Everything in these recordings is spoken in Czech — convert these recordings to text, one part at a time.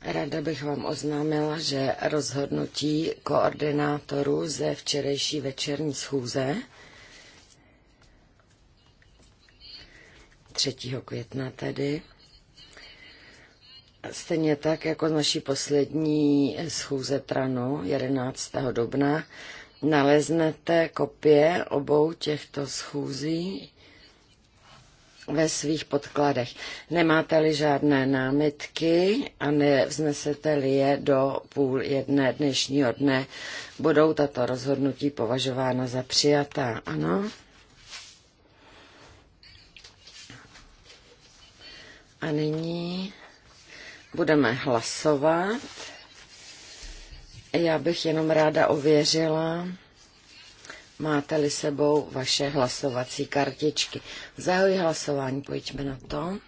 Rada bych vám oznámila, že rozhodnutí koordinátorů ze včerejší večerní schůze 3. května tedy, stejně tak jako z naší poslední schůze Tranu 11. dubna, naleznete kopie obou těchto schůzí ve svých podkladech. Nemáte-li žádné námitky a nevznesete-li je do půl jedné dnešního dne, budou tato rozhodnutí považována za přijatá. Ano? A nyní budeme hlasovat. Já bych jenom ráda ověřila, Máte-li sebou vaše hlasovací kartičky. Zahajuji hlasování, pojďme na to.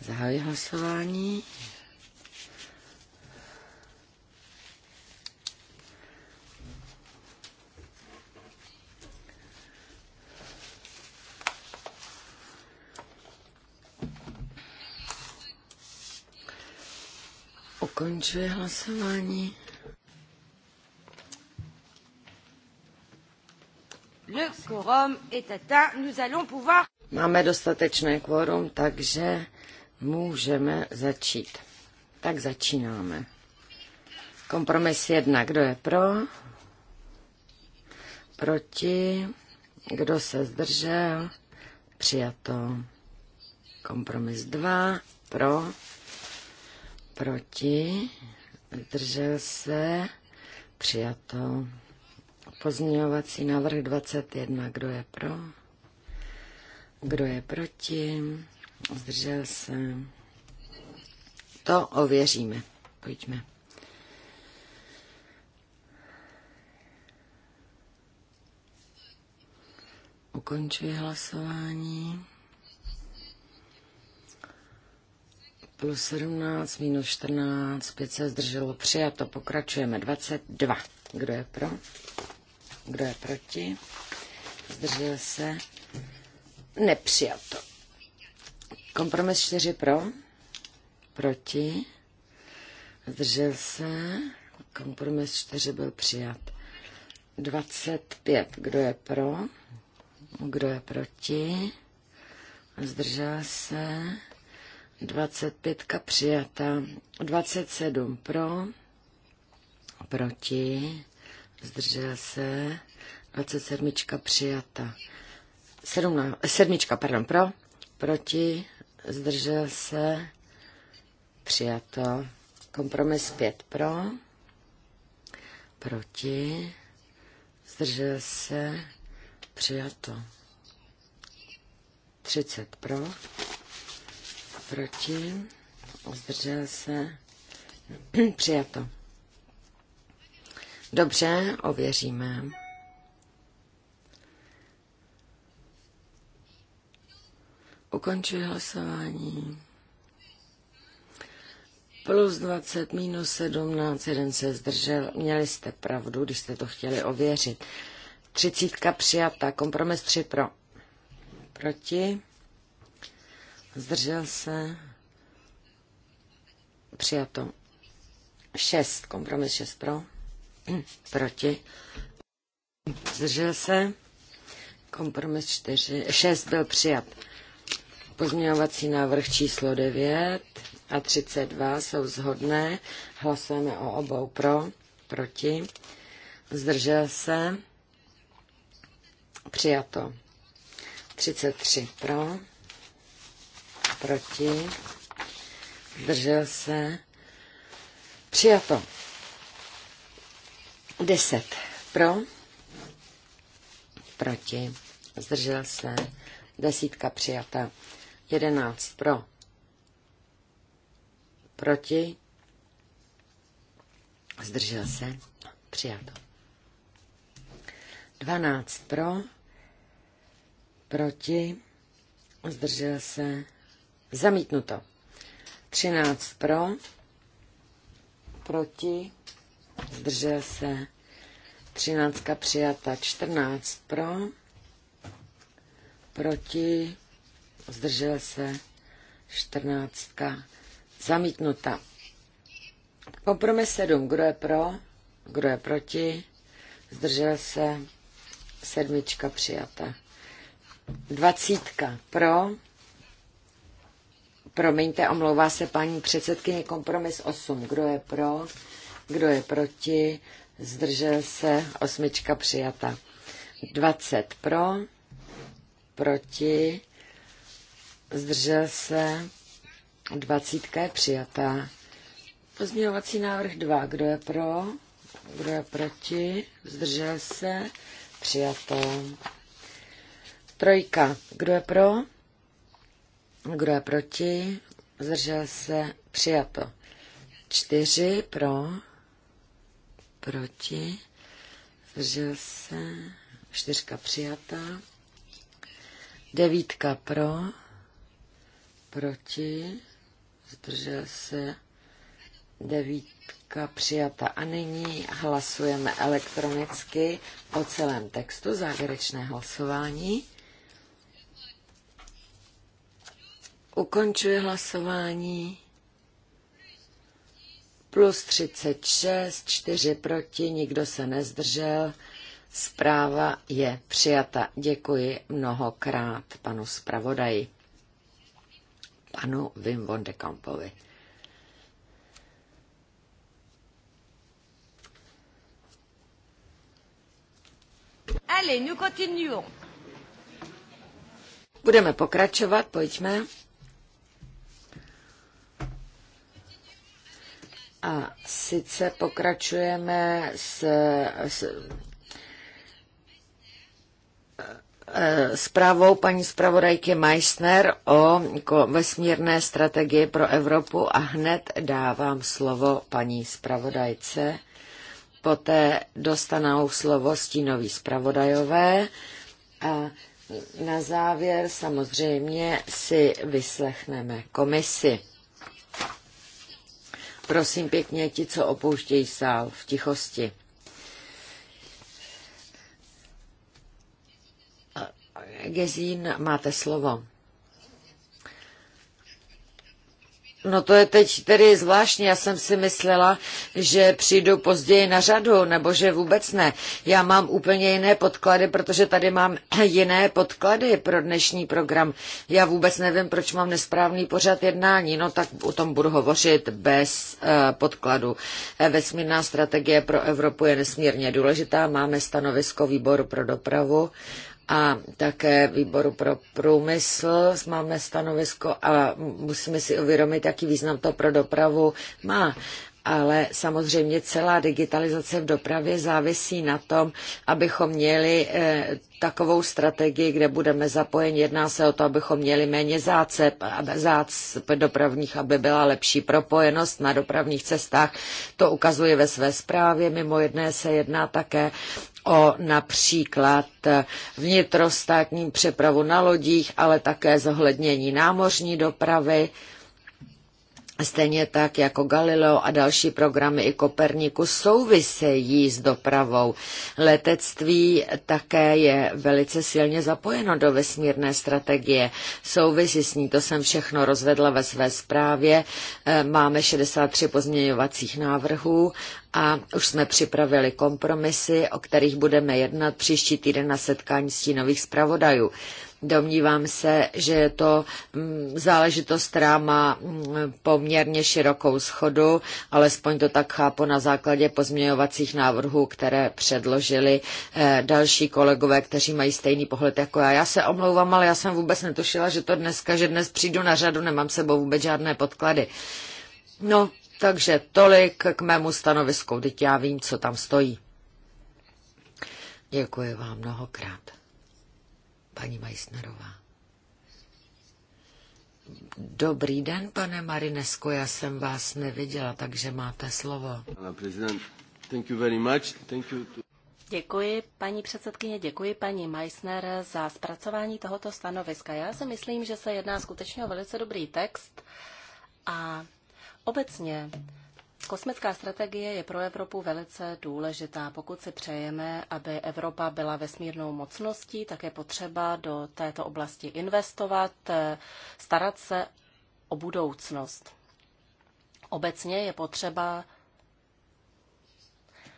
Zahajuji hlasování. Ukončuji hlasování. Le quorum est atteint. Nous allons pouvoir... Máme dostatečné kvorum, takže můžeme začít. Tak začínáme. Kompromis jedna. Kdo je pro? Proti? Kdo se zdržel? Přijato. Kompromis dva: Pro? Proti? Zdržel se? Přijato. Pozměňovací návrh 21. Kdo je pro? Kdo je proti? Zdržel se. To ověříme. Pojďme. Ukončuji hlasování. Plus 17, minus 14, 5 se zdrželo, přijato. Pokračujeme. 22. Kdo je pro? Kdo je proti? Zdržel se? Nepřijato. Kompromis 4 pro? Proti? Zdržel se? Kompromis 4 byl přijat. 25. Kdo je pro? Kdo je proti? Zdržel se? 25 přijata, 27 pro, proti, zdržel se, 27 přijata. 17, sedmička, pardon, pro, proti, zdržel se, přijato. Kompromis 5 pro, proti, zdržel se, přijato. 30 pro, proti, zdržel se, přijato. Dobře, ověříme. Ukončuji hlasování. Plus 20, minus 17, jeden se zdržel. Měli jste pravdu, když jste to chtěli ověřit. Třicítka přijata, kompromis 3 pro. Proti. Zdržel se. Přijato. 6, kompromis 6 pro proti, zdržel se, kompromis 4, 6 byl přijat. Pozměňovací návrh číslo 9 a 32 jsou zhodné. Hlasujeme o obou pro, proti. Zdržel se. Přijato. 33 pro, proti. Zdržel se. Přijato. 10 pro, proti, zdržel se, desítka přijata, 11 pro, proti, zdržel se, přijato. 12 pro, proti, zdržel se, zamítnuto. 13 pro, proti, zdržel se, třináctka přijata, čtrnáct pro, proti, zdržel se, čtrnáctka zamítnuta. Kompromis sedm kdo je pro, kdo je proti, zdržel se, sedmička přijata. Dvacítka pro, promiňte, omlouvá se paní předsedkyně, kompromis 8, kdo je pro, kdo je proti? Zdržel se. Osmička přijata. 20 pro. Proti. Zdržel se. Dvacítka je přijatá. Pozměňovací návrh 2. Kdo je pro? Kdo je proti? Zdržel se? Přijato. Trojka. Kdo je pro? Kdo je proti? Zdržel se? Přijato. Čtyři pro proti, zdržel se, čtyřka přijata. devítka pro, proti, zdržel se, devítka přijata. A nyní hlasujeme elektronicky o celém textu, závěrečné hlasování. Ukončuje hlasování plus 36, 4 proti, nikdo se nezdržel. Zpráva je přijata. Děkuji mnohokrát panu zpravodaji, panu Wim von de Kampovi. Allez, nous continuons. Budeme pokračovat, pojďme. sice pokračujeme s, s eh, zprávou paní zpravodajky Meissner o vesmírné strategii pro Evropu a hned dávám slovo paní zpravodajce. Poté dostanou slovo stínoví zpravodajové a na závěr samozřejmě si vyslechneme komisi. Prosím pěkně, ti, co opouštějí sál v tichosti. Gezín, máte slovo. No to je teď tedy zvláštní. Já jsem si myslela, že přijdu později na řadu, nebo že vůbec ne. Já mám úplně jiné podklady, protože tady mám jiné podklady pro dnešní program. Já vůbec nevím, proč mám nesprávný pořad jednání. No tak o tom budu hovořit bez uh, podkladu. Eh, vesmírná strategie pro Evropu je nesmírně důležitá. Máme stanovisko výboru pro dopravu. Uh, a také výboru pro průmysl máme stanovisko a musíme si uvědomit, jaký význam to pro dopravu má ale samozřejmě celá digitalizace v dopravě závisí na tom, abychom měli eh, takovou strategii, kde budeme zapojeni. Jedná se o to, abychom měli méně zácep, zácep dopravních, aby byla lepší propojenost na dopravních cestách. To ukazuje ve své zprávě. Mimo jedné se jedná také o například eh, vnitrostátní přepravu na lodích, ale také zohlednění námořní dopravy Stejně tak jako Galileo a další programy i Koperniku souvisejí s dopravou. Letectví také je velice silně zapojeno do vesmírné strategie. Souvisí s ní, to jsem všechno rozvedla ve své zprávě. E, máme 63 pozměňovacích návrhů a už jsme připravili kompromisy, o kterých budeme jednat příští týden na setkání stínových zpravodajů. Domnívám se, že je to mm, záležitost, která má mm, poměrně širokou schodu, alespoň to tak chápu na základě pozměňovacích návrhů, které předložili eh, další kolegové, kteří mají stejný pohled jako já. Já se omlouvám, ale já jsem vůbec netušila, že to dneska, že dnes přijdu na řadu, nemám sebou vůbec žádné podklady. No, takže tolik k mému stanovisku, teď já vím, co tam stojí. Děkuji vám mnohokrát paní Majsnerová. Dobrý den, pane Marinesko, já jsem vás neviděla, takže máte slovo. Thank you very much. Thank you to... Děkuji, paní předsedkyně, děkuji, paní Meissner, za zpracování tohoto stanoviska. Já si myslím, že se jedná skutečně o velice dobrý text a obecně Kosmická strategie je pro Evropu velice důležitá. Pokud si přejeme, aby Evropa byla vesmírnou mocností, tak je potřeba do této oblasti investovat, eh, starat se o budoucnost. Obecně je potřeba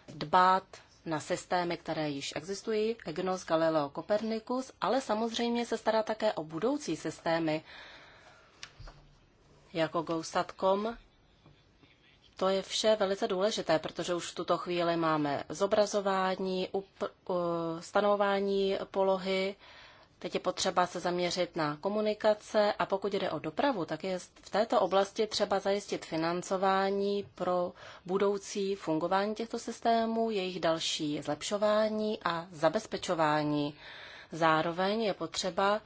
dbát na systémy, které již existují, EGNOS, Galileo, Copernicus, ale samozřejmě se stará také o budoucí systémy, jako GOSATCOM to je vše velice důležité, protože už v tuto chvíli máme zobrazování, stanování polohy, teď je potřeba se zaměřit na komunikace a pokud jde o dopravu, tak je v této oblasti třeba zajistit financování pro budoucí fungování těchto systémů, jejich další zlepšování a zabezpečování. Zároveň je potřeba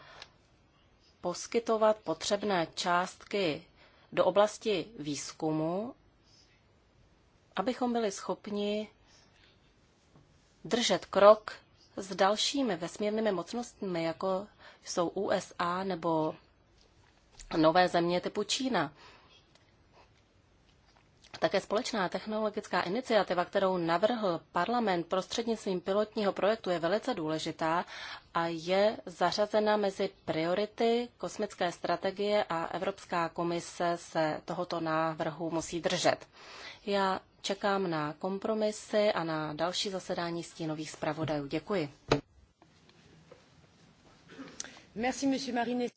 poskytovat potřebné částky do oblasti výzkumu abychom byli schopni držet krok s dalšími vesmírnými mocnostmi, jako jsou USA nebo nové země typu Čína. Také společná technologická iniciativa, kterou navrhl parlament prostřednictvím pilotního projektu, je velice důležitá a je zařazena mezi priority kosmické strategie a Evropská komise se tohoto návrhu musí držet. Já Čekám na kompromisy a na další zasedání stínových zpravodajů. Děkuji.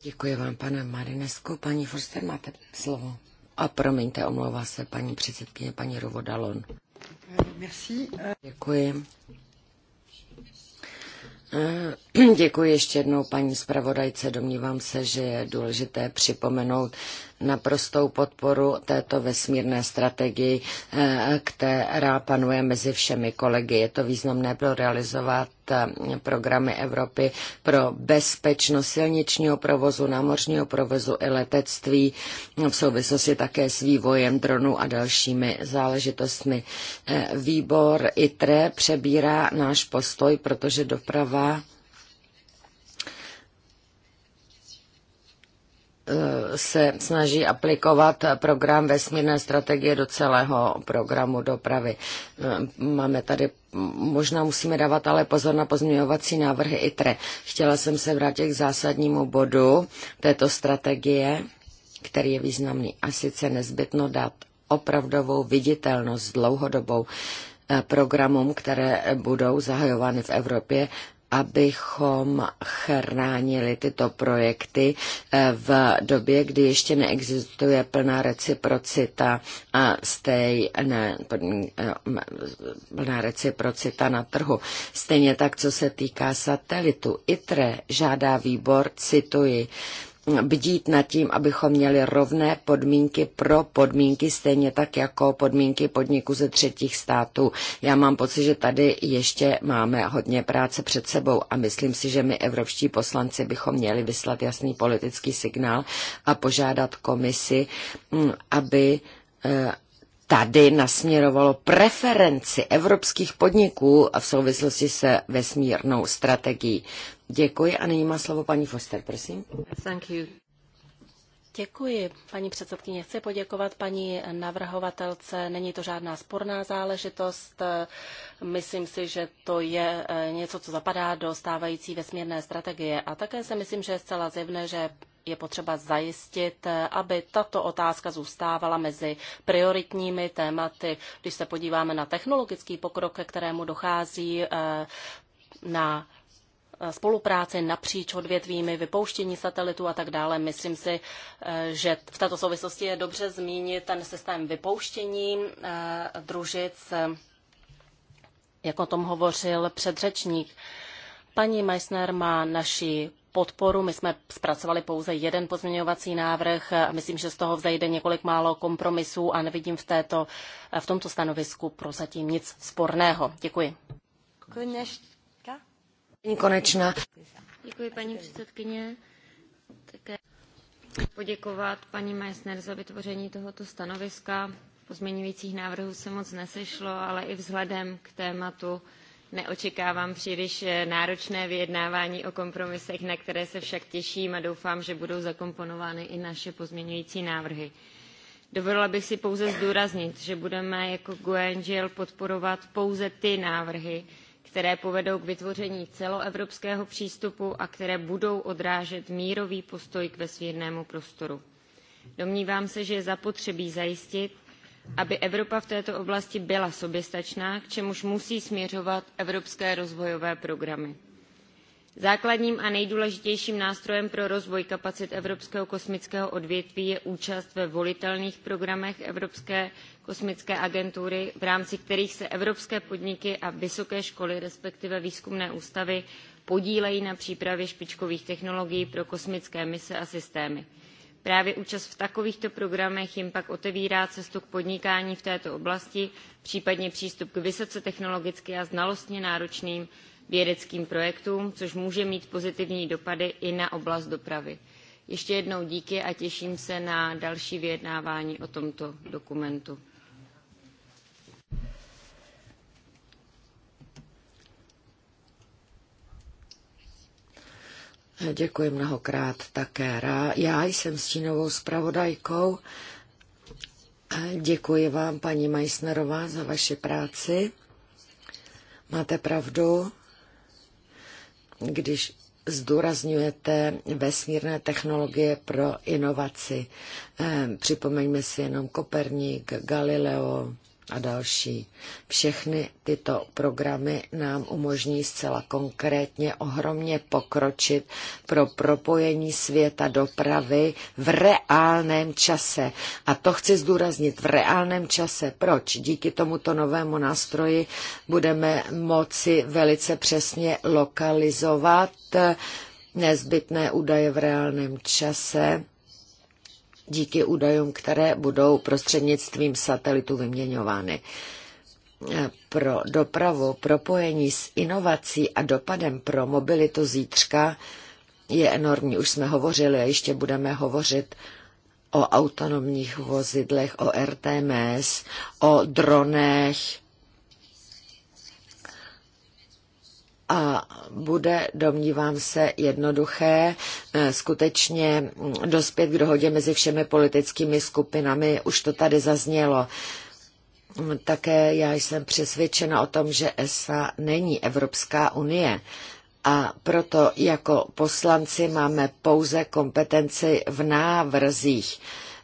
Děkuji vám, pane Marinesku. Paní Forster, máte slovo. A promiňte, omlouvá se paní předsedkyně, paní Rovodalon. Eh, merci. Eh, děkuji. Eh, děkuji ještě jednou paní zpravodajce. Domnívám se, že je důležité připomenout, naprostou podporu této vesmírné strategii, eh, která panuje mezi všemi kolegy. Je to významné pro realizovat eh, programy Evropy pro bezpečnost silničního provozu, námořního provozu i letectví v souvislosti také s vývojem dronů a dalšími záležitostmi. Eh, Výbor ITRE přebírá náš postoj, protože doprava Eh, se snaží aplikovat program vesmírné strategie do celého programu dopravy. Eh, máme tady, možná musíme dávat ale pozor na pozměňovací návrhy ITRE. Chtěla jsem se vrátit k zásadnímu bodu této strategie, který je významný, a sice nezbytno dát opravdovou viditelnost dlouhodobou eh, programům, které budou zahajovány v Evropě abychom chránili tyto projekty eh, v době, kdy ještě neexistuje plná reciprocita a stej, ne, eh, plná reciprocita na trhu. Stejně tak, co se týká satelitu. ITRE žádá výbor, cituji, bdít nad tím, abychom měli rovné podmínky pro podmínky, stejně tak jako podmínky podniku ze třetích států. Já mám pocit, že tady ještě máme hodně práce před sebou a myslím si, že my evropští poslanci bychom měli vyslat jasný politický signál a požádat komisi, mm, aby eh, tady nasměrovalo preferenci evropských podniků v souvislosti se vesmírnou strategií. Děkuji a nyní má slovo paní Foster, prosím. Thank you. Děkuji, paní předsedkyně. Chci poděkovat paní navrhovatelce. Není to žádná sporná záležitost. Myslím si, že to je eh, něco, co zapadá do stávající vesmírné strategie. A také si myslím, že je zcela zjevné, že je potřeba zajistit, aby tato otázka zůstávala mezi prioritními tématy. Když se podíváme na technologický pokrok, ke kterému dochází eh, na spolupráci napříč odvětvími, vypouštění satelitu a tak dále. Myslím si, eh, že v této souvislosti je dobře zmínit ten systém vypouštění eh, družic, jak o tom hovořil předřečník. Paní Meissner má naši podporu. My jsme zpracovali pouze jeden pozměňovací návrh a myslím, že z toho vzejde několik málo kompromisů a nevidím v, této, v tomto stanovisku prozatím nic sporného. Děkuji. Konečná. Děkuji, paní předsedkyně. Také poděkovat paní Meissner za vytvoření tohoto stanoviska. Pozměňujících návrhů se moc nesešlo, ale i vzhledem k tématu Neočekávám příliš eh, náročné vyjednávání o kompromisech, na které se však těším a doufám, že budou zakomponovány i naše pozměňující návrhy. Dovolila bych si pouze zdůraznit, že budeme jako GUE/NGL podporovat pouze ty návrhy, které povedou k vytvoření celoevropského přístupu a které budou odrážet mírový postoj k vesmírnému prostoru. Domnívám se, že je zapotřebí zajistit, aby Evropa v této oblasti byla soběstačná, k čemuž musí směřovat evropské rozvojové programy. Základním a nejdůležitějším nástrojem pro rozvoj kapacit evropského kosmického odvětví je účast ve volitelných programech Evropské kosmické agentury, v rámci kterých se evropské podniky a vysoké školy, respektive výzkumné ústavy, podílejí na přípravě špičkových technologií pro kosmické mise a systémy. Právě účast v takovýchto programech jim pak otevírá cestu k podnikání v této oblasti, případně přístup k vysoce technologicky a znalostně náročným vědeckým projektům, což může mít pozitivní dopady i na oblast dopravy. Ještě jednou díky a těším se na další vyjednávání o tomto dokumentu. No, děkuji mnohokrát také. Já jsem s Čínovou zpravodajkou. Děkuji vám, paní Majsnerová, za vaši práci. Máte pravdu, když zdůrazňujete vesmírné technologie pro inovaci. Ehm, připomeňme si jenom Koperník, Galileo, a další. Všechny tyto programy nám umožní zcela konkrétně ohromně pokročit pro propojení světa dopravy v reálném čase. A to chci zdůraznit v reálném čase. Proč? Díky tomuto novému nástroji budeme moci velice přesně lokalizovat nezbytné údaje v reálném čase díky údajům, které budou prostřednictvím satelitu vyměňovány. Eh, pro dopravu, propojení s inovací a dopadem pro mobilitu zítřka je enormní. Už jsme hovořili a ještě budeme hovořit o autonomních vozidlech, o RTMS, o dronech, a bude, domnívám se, jednoduché eh, skutečně mm, dospět k dohodě mezi všemi politickými skupinami. Už to tady zaznělo. Mm, také já jsem přesvědčena o tom, že ESA není Evropská unie. A proto jako poslanci máme pouze kompetenci v návrzích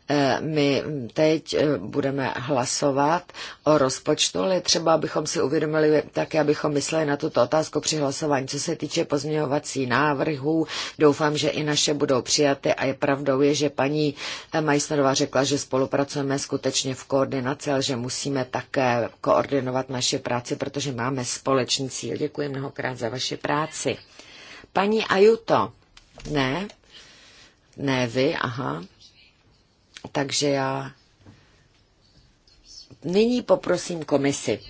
Eh, my teď eh, budeme hlasovat o rozpočtu, ale třeba abychom si uvědomili také, abychom mysleli na tuto otázku při hlasování. Co se týče pozměňovací návrhů, doufám, že i naše budou přijaty a je pravdou je, že paní eh, Majsnerová řekla, že spolupracujeme skutečně v koordinaci, ale že musíme také koordinovat naše práci, protože máme společný cíl. Děkuji mnohokrát za vaši práci. Paní Ajuto, ne? Ne vy, aha. Takže já nyní poprosím komisi.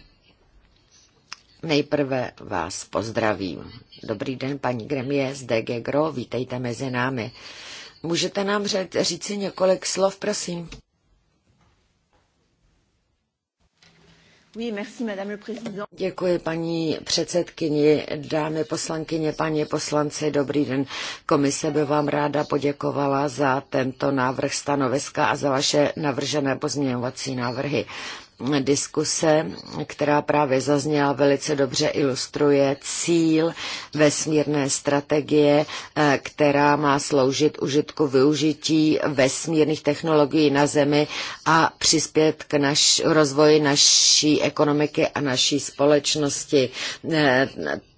Nejprve vás pozdravím. Dobrý den, paní Gremie z DG Gro, vítejte mezi námi. Můžete nám říct si několik slov, prosím? Děkuji paní předsedkyni, dámy poslankyně, paní poslanci, dobrý den. Komise by vám ráda poděkovala za tento návrh stanoviska a za vaše navržené pozměňovací návrhy diskuse, která právě zazněla, velice dobře ilustruje cíl vesmírné strategie, eh, která má sloužit užitku využití vesmírných technologií na Zemi a přispět k naš, rozvoji naší ekonomiky a naší společnosti eh,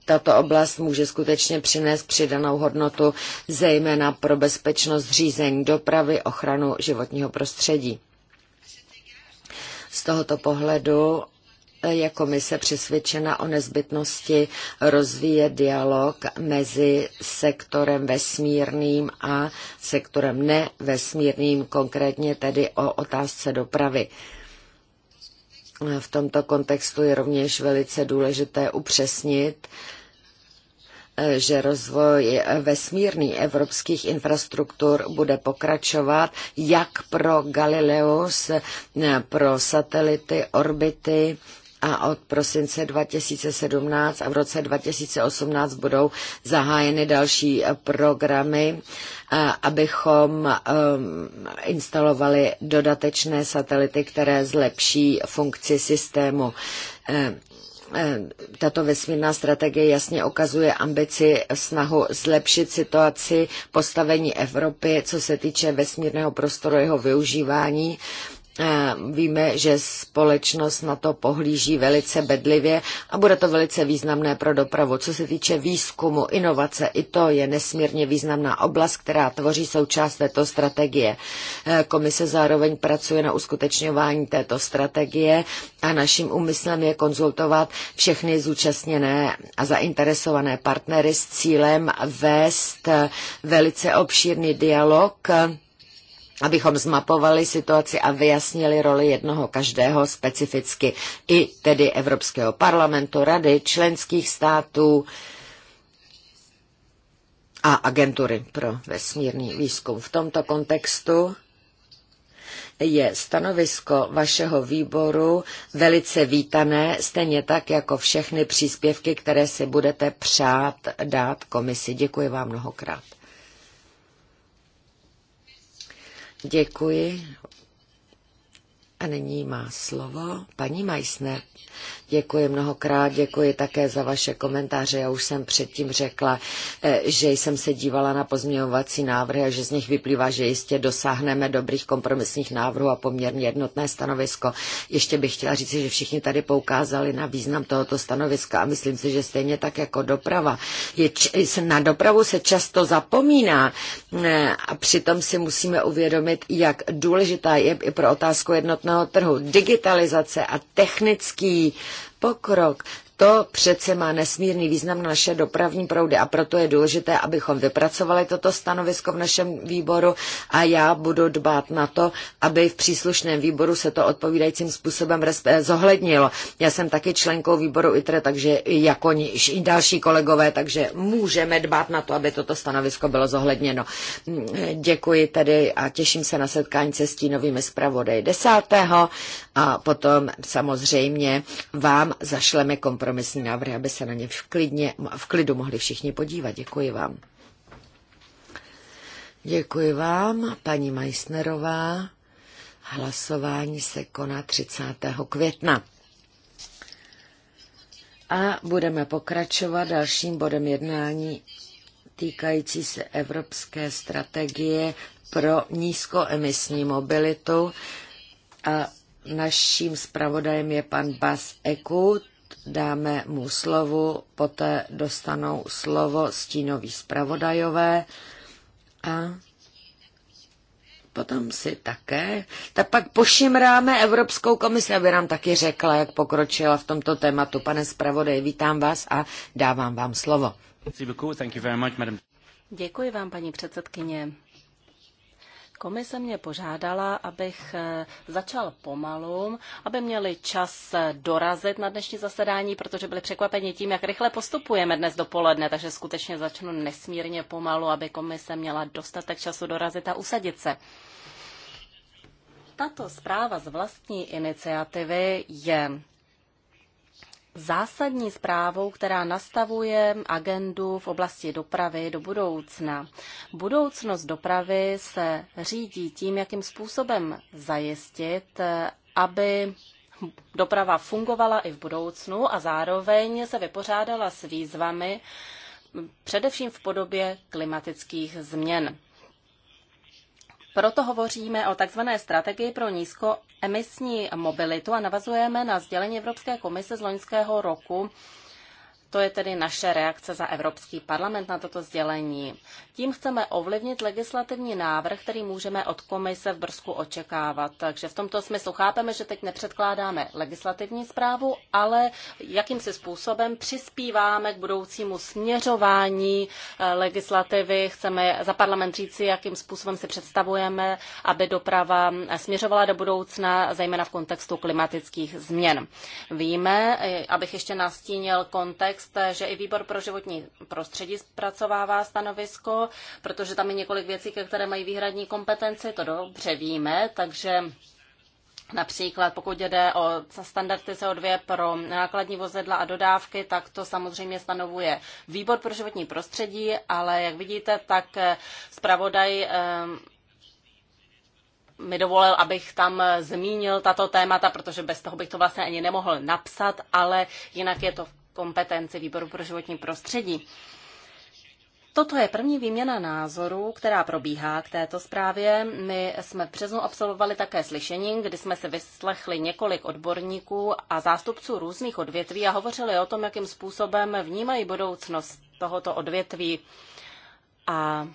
tato oblast může skutečně přinést přidanou hodnotu, zejména pro bezpečnost řízení dopravy, ochranu životního prostředí. Z tohoto pohledu je komise přesvědčena o nezbytnosti rozvíjet dialog mezi sektorem vesmírným a sektorem nevesmírným, konkrétně tedy o otázce dopravy. V tomto kontextu je rovněž velice důležité upřesnit, že rozvoj vesmírný evropských infrastruktur bude pokračovat jak pro Galileus, pro satelity, orbity, a od prosince 2017 a v roce 2018 budou zahájeny další programy, abychom um, instalovali dodatečné satelity, které zlepší funkci systému. Eh, tato vesmírná strategie jasně okazuje ambici snahu zlepšit situaci postavení Evropy, co se týče vesmírného prostoru, jeho využívání Víme, že společnost na to pohlíží velice bedlivě a bude to velice významné pro dopravu. Co se týče výzkumu, inovace, i to je nesmírně významná oblast, která tvoří součást této strategie. E, komise zároveň pracuje na uskutečňování této strategie a naším úmyslem je konzultovat všechny zúčastněné a zainteresované partnery s cílem vést velice obšírný dialog abychom zmapovali situaci a vyjasnili roli jednoho každého specificky, i tedy Evropského parlamentu, rady, členských států a agentury pro vesmírný výzkum. V tomto kontextu je stanovisko vašeho výboru velice vítané, stejně tak jako všechny příspěvky, které si budete přát dát komisi. Děkuji vám mnohokrát. Děkuji. A nyní má slovo paní Meissner. Děkuji mnohokrát, děkuji také za vaše komentáře. Já už jsem předtím řekla, eh, že jsem se dívala na pozměňovací návrhy a že z nich vyplývá, že jistě dosáhneme dobrých kompromisních návrhů a poměrně jednotné stanovisko. Ještě bych chtěla říct, že všichni tady poukázali na význam tohoto stanoviska a myslím si, že stejně tak jako doprava. Je, na dopravu se často zapomíná eh, a přitom si musíme uvědomit, jak důležitá je i pro otázku jednotného trhu digitalizace a technický pokrok. To přece má nesmírný význam na naše dopravní proudy a proto je důležité, abychom vypracovali toto stanovisko v našem výboru a já budu dbát na to, aby v příslušném výboru se to odpovídajícím způsobem zohlednilo. Já jsem taky členkou výboru ITRE, takže jako i další kolegové, takže můžeme dbát na to, aby toto stanovisko bylo zohledněno. Děkuji tedy a těším se na setkání se stínovými zpravodaj 10. a potom samozřejmě vám zašleme kompromis kompromisní návrhy, aby se na ně v, klidně, v klidu mohli všichni podívat. Děkuji vám. Děkuji vám, paní Meissnerová. Hlasování se koná 30. května. A budeme pokračovat dalším bodem jednání týkající se evropské strategie pro nízkoemisní mobilitu. A naším zpravodajem je pan Bas Ekut dáme mu slovu, poté dostanou slovo stínoví zpravodajové a potom si také, tak pak pošimráme Evropskou komisi, aby nám taky řekla, jak pokročila v tomto tématu. Pane zpravodaj, vítám vás a dávám vám slovo. Děkuji vám, paní předsedkyně. Komise mě požádala, abych eh, začal pomalu, aby měli čas dorazit na dnešní zasedání, protože byli překvapeni tím, jak rychle postupujeme dnes dopoledne, takže skutečně začnu nesmírně pomalu, aby komise měla dostatek času dorazit a usadit se. Tato zpráva z vlastní iniciativy je zásadní zprávou, která nastavuje agendu v oblasti dopravy do budoucna. Budoucnost dopravy se řídí tím, jakým způsobem zajistit, aby doprava fungovala i v budoucnu a zároveň se vypořádala s výzvami, především v podobě klimatických změn. Proto hovoříme o takzvané strategii pro nízko emisní mobilitu a navazujeme na sdělení Evropské komise z loňského roku to je tedy naše reakce za Evropský parlament na toto sdělení. Tím chceme ovlivnit legislativní návrh, který můžeme od komise v Brzku očekávat. Takže v tomto smyslu chápeme, že teď nepředkládáme legislativní zprávu, ale jakým si způsobem přispíváme k budoucímu směřování eh, legislativy. Chceme za parlament říci, jakým způsobem si představujeme, aby doprava eh, směřovala do budoucna, zejména v kontextu klimatických změn. Víme, eh, abych ještě nastínil kontext, jste, že i výbor pro životní prostředí zpracovává stanovisko, protože tam je několik věcí, ke které mají výhradní kompetenci, to dobře víme, takže Například pokud jde o standardy CO2 pro nákladní vozidla a dodávky, tak to samozřejmě stanovuje výbor pro životní prostředí, ale jak vidíte, tak eh, zpravodaj eh, mi dovolil, abych tam eh, zmínil tato témata, protože bez toho bych to vlastně ani nemohl napsat, ale jinak je to v kompetenci Výboru pro životní prostředí. Toto je první výměna názorů, která probíhá k této zprávě. My jsme v březnu absolvovali také slyšení, kdy jsme se vyslechli několik odborníků a zástupců různých odvětví a hovořili o tom, jakým způsobem vnímají budoucnost tohoto odvětví. A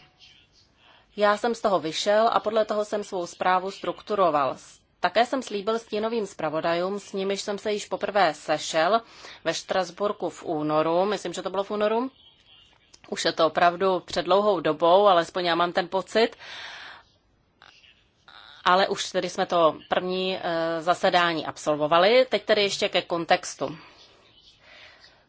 já jsem z toho vyšel a podle toho jsem svou zprávu strukturoval. Z také jsem slíbil stínovým zpravodajům, s nimiž jsem se již poprvé sešel ve Štrasburku v únoru, myslím, že to bylo v únoru. Už je to opravdu před dlouhou dobou, alespoň já mám ten pocit. Ale už tedy jsme to první eh, zasedání absolvovali. Teď tedy ještě ke kontextu.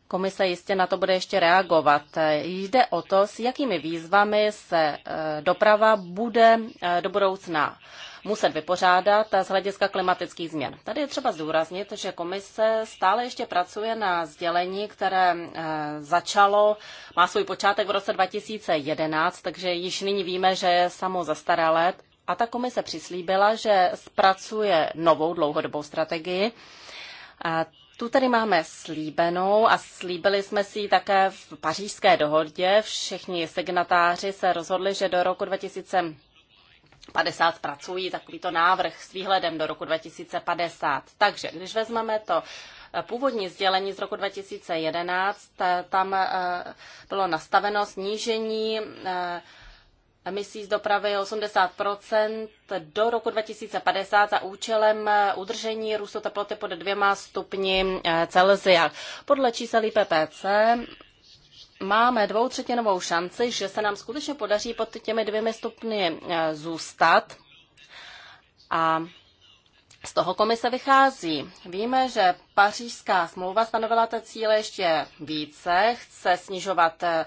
Komise jistě na to bude ještě reagovat. Jde o to, s jakými výzvami se eh, doprava bude eh, do budoucna muset vypořádat z hlediska klimatických změn. Tady je třeba zdůraznit, že komise stále ještě pracuje na sdělení, které eh, začalo, má svůj počátek v roce 2011, takže již nyní víme, že je samo zastaralé. A ta komise přislíbila, že zpracuje novou dlouhodobou strategii. A tu tady máme slíbenou a slíbili jsme si ji také v pařížské dohodě. Všichni signatáři se rozhodli, že do roku 2000 50 pracují, takovýto návrh s výhledem do roku 2050. Takže když vezmeme to eh, původní sdělení z roku 2011, eh, tam eh, bylo nastaveno snížení emisí z dopravy 80 do roku 2050 za účelem udržení růstu teploty pod dvěma stupni Celsia. Podle čísel IPPC máme dvoutřetinovou šanci, že se nám skutečně podaří pod těmi dvěmi stupny e, zůstat. A z toho komise vychází. Víme, že pařížská smlouva stanovila ty cíle ještě více, chce snižovat e,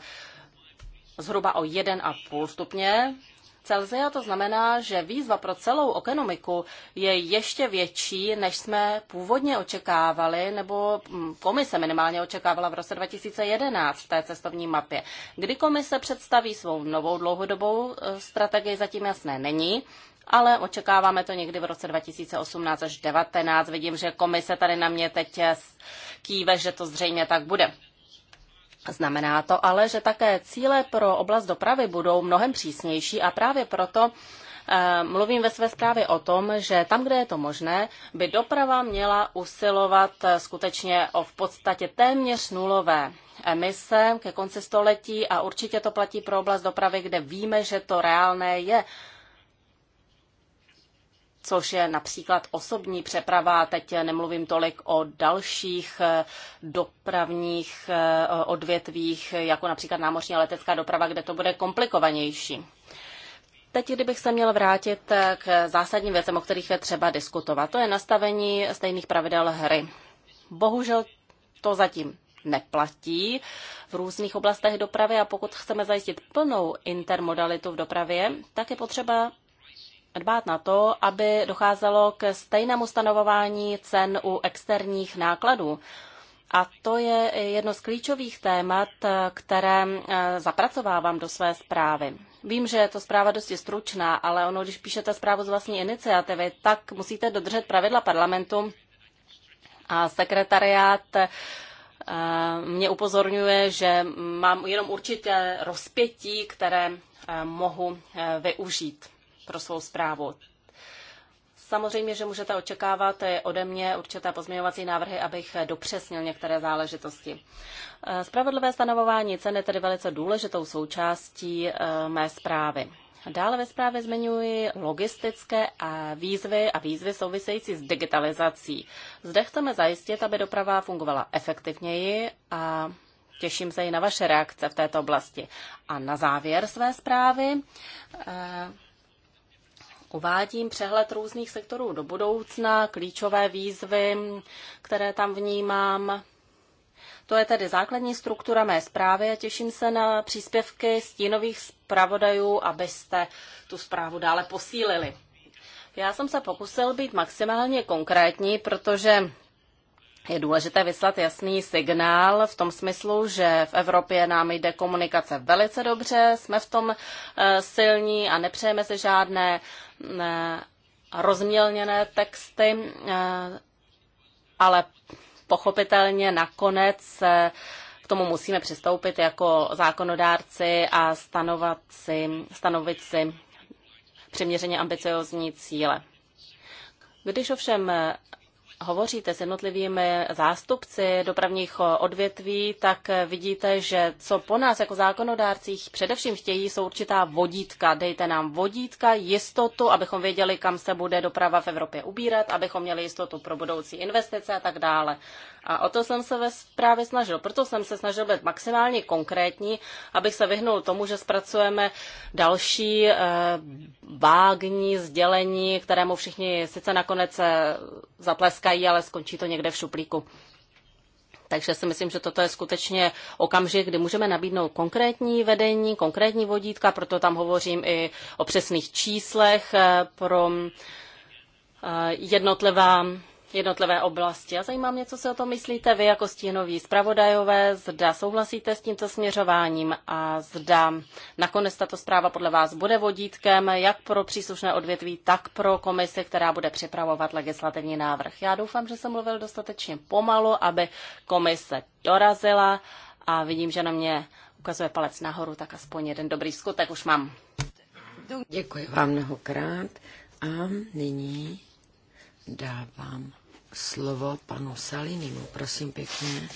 zhruba o 1,5 stupně Celzia. To znamená, že výzva pro celou ekonomiku je ještě větší, než jsme původně očekávali, nebo mm, komise minimálně očekávala v roce 2011 v té cestovní mapě. Kdy komise představí svou novou dlouhodobou e, strategii, zatím jasné není ale očekáváme to někdy v roce 2018 až 2019. Vidím, že komise tady na mě teď e, kýve, že to zřejmě tak bude. Znamená to ale, že také cíle pro oblast dopravy budou mnohem přísnější a právě proto eh, mluvím ve své zprávě o tom, že tam, kde je to možné, by doprava měla usilovat eh, skutečně o v podstatě téměř nulové emise ke konci století a určitě to platí pro oblast dopravy, kde víme, že to reálné je což je například osobní přeprava. Teď nemluvím tolik o dalších eh, dopravních eh, odvětvích, jako například námořní a letecká doprava, kde to bude komplikovanější. Teď, kdybych se měl vrátit eh, k zásadním věcem, o kterých je třeba diskutovat, to je nastavení stejných pravidel hry. Bohužel to zatím neplatí v různých oblastech dopravy a pokud chceme zajistit plnou intermodalitu v dopravě, tak je potřeba dbát na to, aby docházelo k stejnému stanovování cen u externích nákladů. A to je jedno z klíčových témat, které eh, zapracovávám do své zprávy. Vím, že je to zpráva dosti stručná, ale ono, když píšete zprávu z vlastní iniciativy, tak musíte dodržet pravidla parlamentu a sekretariát eh, mě upozorňuje, že mám jenom určité rozpětí, které eh, mohu využít pro svou zprávu. Samozřejmě, že můžete očekávat eh, ode mě určité pozměňovací návrhy, abych eh, dopřesnil některé záležitosti. Eh, spravedlivé stanovování cen je tedy velice důležitou součástí mé zprávy. Dále ve zprávě zmiňuji logistické a výzvy a výzvy související s digitalizací. Zde chceme zajistit, aby doprava fungovala efektivněji a těším se i na vaše reakce v této oblasti. A na závěr své zprávy uvádím přehled různých sektorů do budoucna, klíčové výzvy, které tam vnímám. To je tedy základní struktura mé zprávy a těším se na příspěvky stínových zpravodajů, abyste tu zprávu dále posílili. Já jsem se pokusil být maximálně konkrétní, protože je důležité vyslat jasný signál v tom smyslu, že v Evropě nám jde komunikace velice dobře, jsme v tom eh, silní a nepřejeme se žádné eh, rozmělněné texty, eh, ale pochopitelně nakonec k tomu musíme přistoupit jako zákonodárci a stanovat si, stanovit si přiměřeně ambiciozní cíle. Když ovšem hovoříte s jednotlivými zástupci dopravních odvětví, tak vidíte, že co po nás jako zákonodárcích především chtějí, jsou určitá vodítka. Dejte nám vodítka, jistotu, abychom věděli, kam se bude doprava v Evropě ubírat, abychom měli jistotu pro budoucí investice a tak dále. A o to jsem se ve zprávě snažil. Proto jsem se snažil být maximálně konkrétní, abych se vyhnul tomu, že zpracujeme další eh, vágní sdělení, kterému všichni sice nakonec eh, zatleskají, chystají, ale skončí to někde v šuplíku. Takže si myslím, že toto je skutečně okamžik, kdy můžeme nabídnout konkrétní vedení, konkrétní vodítka, proto tam hovořím i o přesných číslech eh, pro eh, jednotlivá jednotlivé oblasti. A zajímá mě, co si o tom myslíte vy jako stínoví zpravodajové, zda souhlasíte s tímto směřováním a zda nakonec tato zpráva podle vás bude vodítkem jak pro příslušné odvětví, tak pro komisi, která bude připravovat legislativní návrh. Já doufám, že jsem mluvil dostatečně pomalu, aby komise dorazila a vidím, že na mě ukazuje palec nahoru, tak aspoň jeden dobrý skutek už mám. Děkuji vám mnohokrát a nyní dávám slovo panu Salinimu. Prosím pěkně.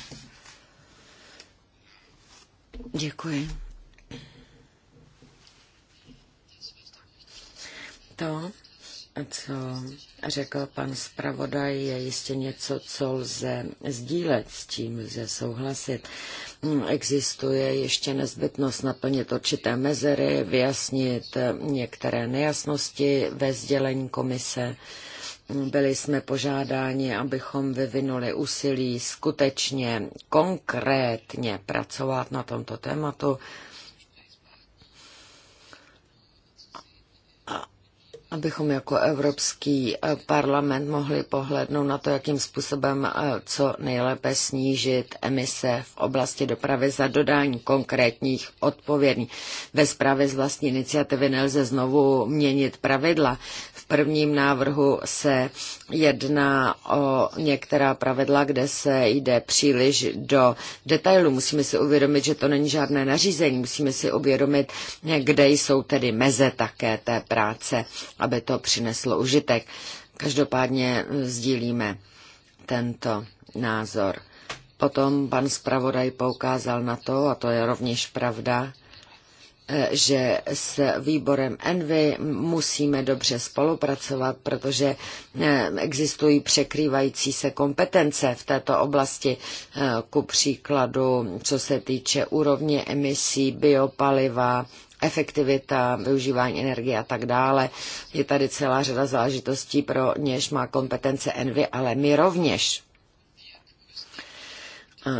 Děkuji. To, co řekl pan zpravodaj, je jistě něco, co lze sdílet, s tím lze souhlasit. Existuje ještě nezbytnost naplnit určité mezery, vyjasnit některé nejasnosti ve sdělení komise byli jsme požádáni, abychom vyvinuli úsilí skutečně konkrétně pracovat na tomto tématu. abychom jako Evropský eh, parlament mohli pohlednout na to, jakým způsobem eh, co nejlépe snížit emise v oblasti dopravy za dodání konkrétních odpovědných. Ve zprávě z vlastní iniciativy nelze znovu měnit pravidla prvním návrhu se jedná o některá pravidla, kde se jde příliš do detailu. Musíme si uvědomit, že to není žádné nařízení. Musíme si uvědomit, kde jsou tedy meze také té práce, aby to přineslo užitek. Každopádně sdílíme tento názor. Potom pan zpravodaj poukázal na to, a to je rovněž pravda, že s výborem Envy musíme dobře spolupracovat, protože eh, existují překrývající se kompetence v této oblasti, eh, ku příkladu, co se týče úrovně emisí, biopaliva, efektivita, využívání energie a tak dále. Je tady celá řada záležitostí, pro něž má kompetence Envy, ale my rovněž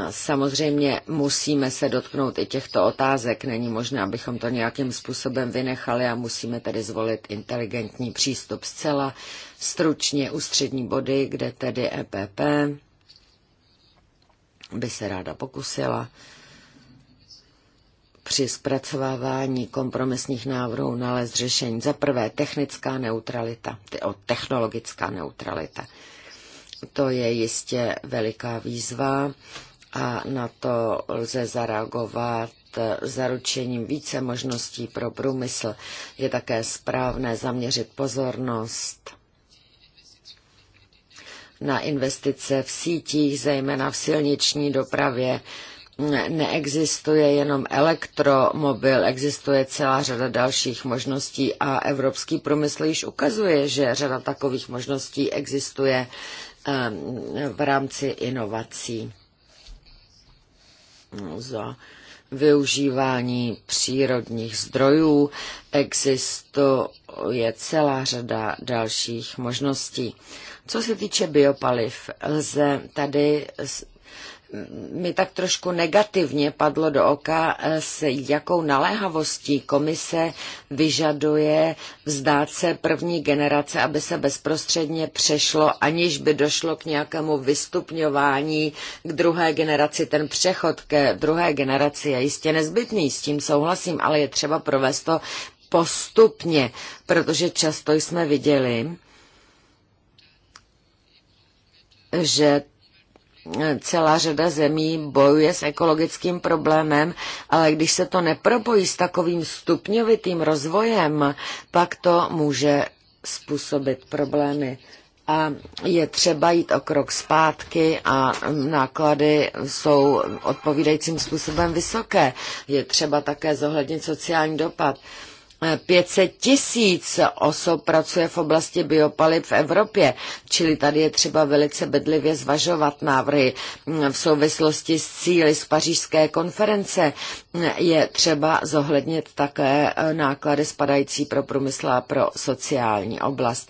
samozřejmě musíme se dotknout i těchto otázek. Není možné, abychom to nějakým způsobem vynechali a musíme tedy zvolit inteligentní přístup zcela stručně ústřední body, kde tedy EPP by se ráda pokusila při zpracovávání kompromisních návrhů nalézt řešení. Za prvé technická neutralita, technologická neutralita. To je jistě veliká výzva a na to lze zareagovat zaručením více možností pro průmysl. Je také správné zaměřit pozornost na investice v sítích, zejména v silniční dopravě. Neexistuje jenom elektromobil, existuje celá řada dalších možností a evropský průmysl již ukazuje, že řada takových možností existuje ehm, v rámci inovací za využívání přírodních zdrojů. Existuje celá řada dalších možností. Co se týče biopaliv, lze tady mi tak trošku negativně padlo do oka, eh, s jakou naléhavostí komise vyžaduje vzdát se první generace, aby se bezprostředně přešlo, aniž by došlo k nějakému vystupňování k druhé generaci. Ten přechod ke druhé generaci je jistě nezbytný, s tím souhlasím, ale je třeba provést to postupně, protože často jsme viděli, že celá řada zemí bojuje s ekologickým problémem, ale když se to nepropojí s takovým stupňovitým rozvojem, pak to může způsobit problémy. A je třeba jít o krok zpátky a náklady jsou odpovídajícím způsobem vysoké. Je třeba také zohlednit sociální dopad. 500 tisíc osob pracuje v oblasti biopaliv v Evropě, čili tady je třeba velice bedlivě zvažovat návrhy v souvislosti s cíly z pařížské konference. Je třeba zohlednit také náklady spadající pro průmysl a pro sociální oblast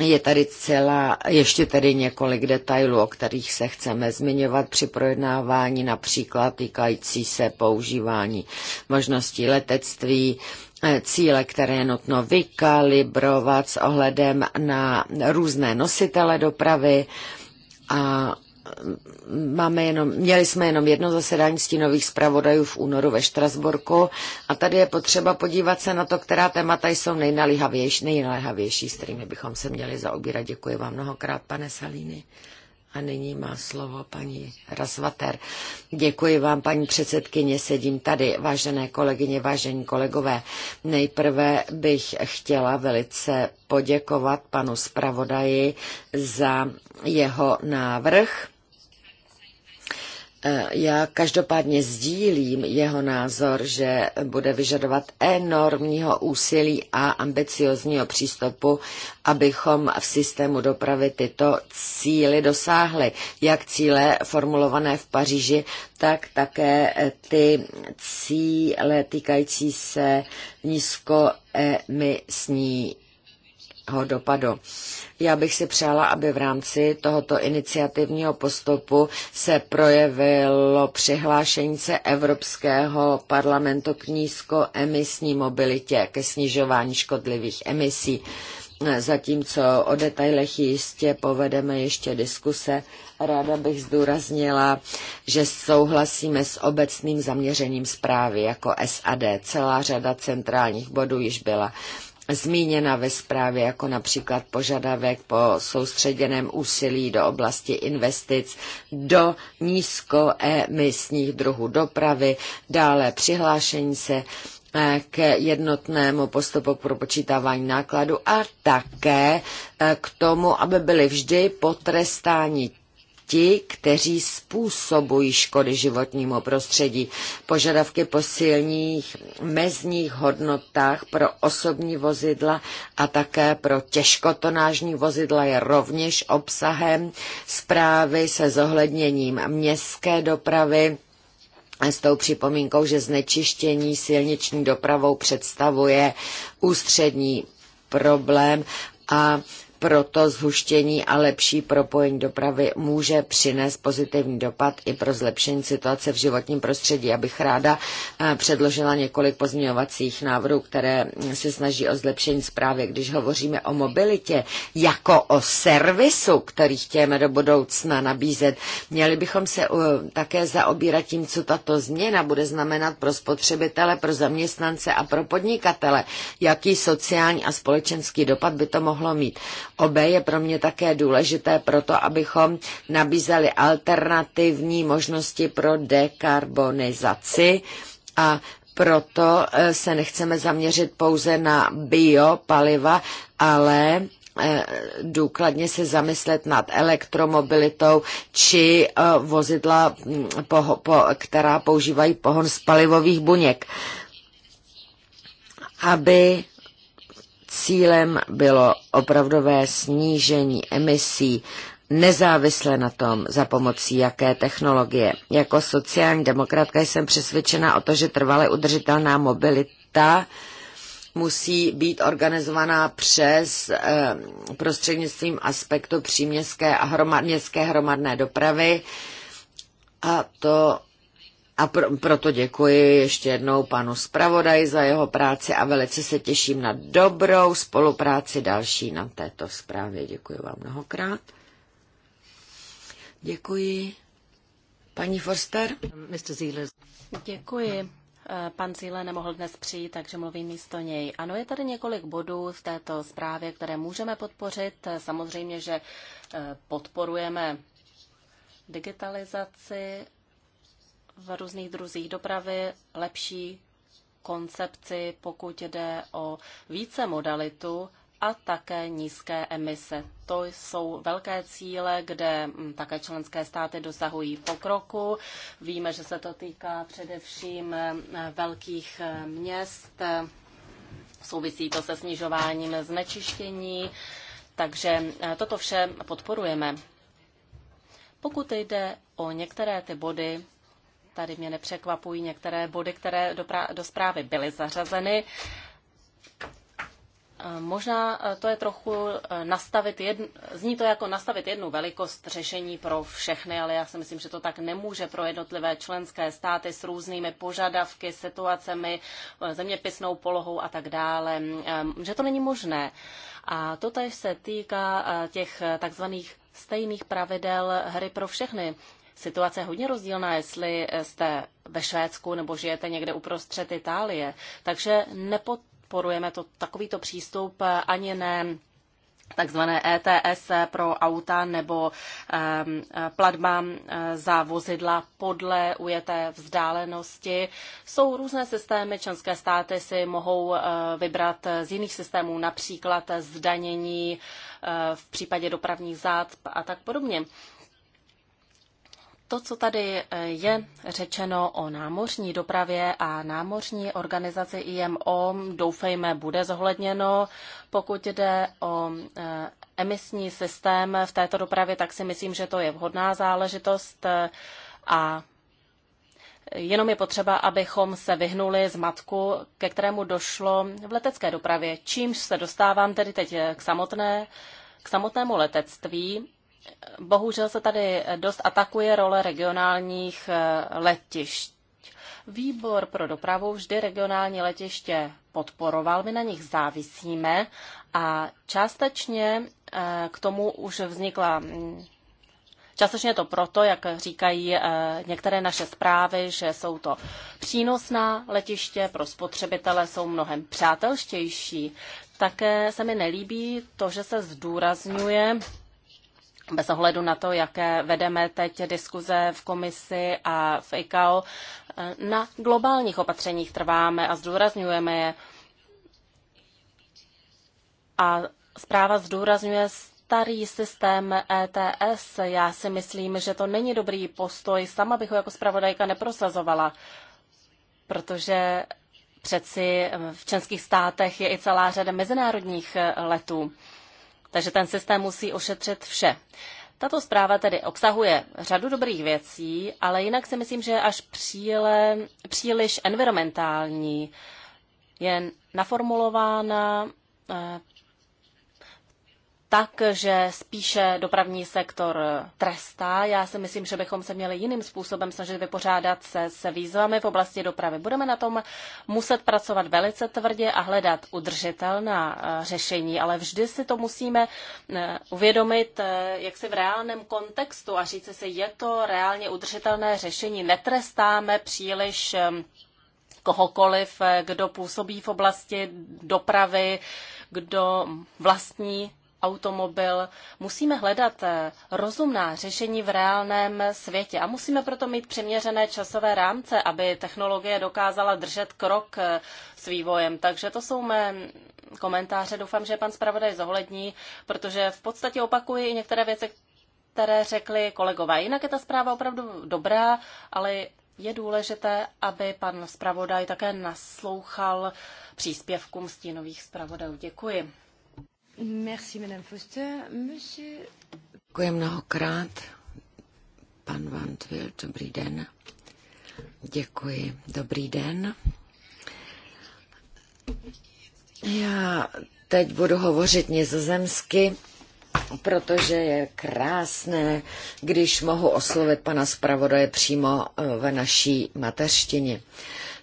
je tady celá, ještě tady několik detailů, o kterých se chceme zmiňovat při projednávání, například týkající se používání možností letectví, eh, cíle, které je nutno vykalibrovat s ohledem na různé nositele dopravy a máme jenom, měli jsme jenom jedno zasedání stínových zpravodajů v únoru ve Štrasborku a tady je potřeba podívat se na to, která témata jsou nejnalihavější, nejnalihavější, s kterými bychom se měli zaobírat. Děkuji vám mnohokrát, pane Salíny. A nyní má slovo paní Razvater. Děkuji vám, paní předsedkyně, sedím tady. Vážené kolegyně, vážení kolegové, nejprve bych chtěla velice poděkovat panu zpravodaji za jeho návrh E, já každopádně sdílím jeho názor, že bude vyžadovat enormního úsilí a ambiciozního přístupu, abychom v systému dopravy tyto cíly dosáhli. Jak cíle formulované v Paříži, tak také e, ty cíle týkající se nízkoemisního dopadu. Já bych si přála, aby v rámci tohoto iniciativního postupu se projevilo přihlášení se Evropského parlamentu k nízkoemisní mobilitě, ke snižování škodlivých emisí. Zatímco o detailech jistě povedeme ještě diskuse, ráda bych zdůraznila, že souhlasíme s obecným zaměřením zprávy jako SAD. Celá řada centrálních bodů již byla zmíněna ve zprávě, jako například požadavek po soustředěném úsilí do oblasti investic do nízkoemisních druhů dopravy, dále přihlášení se eh, k jednotnému postupu pro propočítávání nákladu a také eh, k tomu, aby byly vždy potrestáni ti, kteří způsobují škody životnímu prostředí. Požadavky po silných mezních hodnotách pro osobní vozidla a také pro těžkotonážní vozidla je rovněž obsahem zprávy se zohledněním městské dopravy s tou připomínkou, že znečištění silniční dopravou představuje ústřední problém a proto zhuštění a lepší propojení dopravy může přinést pozitivní dopad i pro zlepšení situace v životním prostředí. Abych ráda eh, předložila několik pozměňovacích návrhů, které se snaží o zlepšení zprávy. Když hovoříme o mobilitě jako o servisu, který chtějeme do budoucna nabízet, měli bychom se eh, také zaobírat tím, co tato změna bude znamenat pro spotřebitele, pro zaměstnance a pro podnikatele. Jaký sociální a společenský dopad by to mohlo mít? Obe je pro mě také důležité proto, abychom nabízeli alternativní možnosti pro dekarbonizaci a proto eh, se nechceme zaměřit pouze na biopaliva, ale eh, důkladně se zamyslet nad elektromobilitou či eh, vozidla, hm, která používají pohon z palivových buněk, aby Cílem bylo opravdové snížení emisí nezávisle na tom, za pomocí jaké technologie. Jako sociální demokratka jsem přesvědčena o to, že trvale udržitelná mobilita musí být organizovaná přes eh, prostřednictvím aspektu příměstské a hromad, městské hromadné dopravy a to a pr- proto děkuji ještě jednou panu zpravodaji za jeho práci a velice se těším na dobrou spolupráci další na této zprávě. Děkuji vám mnohokrát. Děkuji. Paní Forster? Mr. Zíle. Děkuji. Eh, pan Zíle nemohl dnes přijít, takže mluvím místo něj. Ano, je tady několik bodů v této zprávě, které můžeme podpořit. Eh, samozřejmě, že eh, podporujeme digitalizaci v různých druzích dopravy lepší koncepci, pokud jde o více modalitu a také nízké emise. To jsou velké cíle, kde mm, také členské státy dosahují pokroku. Víme, že se to týká především eh, velkých eh, měst. Souvisí to se snižováním znečištění, takže eh, toto vše podporujeme. Pokud jde o některé ty body, Tady mě nepřekvapují některé body, které do, do zprávy byly zařazeny. Možná e, to je trochu e, nastavit jednu, zní to jako nastavit jednu velikost řešení pro všechny, ale já si myslím, že to tak nemůže pro jednotlivé členské státy s různými požadavky, situacemi, e, zeměpisnou polohou a tak dále, že to není možné. A to tež se týká těch takzvaných stejných pravidel hry pro všechny situace je hodně rozdílná, jestli eh, jste ve Švédsku nebo žijete někde uprostřed Itálie. Takže nepodporujeme to, takovýto přístup eh, ani ne takzvané ETS pro auta nebo um, platba za vozidla podle ujeté vzdálenosti. Jsou různé systémy, členské státy si mohou uh, vybrat z jiných systémů, například zdanění uh, v případě dopravních zácp a tak podobně. To, co tady eh, je řečeno o námořní dopravě a námořní organizaci IMO, doufejme, bude zohledněno. Pokud jde o eh, emisní systém v této dopravě, tak si myslím, že to je vhodná záležitost eh, a Jenom je potřeba, abychom se vyhnuli z matku, ke kterému došlo v letecké dopravě, čímž se dostávám tedy teď k, samotné, k samotnému letectví bohužel se tady dost atakuje role regionálních eh, letišť. Výbor pro dopravu vždy regionální letiště podporoval, my na nich závisíme a částečně eh, k tomu už vznikla mm, Částečně to proto, jak říkají eh, některé naše zprávy, že jsou to přínosná letiště, pro spotřebitele jsou mnohem přátelštější. Také se mi nelíbí to, že se zdůrazňuje bez ohledu na to, jaké vedeme teď diskuze v komisi a v ICAO, na globálních opatřeních trváme a zdůrazňujeme je. A zpráva zdůrazňuje starý systém ETS. Já si myslím, že to není dobrý postoj. Sama bych ho jako zpravodajka neprosazovala, protože přeci v českých státech je i celá řada mezinárodních letů takže ten systém musí ošetřit vše. Tato zpráva tedy obsahuje řadu dobrých věcí, ale jinak si myslím, že je až příle, příliš environmentální. Je naformulována eh, tak, že spíše dopravní sektor trestá. Já si myslím, že bychom se měli jiným způsobem snažit vypořádat se s výzvami v oblasti dopravy. Budeme na tom muset pracovat velice tvrdě a hledat udržitelná eh, řešení, ale vždy si to musíme eh, uvědomit eh, jak si v reálném kontextu a říci si, je to reálně udržitelné řešení. Netrestáme příliš ehm, kohokoliv, kdo působí v oblasti dopravy, kdo vlastní automobil, musíme hledat eh, rozumná řešení v reálném světě a musíme proto mít přiměřené časové rámce, aby technologie dokázala držet krok eh, s vývojem. Takže to jsou mé komentáře. Doufám, že pan zpravodaj zohlední, protože v podstatě opakuji i některé věci, které řekli kolegové. Jinak je ta zpráva opravdu dobrá, ale je důležité, aby pan zpravodaj také naslouchal příspěvkům stínových zpravodajů. Děkuji. Merci, Madame Foster. Monsieur... Děkuji mnohokrát. Pan Van Tvil, dobrý den. Děkuji. Dobrý den. Já teď budu hovořit nizozemsky, protože je krásné, když mohu oslovit pana zpravodaje přímo eh, ve naší mateřštině.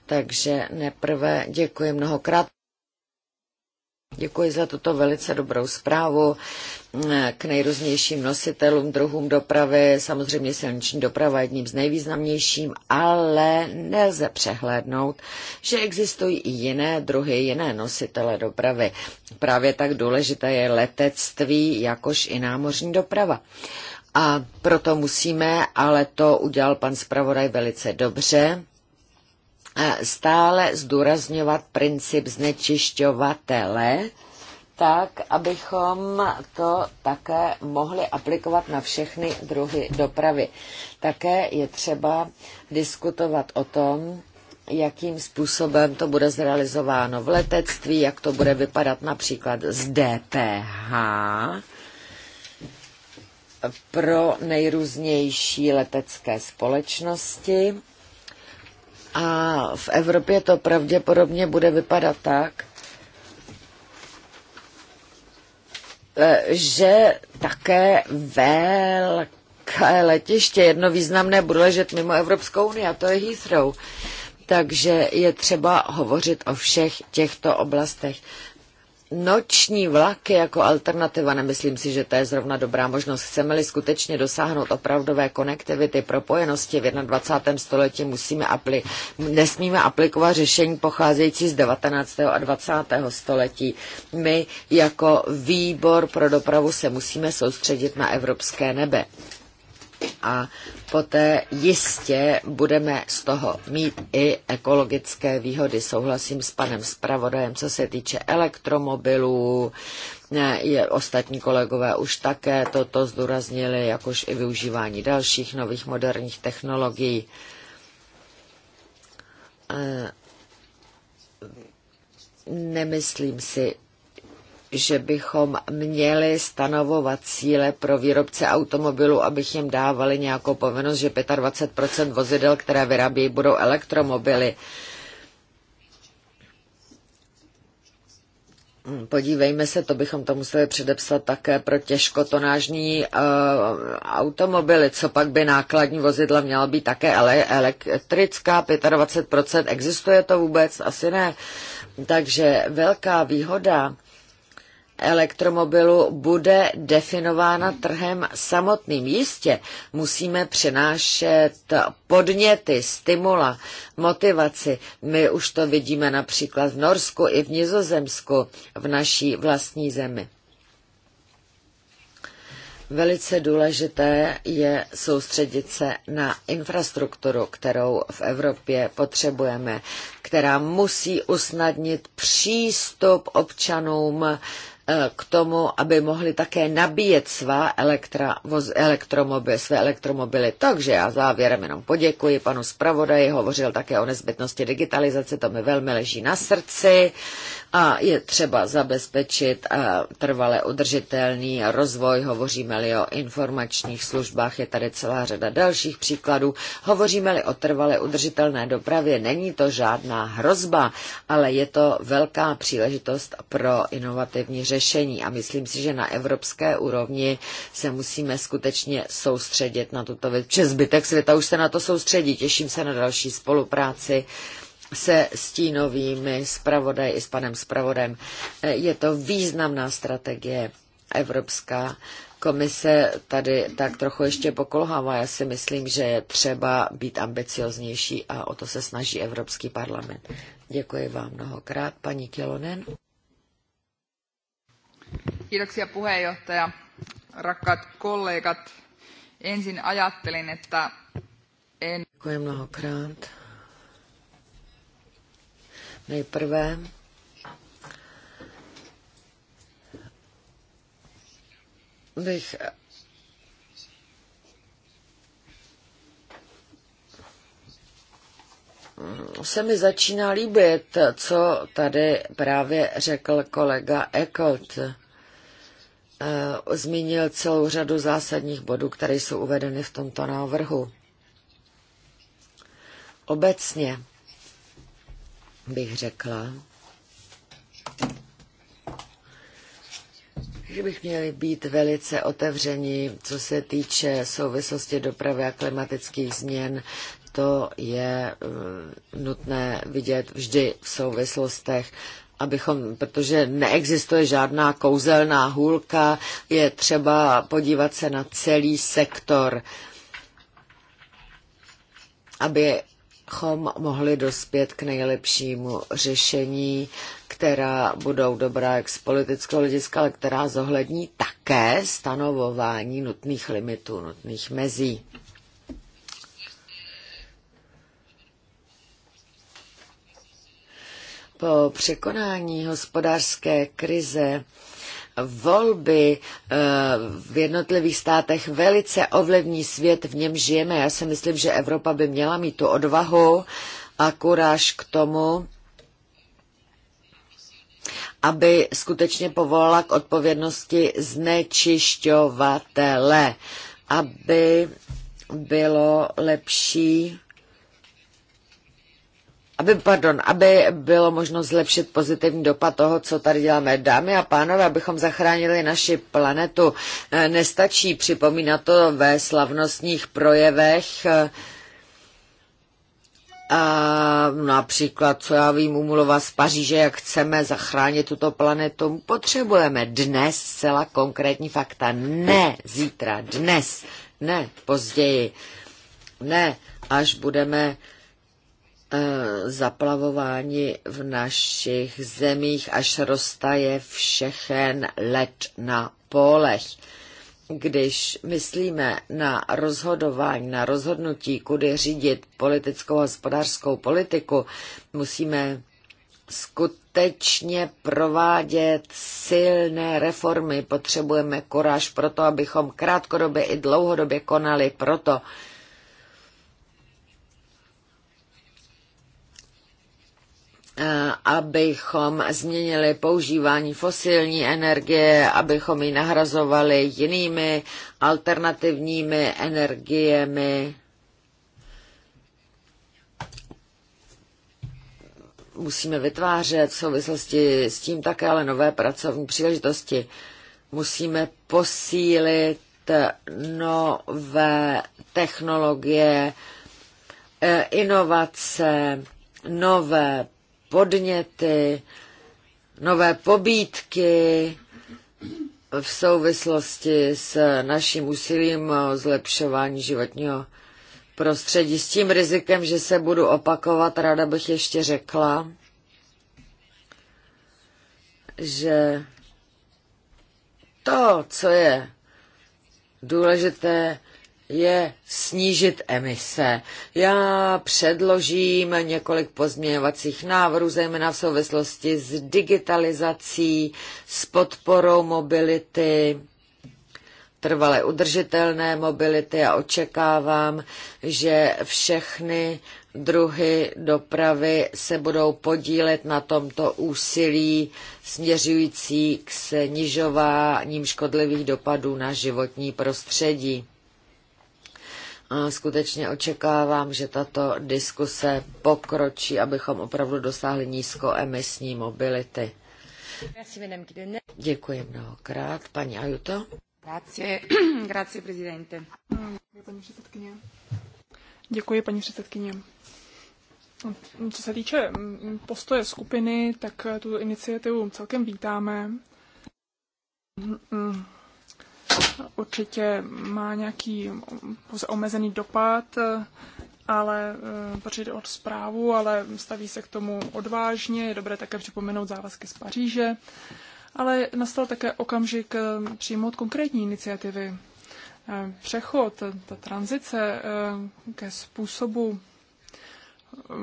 Takže neprve děkuji mnohokrát. Děkuji za tuto velice dobrou zprávu k nejrůznějším nositelům, druhům dopravy. Samozřejmě silniční doprava je jedním z nejvýznamnějším, ale nelze přehlédnout, že existují i jiné druhy, jiné nositele dopravy. Právě tak důležité je letectví, jakož i námořní doprava. A proto musíme, ale to udělal pan zpravodaj velice dobře, stále zdůrazňovat princip znečišťovatele, tak, abychom to také mohli aplikovat na všechny druhy dopravy. Také je třeba diskutovat o tom, jakým způsobem to bude zrealizováno v letectví, jak to bude vypadat například z DPH pro nejrůznější letecké společnosti a v Evropě to pravděpodobně bude vypadat tak, e, že také velké letiště, jedno významné, bude ležet mimo Evropskou unii a to je Heathrow. Takže je třeba hovořit o všech těchto oblastech noční vlaky jako alternativa, nemyslím si, že to je zrovna dobrá možnost. Chceme-li skutečně dosáhnout opravdové konektivity, propojenosti v 21. století, musíme apli- nesmíme aplikovat řešení pocházející z 19. a 20. století. My jako výbor pro dopravu se musíme soustředit na evropské nebe a poté jistě budeme z toho mít i ekologické výhody. Souhlasím s panem zpravodajem, co se týče elektromobilů, je, ostatní kolegové už také toto zdůraznili, jakož i využívání dalších nových moderních technologií. E, nemyslím si, že bychom měli stanovovat cíle pro výrobce automobilů, abych jim dávali nějakou povinnost, že 25 vozidel, které vyrábějí, budou elektromobily. Podívejme se, to bychom to museli předepsat také pro těžkotonážní uh, automobily. Co pak by nákladní vozidla měla být také ele- elektrická, 25%. Existuje to vůbec? Asi ne. Takže velká výhoda elektromobilu bude definována trhem samotným. Jistě musíme přenášet podněty, stimula, motivaci. My už to vidíme například v Norsku i v Nizozemsku, v naší vlastní zemi. Velice důležité je soustředit se na infrastrukturu, kterou v Evropě potřebujeme, která musí usnadnit přístup občanům Eh, k tomu, aby mohli také nabíjet svá elektra, voz, elektromobily, své elektromobily. Takže já závěrem jenom poděkuji panu zpravodaji, hovořil také o nezbytnosti digitalizace, to mi velmi leží na srdci a je třeba zabezpečit eh, trvale udržitelný rozvoj. Hovoříme-li o informačních službách, je tady celá řada dalších příkladů. Hovoříme-li o trvale udržitelné dopravě, není to žádná hrozba, ale je to velká příležitost pro inovativní řešení a myslím si, že na evropské úrovni se musíme skutečně soustředit na tuto věc. Zbytek světa už se na to soustředí. Těším se na další spolupráci se stínovými zpravodaj i s panem zpravodem. Je to významná strategie Evropská komise tady tak trochu ještě pokolhává. Já si myslím, že je třeba být ambicioznější a o to se snaží Evropský parlament. Děkuji vám mnohokrát, paní Kilonen. Kiitoksia puheenjohtaja. Rakkaat kollegat, ensin ajattelin, että en... Děkuji mnohokrát. Nejprve bych se mi začíná líbit, co tady právě řekl kolega Eckert. Eh, zmínil celou řadu zásadních bodů, které jsou uvedeny v tomto návrhu. Obecně bych řekla, že bych měli být velice otevření, co se týče souvislosti dopravy a klimatických změn. To je eh, nutné vidět vždy v souvislostech abychom, protože neexistuje žádná kouzelná hůlka, je třeba podívat se na celý sektor, aby chom mohli dospět k nejlepšímu řešení, která budou dobrá jak z politického hlediska, ale která zohlední také stanovování nutných limitů, nutných mezí. Po překonání hospodářské krize volby eh, v jednotlivých státech velice ovlivní svět, v něm žijeme. Já si myslím, že Evropa by měla mít tu odvahu a kuráž k tomu, aby skutečně povolala k odpovědnosti znečišťovatele, aby bylo lepší aby, pardon, aby bylo možno zlepšit pozitivní dopad toho, co tady děláme. Dámy a pánové, abychom zachránili naši planetu, eh, nestačí připomínat to ve slavnostních projevech, eh, a například, co já vím, umluva z Paříže, jak chceme zachránit tuto planetu, potřebujeme dnes zcela konkrétní fakta. Ne zítra, dnes, ne později, ne až budeme Eh, zaplavováni v našich zemích, až roztaje všechen led na polech. Když myslíme na rozhodování, na rozhodnutí, kudy řídit politickou a hospodářskou politiku, musíme skutečně provádět silné reformy. Potřebujeme koráž to, abychom krátkodobě i dlouhodobě konali proto, Eh, abychom změnili používání fosilní energie, abychom ji nahrazovali jinými alternativními energiemi. Musíme vytvářet v souvislosti s tím také ale nové pracovní příležitosti. Musíme posílit nové technologie, eh, inovace, nové podněty, nové pobídky v souvislosti s naším úsilím o zlepšování životního prostředí. S tím rizikem, že se budu opakovat, ráda bych ještě řekla, že to, co je důležité, je snížit emise. Já předložím několik pozměňovacích návrhů, zejména v souvislosti s digitalizací, s podporou mobility, trvale udržitelné mobility a očekávám, že všechny druhy dopravy se budou podílet na tomto úsilí směřující k snižování škodlivých dopadů na životní prostředí skutečně očekávám, že tato diskuse pokročí, abychom opravdu dosáhli nízkoemisní mobility. Děkuji mnohokrát. Paní Ajuto? Grazie, prezidente. Děkuji, paní předsedkyně. Děkuji, paní předsedkyně. Co se týče mm, postoje skupiny, tak tu iniciativu celkem vítáme. Mm, mm určitě má nějaký pouze omezený dopad, ale eh, protože jde od zprávu, ale staví se k tomu odvážně. Je dobré také připomenout závazky z Paříže. Ale nastal také okamžik eh, přijmout konkrétní iniciativy. Eh, přechod, ta tranzice ke způsobu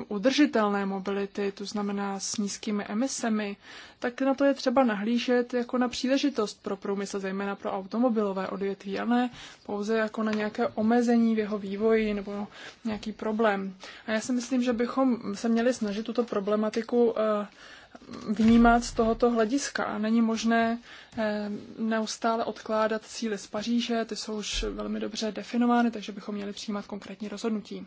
udržitelné mobility, to znamená s nízkými emisemi, tak na to je třeba nahlížet jako na příležitost pro průmysl, zejména pro automobilové odvětví, a ne pouze jako na nějaké omezení v jeho vývoji nebo nějaký problém. A já si myslím, že bychom se měli snažit tuto problematiku eh, vnímat z tohoto hlediska. A není možné eh, neustále odkládat cíly z Paříže, ty jsou už velmi dobře definovány, takže bychom měli přijímat konkrétní rozhodnutí.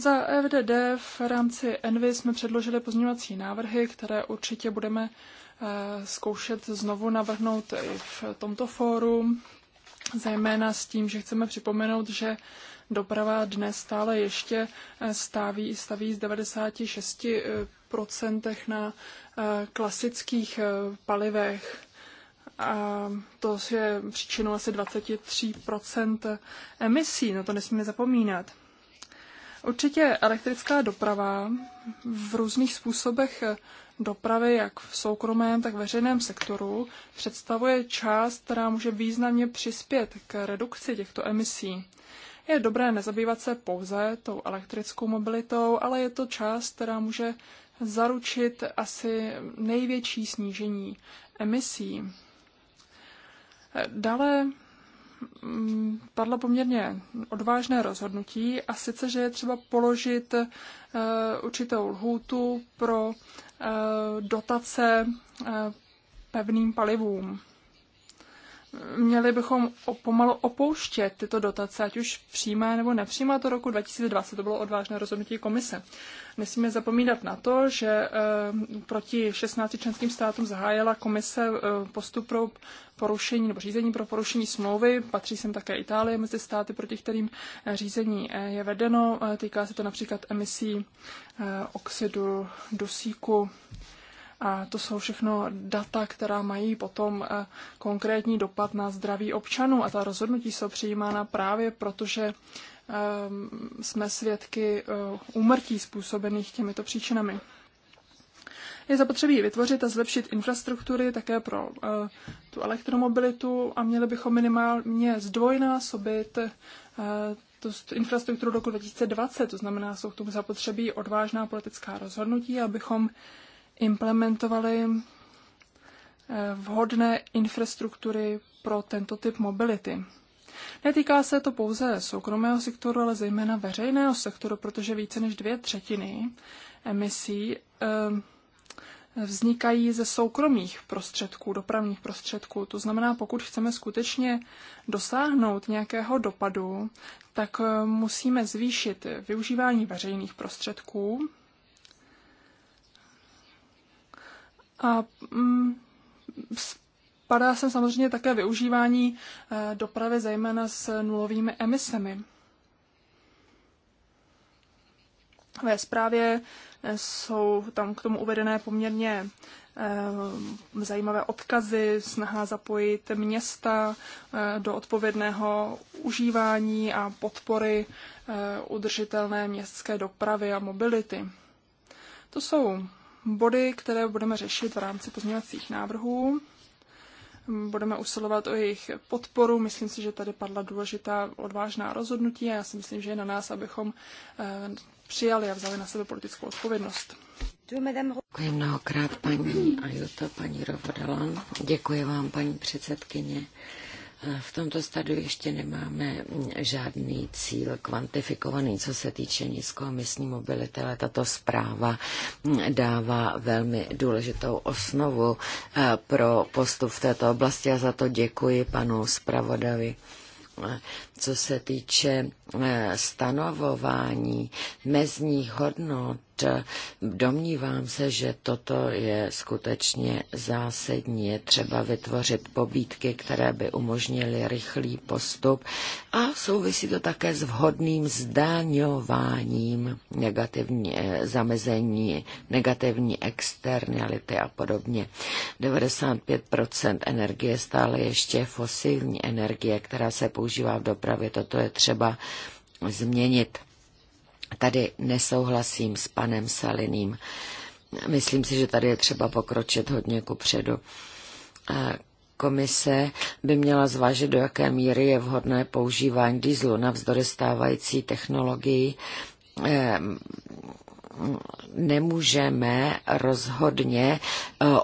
Za FDD v rámci Envy jsme předložili pozměňovací návrhy, které určitě budeme eh, zkoušet znovu navrhnout i v tomto fóru, zejména s tím, že chceme připomenout, že doprava dnes stále ještě eh, staví, staví z 96% eh, na klasických palivech. A to je příčinou asi 23% emisí, na no to nesmíme zapomínat. Určitě elektrická doprava v různých způsobech dopravy, jak v soukromém, tak v veřejném sektoru, představuje část, která může významně přispět k redukci těchto emisí. Je dobré nezabývat se pouze tou elektrickou mobilitou, ale je to část, která může zaručit asi největší snížení emisí. Dále Mm, padlo poměrně odvážné rozhodnutí a sice, že je třeba položit eh, určitou lhůtu pro eh, dotace eh, pevným palivům měli bychom pomalu opouštět tyto dotace, ať už přímé nebo nepřímé, to roku 2020 to bylo odvážné rozhodnutí komise. Nesmíme zapomínat na to, že eh, proti 16 členským státům zahájila komise eh, postup pro porušení nebo řízení pro porušení smlouvy. Patří sem také Itálie mezi státy, proti kterým eh, řízení je vedeno. Týká se to například emisí oxidu dusíku a to jsou všechno data, která mají potom eh, konkrétní dopad na zdraví občanů. A ta rozhodnutí jsou přijímána právě proto, že ehm, jsme svědky eh, úmrtí způsobených těmito příčinami. Je zapotřebí vytvořit a zlepšit infrastruktury také pro uh, tu elektromobilitu a měli bychom minimálně zdvojnásobit uh, tu infrastrukturu roku 2020, to znamená, jsou k tomu zapotřebí odvážná politická rozhodnutí, abychom implementovali eh, vhodné infrastruktury pro tento typ mobility. Netýká se to pouze soukromého sektoru, ale zejména veřejného sektoru, protože více než dvě třetiny emisí eh, vznikají ze soukromých prostředků, dopravních prostředků. To znamená, pokud chceme skutečně dosáhnout nějakého dopadu, tak eh, musíme zvýšit využívání veřejných prostředků A mm, spadá sem samozřejmě také využívání e, dopravy, zejména s nulovými emisemi. Ve zprávě e, jsou tam k tomu uvedené poměrně e, zajímavé odkazy, snaha zapojit města do odpovědného užívání a podpory udržitelné městské dopravy a mobility. To jsou body, které budeme řešit v rámci pozměňovacích návrhů. Budeme usilovat o jejich podporu. Myslím si, že tady padla důležitá odvážná rozhodnutí a já si myslím, že je na nás, abychom eh, přijali a vzali na sebe politickou odpovědnost. Děkuji mnohokrát paní Ajuto, paní Rovodalan. Děkuji vám, paní předsedkyně. V tomto stadiu ještě nemáme žádný cíl kvantifikovaný, co se týče nízkoemisní mobility, ale tato zpráva dává velmi důležitou osnovu eh, pro postup v této oblasti a za to děkuji panu zpravodavi co se týče eh, stanovování mezních hodnot Eh, domnívám se, že toto je skutečně zásadní. Je třeba vytvořit pobídky, které by umožnily rychlý postup a souvisí to také s vhodným zdáňováním negativní, eh, zamezení negativní externality a podobně. 95% energie stále ještě fosilní energie, která se používá v dopravě. Toto je třeba změnit. Tady nesouhlasím s panem Saliným. Myslím si, že tady je třeba pokročit hodně ku předu. Komise by měla zvážit, do jaké míry je vhodné používání dieslu vzdory stávající technologii ehm, nemůžeme rozhodně e,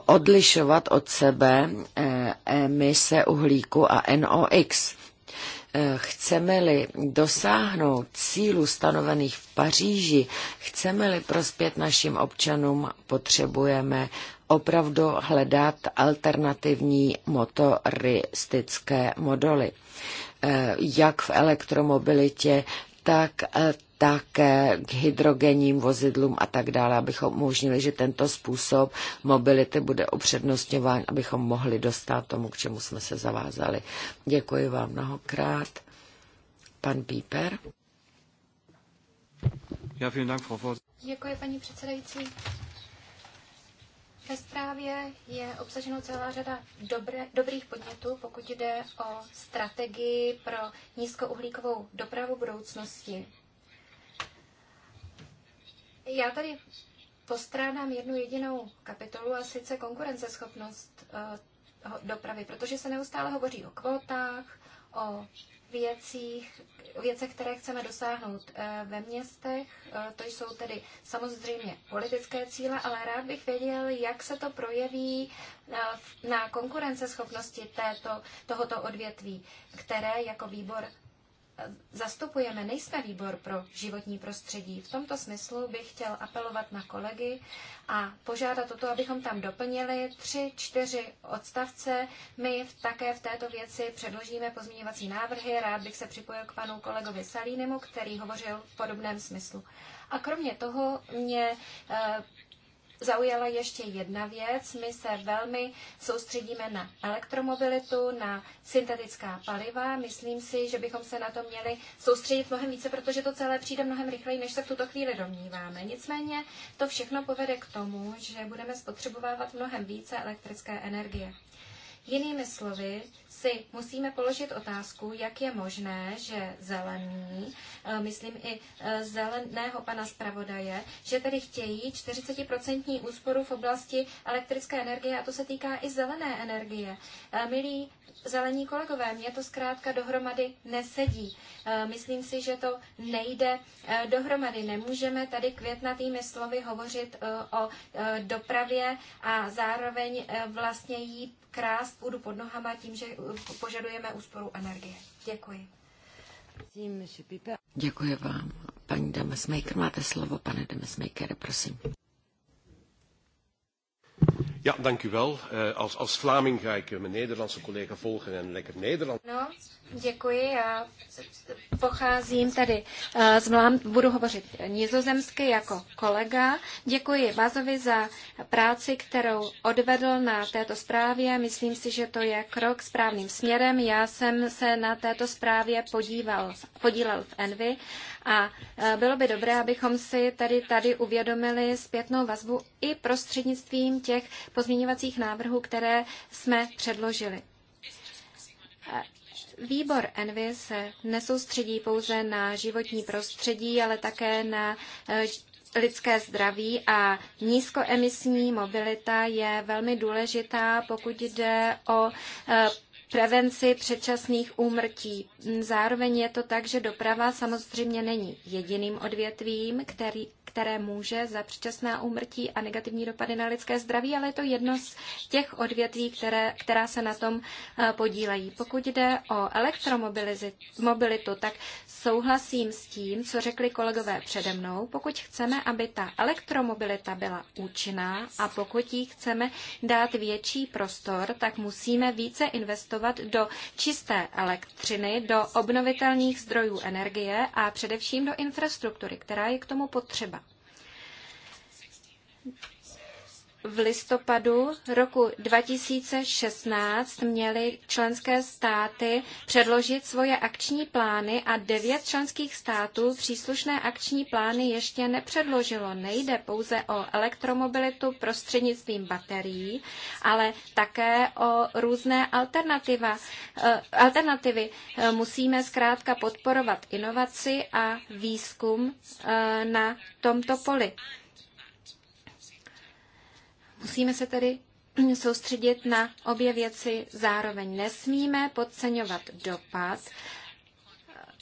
odlišovat od sebe e, emise uhlíku a NOx. Chceme-li dosáhnout cílu stanovených v Paříži, chceme-li prospět našim občanům, potřebujeme opravdu hledat alternativní motoristické modely eh, jak v elektromobilitě, tak také k hydrogenním vozidlům a tak dále, abychom umožnili, že tento způsob mobility bude upřednostňován, abychom mohli dostat tomu, k čemu jsme se zavázali. Děkuji vám mnohokrát. Pan Píper. Děkuji, paní předsedající. Ve zprávě je obsaženo celá řada dobré, dobrých podnětů, pokud jde o strategii pro nízkouhlíkovou dopravu budoucnosti. Já tady postrádám jednu jedinou kapitolu a sice konkurenceschopnost eh, dopravy, protože se neustále hovoří o kvótách, o věcích, věcech, které chceme dosáhnout eh, ve městech. Eh, to jsou tedy samozřejmě politické cíle, ale rád bych věděl, jak se to projeví na konkurenceschopnosti této, tohoto odvětví, které jako výbor zastupujeme, nejsme výbor pro životní prostředí. V tomto smyslu bych chtěl apelovat na kolegy a požádat o to, abychom tam doplnili tři, čtyři odstavce. My v, také v této věci předložíme pozměňovací návrhy. Rád bych se připojil k panu kolegovi Salínemu, který hovořil v podobném smyslu. A kromě toho mě e, zaujala ještě jedna věc. My se velmi soustředíme na elektromobilitu, na syntetická paliva. Myslím si, že bychom se na to měli soustředit mnohem více, protože to celé přijde mnohem rychleji, než se v tuto chvíli domníváme. Nicméně to všechno povede k tomu, že budeme spotřebovávat mnohem více elektrické energie. Jinými slovy, si musíme položit otázku, jak je možné, že zelení, eh, myslím i eh, zeleného pana zpravodaje, že tedy chtějí 40% úsporu v oblasti elektrické energie a to se týká i zelené energie. Eh, milí zelení kolegové, mě to zkrátka dohromady nesedí. Eh, myslím si, že to nejde eh, dohromady. Nemůžeme tady květnatými slovy hovořit eh, o dopravě a zároveň vlastně jí krást půdu pod nohama tím, že požadujeme úsporu energie. Děkuji. Děkuji vám. Paní Demesmaker, máte slovo, pane Demesmaker, prosím. Ja, dank u wel. Uh, als, als Vlaming ga ik eh, mijn Nederlandse collega volgen en lekker Nederland. No, děkuji. Já pocházím tady uh, z Mlám, budu hovořit nizozemsky jako kolega. Děkuji Vazovi za práci, kterou odvedl na této zprávě. Myslím si, že to je krok správným směrem. Já jsem se na této zprávě podíval, podílel v Envy a e, bylo by dobré, abychom si tady, tady uvědomili zpětnou vazbu i prostřednictvím těch pozměňovacích návrhů, které jsme předložili. E, výbor Envy se nesoustředí pouze na životní prostředí, ale také na e, lidské zdraví a nízkoemisní mobilita je velmi důležitá, pokud jde o prevenci předčasných úmrtí. Zároveň je to tak, že doprava samozřejmě není jediným odvětvím, který, které může za předčasná úmrtí a negativní dopady na lidské zdraví, ale je to jedno z těch odvětví, které, která se na tom eh, podílejí. Pokud jde o elektromobilitu, tak souhlasím s tím, co řekli kolegové přede mnou. Pokud chceme, aby ta elektromobilita byla účinná a pokud jí chceme dát větší prostor, tak musíme více investovat investovat do čisté elektřiny, do obnovitelných zdrojů energie a především do infrastruktury, která je k tomu potřeba v listopadu roku 2016 měly členské státy předložit svoje akční plány a devět členských států příslušné akční plány ještě nepředložilo. Nejde pouze o elektromobilitu prostřednictvím baterií, ale také o různé alternativa, eh, alternativy. Eh, musíme zkrátka podporovat inovaci a výzkum eh, na tomto poli. Musíme se tedy soustředit na obě věci zároveň. Nesmíme podceňovat dopad,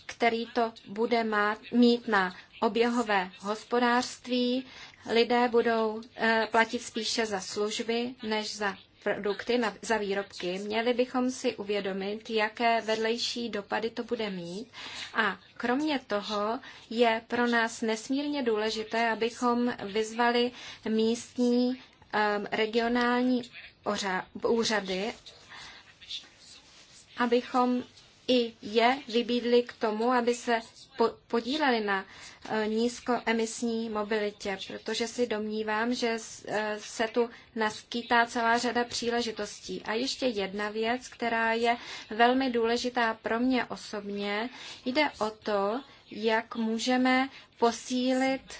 který to bude mít na oběhové hospodářství. Lidé budou eh, platit spíše za služby než za produkty, za výrobky, měli bychom si uvědomit, jaké vedlejší dopady to bude mít. A kromě toho je pro nás nesmírně důležité, abychom vyzvali místní Um, regionální úřady, abychom i je vybídli k tomu, aby se podíleli na uh, nízkoemisní mobilitě, protože si domnívám, že uh, se tu naskýtá celá řada příležitostí. A ještě jedna věc, která je velmi důležitá pro mě osobně, jde o to, jak můžeme posílit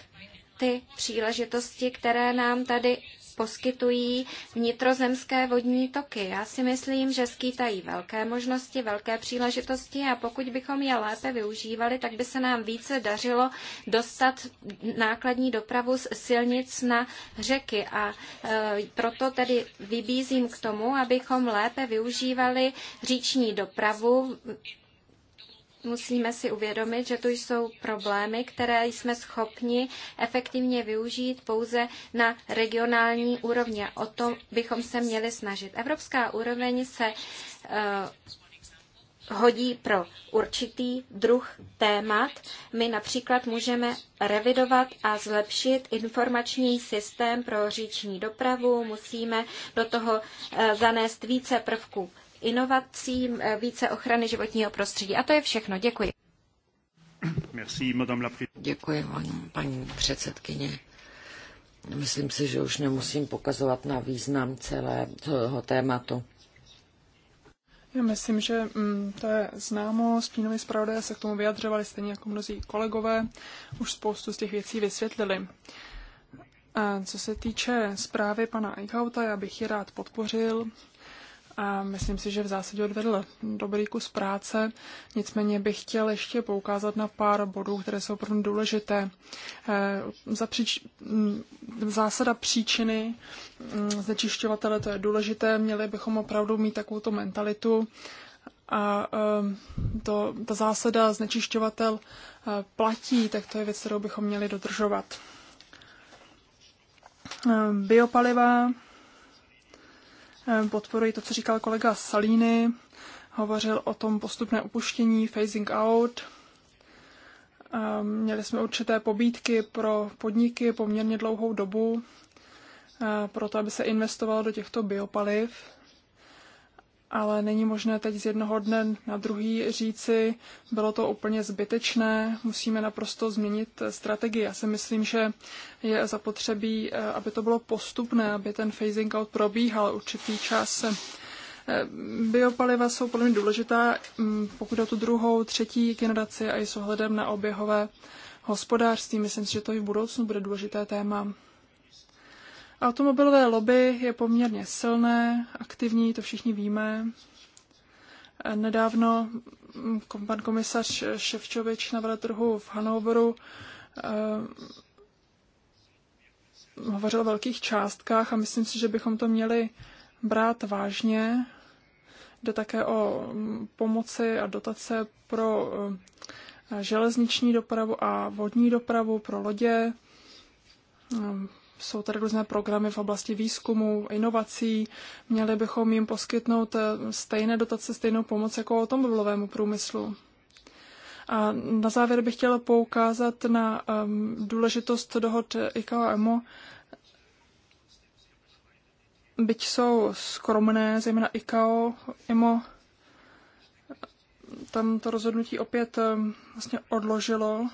ty příležitosti, které nám tady poskytují vnitrozemské vodní toky. Já si myslím, že skýtají velké možnosti, velké příležitosti a pokud bychom je lépe využívali, tak by se nám více dařilo dostat nákladní dopravu z silnic na řeky. A e, proto tedy vybízím k tomu, abychom lépe využívali říční dopravu, musíme si uvědomit, že tu jsou problémy, které jsme schopni efektivně využít pouze na regionální úrovni. O tom bychom se měli snažit. Evropská úroveň se eh, hodí pro určitý druh témat. My například můžeme revidovat a zlepšit informační systém pro říční dopravu, musíme do toho eh, zanést více prvků inovací, eh, více ochrany životního prostředí. A to je všechno. Děkuji. Děkuji, vám, paní předsedkyně. Myslím si, že už nemusím pokazovat na význam celého tématu. Já myslím, že mm, to je známo. Stínovi zpravodaje se k tomu vyjadřovali stejně jako mnozí kolegové. Už spoustu z těch věcí vysvětlili. A co se týče zprávy pana Eichauta, já bych ji rád podpořil a myslím si, že v zásadě odvedl dobrý kus práce. Nicméně bych chtěl ještě poukázat na pár bodů, které jsou opravdu důležité. Eh, mm, zásada příčiny mm, znečišťovatele, to je důležité. Měli bychom opravdu mít takovou mentalitu, a ehm, to, ta zásada znečišťovatel eh, platí, tak to je věc, kterou bychom měli dodržovat. Ehm, biopaliva Eh, podporuji to, co říkal kolega Salíny. Hovořil o tom postupné upuštění, phasing out. Ehm, měli jsme určité pobídky pro podniky poměrně dlouhou dobu, eh, proto aby se investovalo do těchto biopaliv ale není možné teď z jednoho dne na druhý říci, bylo to úplně zbytečné, musíme naprosto změnit eh, strategii. Já si myslím, že je zapotřebí, eh, aby to bylo postupné, aby ten phasing out probíhal určitý čas. Eh, biopaliva jsou podle mě důležitá, mm, pokud o tu druhou, třetí generaci a i s ohledem na oběhové hospodářství. Myslím si, že to i v budoucnu bude důležité téma. Automobilové lobby je poměrně silné, aktivní, to všichni víme. Nedávno pan komisař Ševčovič na veletrhu v Hanoveru eh, hovořil o velkých částkách a myslím si, že bychom to měli brát vážně. Jde také o pomoci a dotace pro eh, železniční dopravu a vodní dopravu, pro lodě, jsou tady různé programy v oblasti výzkumu, inovací. Měli bychom jim poskytnout eh, stejné dotace, stejnou pomoc jako automobilovému průmyslu. A na závěr bych chtěla poukázat na um, důležitost dohod ICAO a EMO. Byť jsou skromné, zejména ICAO, EMO, tam to rozhodnutí opět um, vlastně odložilo.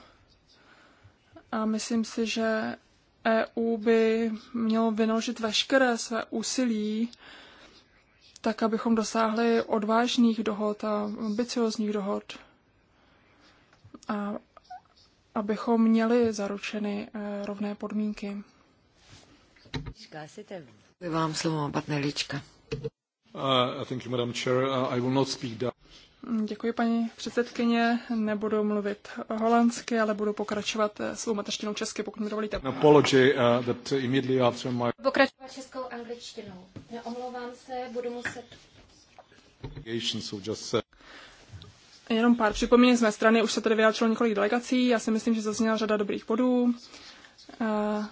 A myslím si, že EU by mělo vynaložit veškeré své úsilí, tak abychom dosáhli odvážných dohod a ambiciozních dohod. A abychom měli zaručeny e, rovné podmínky. Vám slovo, Bartnelička. Uh, Madam Chair. Uh, I will not speak Děkuji, paní předsedkyně. Nebudu mluvit holandsky, ale budu pokračovat eh, svou mateřštinou česky, pokud mi dovolíte. Apology, uh, that immediately after my... Pokračovat českou angličtinou. Neomlouvám se, budu muset... Jenom pár připomínek z mé strany, už se tady vyjádřilo několik delegací, já si myslím, že zazněla řada dobrých bodů. Eh,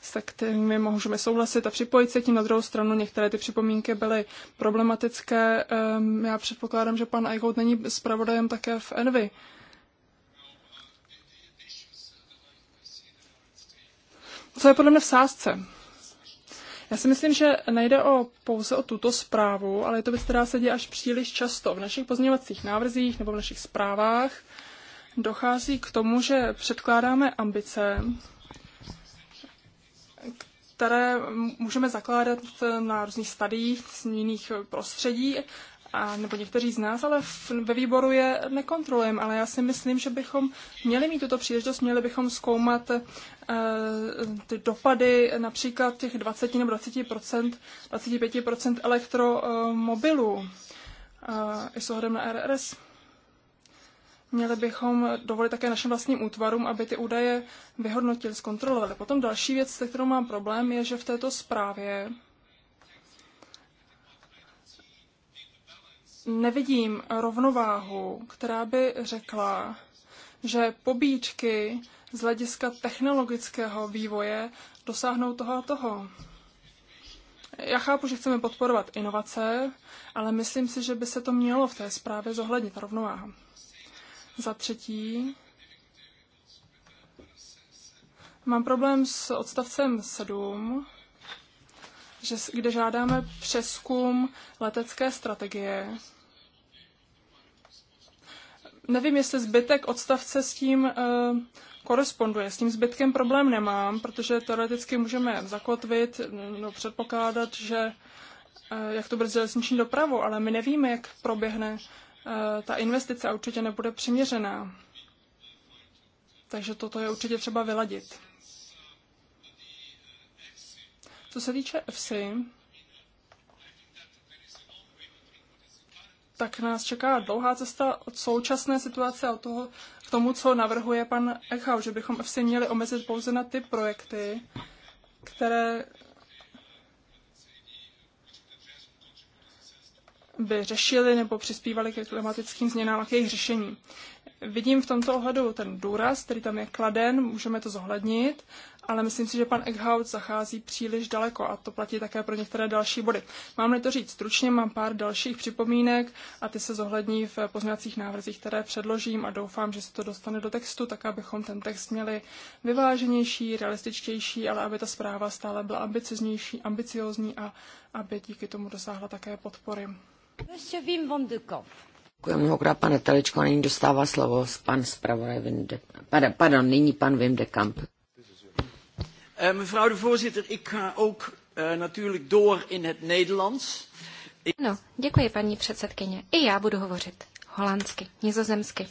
se kterými můžeme souhlasit a připojit se tím. Na druhou stranu některé ty připomínky byly problematické. Já předpokládám, že pan Eichhout není zpravodajem také v Envy. Co je podle mě v sázce? Já si myslím, že nejde o, pouze o tuto zprávu, ale je to věc, která se děje až příliš často. V našich pozměňovacích návrzích nebo v našich zprávách dochází k tomu, že předkládáme ambice, které můžeme zakládat na různých stadiích jiných prostředí, a, nebo někteří z nás, ale v, ve výboru je nekontrolujeme. Ale já si myslím, že bychom měli mít tuto příležitost, měli bychom zkoumat e, ty dopady například těch 20 nebo 20%, 25% elektromobilů e, i s ohledem na RRS. Měli bychom dovolit také našim vlastním útvarům, aby ty údaje vyhodnotili, zkontrolovali. Potom další věc, se kterou mám problém, je, že v této zprávě nevidím rovnováhu, která by řekla, že pobíčky z hlediska technologického vývoje dosáhnou toho a toho. Já chápu, že chceme podporovat inovace, ale myslím si, že by se to mělo v té zprávě zohlednit, rovnováha. Za třetí, mám problém s odstavcem 7, že, kde žádáme přeskum letecké strategie. Nevím, jestli zbytek odstavce s tím uh, koresponduje. S tím zbytkem problém nemám, protože teoreticky můžeme zakotvit, no, předpokládat, že eh, jak to bude s železniční dopravou, ale my nevíme, jak proběhne Eh, ta investice určitě nebude přiměřená. Takže toto je určitě třeba vyladit. Co se týče FSI, tak nás čeká dlouhá cesta od současné situace a od toho, k tomu, co navrhuje pan Echau, že bychom FC měli omezit pouze na ty projekty, které by řešili nebo přispívali ke klimatickým změnám a k jejich řešení. Vidím v tomto ohledu ten důraz, který tam je kladen, můžeme to zohlednit, ale myslím si, že pan Eckhout zachází příliš daleko a to platí také pro některé další body. Mám-li to říct stručně, mám pár dalších připomínek a ty se zohlední v pozměňovacích návrzích, které předložím a doufám, že se to dostane do textu, tak abychom ten text měli vyváženější, realističtější, ale aby ta zpráva stále byla ambicioznější, ambiciozní a aby díky tomu dosáhla také podpory. Monsieur van de Kamp. Děkuji mnohokrát, pane Telečko, nyní dostává slovo pan zpravodaj Wim de, pardon, pardon, nyní pan Wim de Kamp. Eh, mevrouw de voorzitter, ik ga ook eh, natuurlijk door in het Nederlands. děkuji paní předsedkyně. I já budu hovořit holandsky, nizozemsky.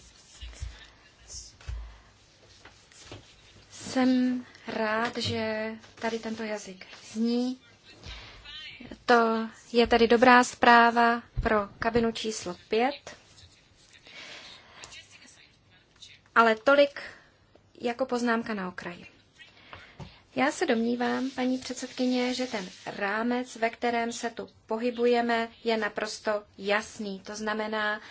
Jsem rád, že tady tento jazyk zní to je tedy dobrá zpráva pro kabinu číslo 5. Ale tolik jako poznámka na okraji. Já se domnívám, paní předsedkyně, že ten rámec, ve kterém se tu pohybujeme, je naprosto jasný. To znamená, e,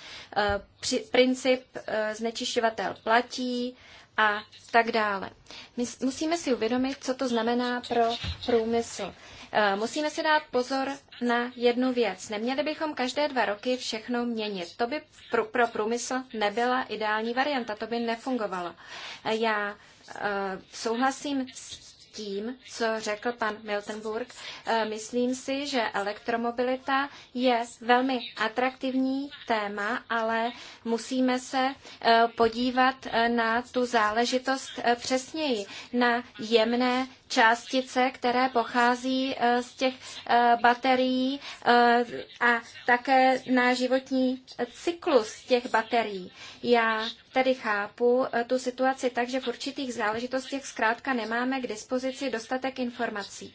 při, princip e, znečišťovatel platí a tak dále. My musíme si uvědomit, co to znamená pro průmysl. Eh, musíme si dát pozor na jednu věc. Neměli bychom každé dva roky všechno měnit. To by pro průmysl nebyla ideální varianta, to by nefungovalo. Eh, já eh, souhlasím s tím, co řekl pan Miltenburg. Myslím si, že elektromobilita je velmi atraktivní téma, ale musíme se podívat na tu záležitost přesněji, na jemné částice, které pochází e, z těch e, baterií e, a také na životní cyklus těch baterií. Já tedy chápu tu situaci tak, že v určitých záležitostech zkrátka nemáme k dispozici dostatek informací.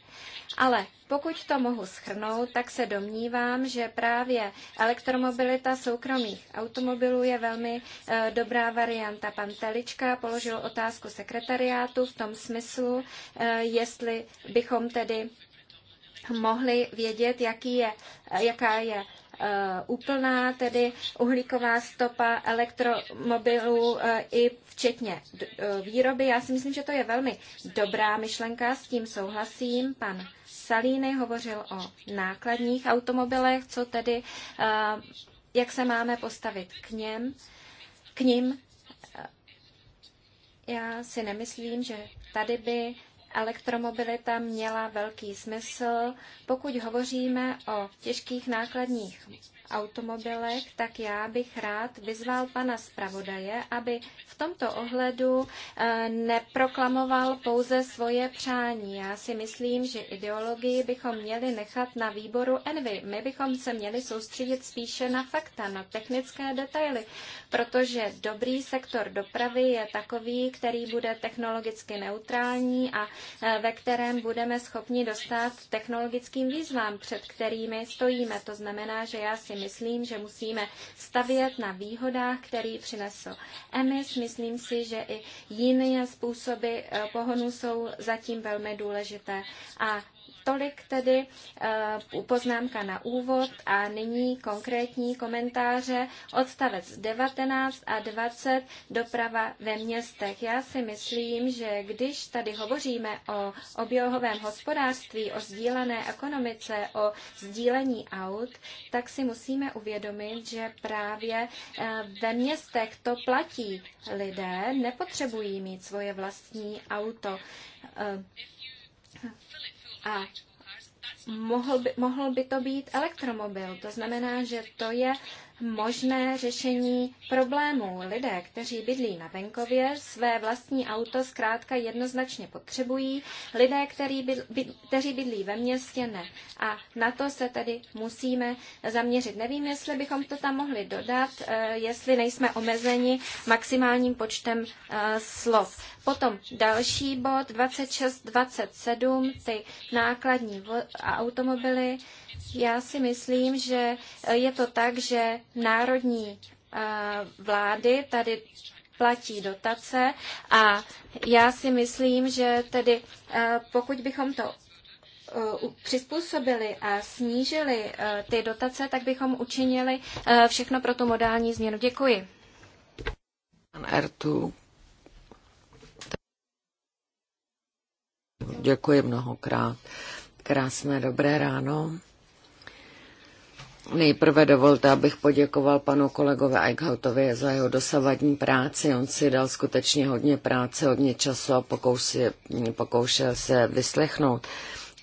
Ale pokud to mohu schrnout, tak se domnívám, že právě elektromobilita soukromých automobilů je velmi e, dobrá varianta. Pan Telička položil otázku sekretariátu v tom smyslu, e, jestli bychom tedy mohli vědět, jaký je, eh, jaká je úplná, tedy uhlíková stopa elektromobilů i včetně výroby. Já si myslím, že to je velmi dobrá myšlenka, s tím souhlasím. Pan Salíny hovořil o nákladních automobilech, co tedy, eh, jak se máme postavit k něm, k ním. Eh, já si nemyslím, že tady by elektromobilita měla velký smysl, pokud hovoříme o těžkých nákladních automobilech, tak já bych rád vyzval pana zpravodaje, aby v tomto ohledu eh, neproklamoval pouze svoje přání. Já si myslím, že ideologii bychom měli nechat na výboru Envy. My bychom se měli soustředit spíše na fakta, na technické detaily, protože dobrý sektor dopravy je takový, který bude technologicky neutrální a eh, ve kterém budeme schopni dostat technologickým výzvám, před kterými stojíme. To znamená, že já si myslím, že musíme stavět na výhodách, který přinesl EMIS. Myslím si, že i jiné způsoby eh, pohonu jsou zatím velmi důležité. A Tolik tedy eh, poznámka na úvod a nyní konkrétní komentáře. Odstavec 19 a 20 doprava ve městech. Já si myslím, že když tady hovoříme o oběhovém hospodářství, o sdílené ekonomice, o sdílení aut, tak si musíme uvědomit, že právě eh, ve městech to platí. Lidé nepotřebují mít svoje vlastní auto. Eh, a mohl by, mohl by to být elektromobil. To znamená, že to je možné řešení problémů. Lidé, kteří bydlí na venkově, své vlastní auto zkrátka jednoznačně potřebují, lidé, který bydl, kteří bydlí ve městě, ne. A na to se tedy musíme zaměřit. Nevím, jestli bychom to tam mohli dodat, eh, jestli nejsme omezeni maximálním počtem eh, slov. Potom další bod 2627, ty nákladní automobily. Já si myslím, že je to tak, že národní eh, vlády tady platí dotace a já si myslím, že tedy eh, pokud bychom to eh, přizpůsobili a snížili ty dotace, tak bychom učinili všechno pro tu modální změnu. Děkuji. Pan Ertug. Děkuji mnohokrát. Krásné dobré ráno. Nejprve dovolte, abych poděkoval panu kolegovi Eichhautovi za jeho dosavadní práci. On si dal skutečně hodně práce, hodně času a pokoušel, pokoušel se vyslechnout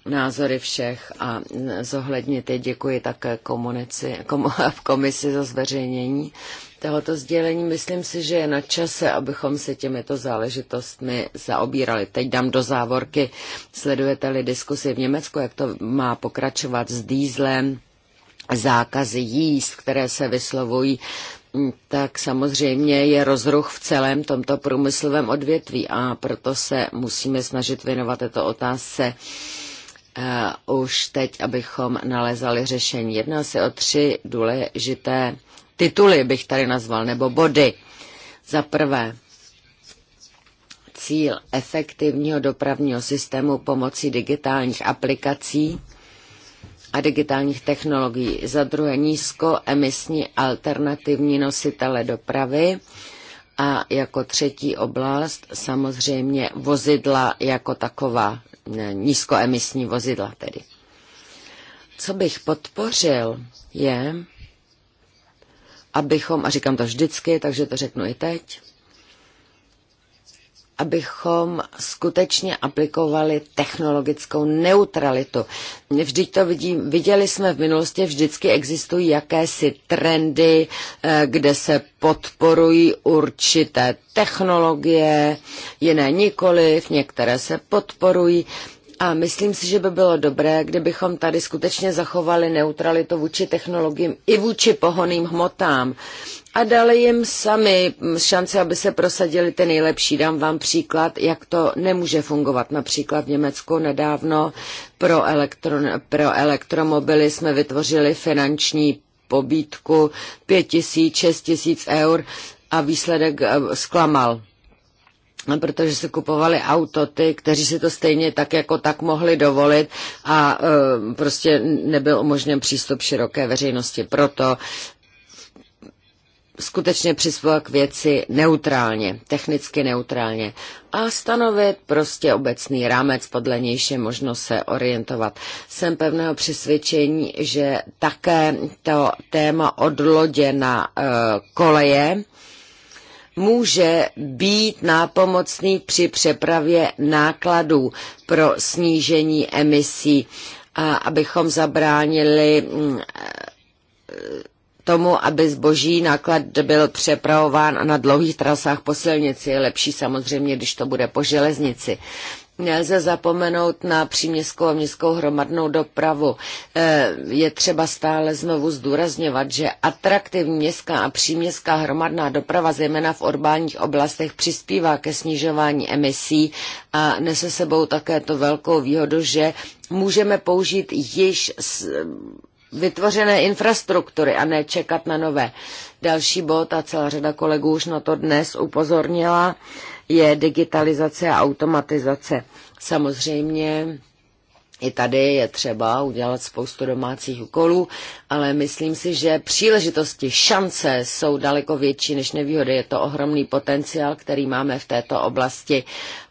názory všech a zohlednit je. Děkuji také komunici, kom, komisi za zveřejnění tohoto sdělení. Myslím si, že je na čase, abychom se těmito záležitostmi zaobírali. Teď dám do závorky, sledujete-li diskusi v Německu, jak to má pokračovat s dýzlem, zákazy jíst, které se vyslovují, tak samozřejmě je rozruch v celém tomto průmyslovém odvětví a proto se musíme snažit věnovat této otázce uh, už teď, abychom nalezali řešení. Jedná se o tři důležité tituly bych tady nazval, nebo body. Za prvé, cíl efektivního dopravního systému pomocí digitálních aplikací a digitálních technologií. Za druhé, nízkoemisní alternativní nositele dopravy. A jako třetí oblast samozřejmě vozidla jako taková, nízkoemisní vozidla tedy. Co bych podpořil je, abychom, a říkám to vždycky, takže to řeknu i teď, abychom skutečně aplikovali technologickou neutralitu. Vždyť to vidí, viděli jsme v minulosti, vždycky existují jakési trendy, eh, kde se podporují určité technologie, jiné nikoliv, některé se podporují. A myslím si, že by bylo dobré, kdybychom tady skutečně zachovali neutralitu vůči technologiím i vůči pohoným hmotám a dali jim sami šance, aby se prosadili ty nejlepší. Dám vám příklad, jak to nemůže fungovat. Například v Německu nedávno pro, elektro, pro elektromobily jsme vytvořili finanční pobítku 5 tisíc, 6 tisíc eur a výsledek eh, zklamal. No, protože si kupovali auto ty, kteří si to stejně tak jako tak mohli dovolit a e, prostě nebyl umožněn přístup široké veřejnosti. Proto skutečně přispěl k věci neutrálně, technicky neutrálně a stanovit prostě obecný rámec, podle nějž je možno se orientovat. Jsem pevného přesvědčení, že také to téma odlodě na e, koleje může být nápomocný při přepravě nákladů pro snížení emisí, a abychom zabránili mm, eh, tomu, aby zboží náklad byl přepravován a na dlouhých trasách po silnici. Je lepší samozřejmě, když to bude po železnici. Nelze zapomenout na příměstskou a městskou hromadnou dopravu. E, je třeba stále znovu zdůrazňovat, že atraktivní městská a příměstská hromadná doprava, zejména v urbánních oblastech, přispívá ke snižování emisí a nese sebou také to velkou výhodu, že můžeme použít již vytvořené infrastruktury a ne čekat na nové. Další bod a celá řada kolegů už na to dnes upozornila je digitalizace a automatizace. Samozřejmě i tady je třeba udělat spoustu domácích úkolů, ale myslím si, že příležitosti, šance jsou daleko větší než nevýhody. Je to ohromný potenciál, který máme v této oblasti.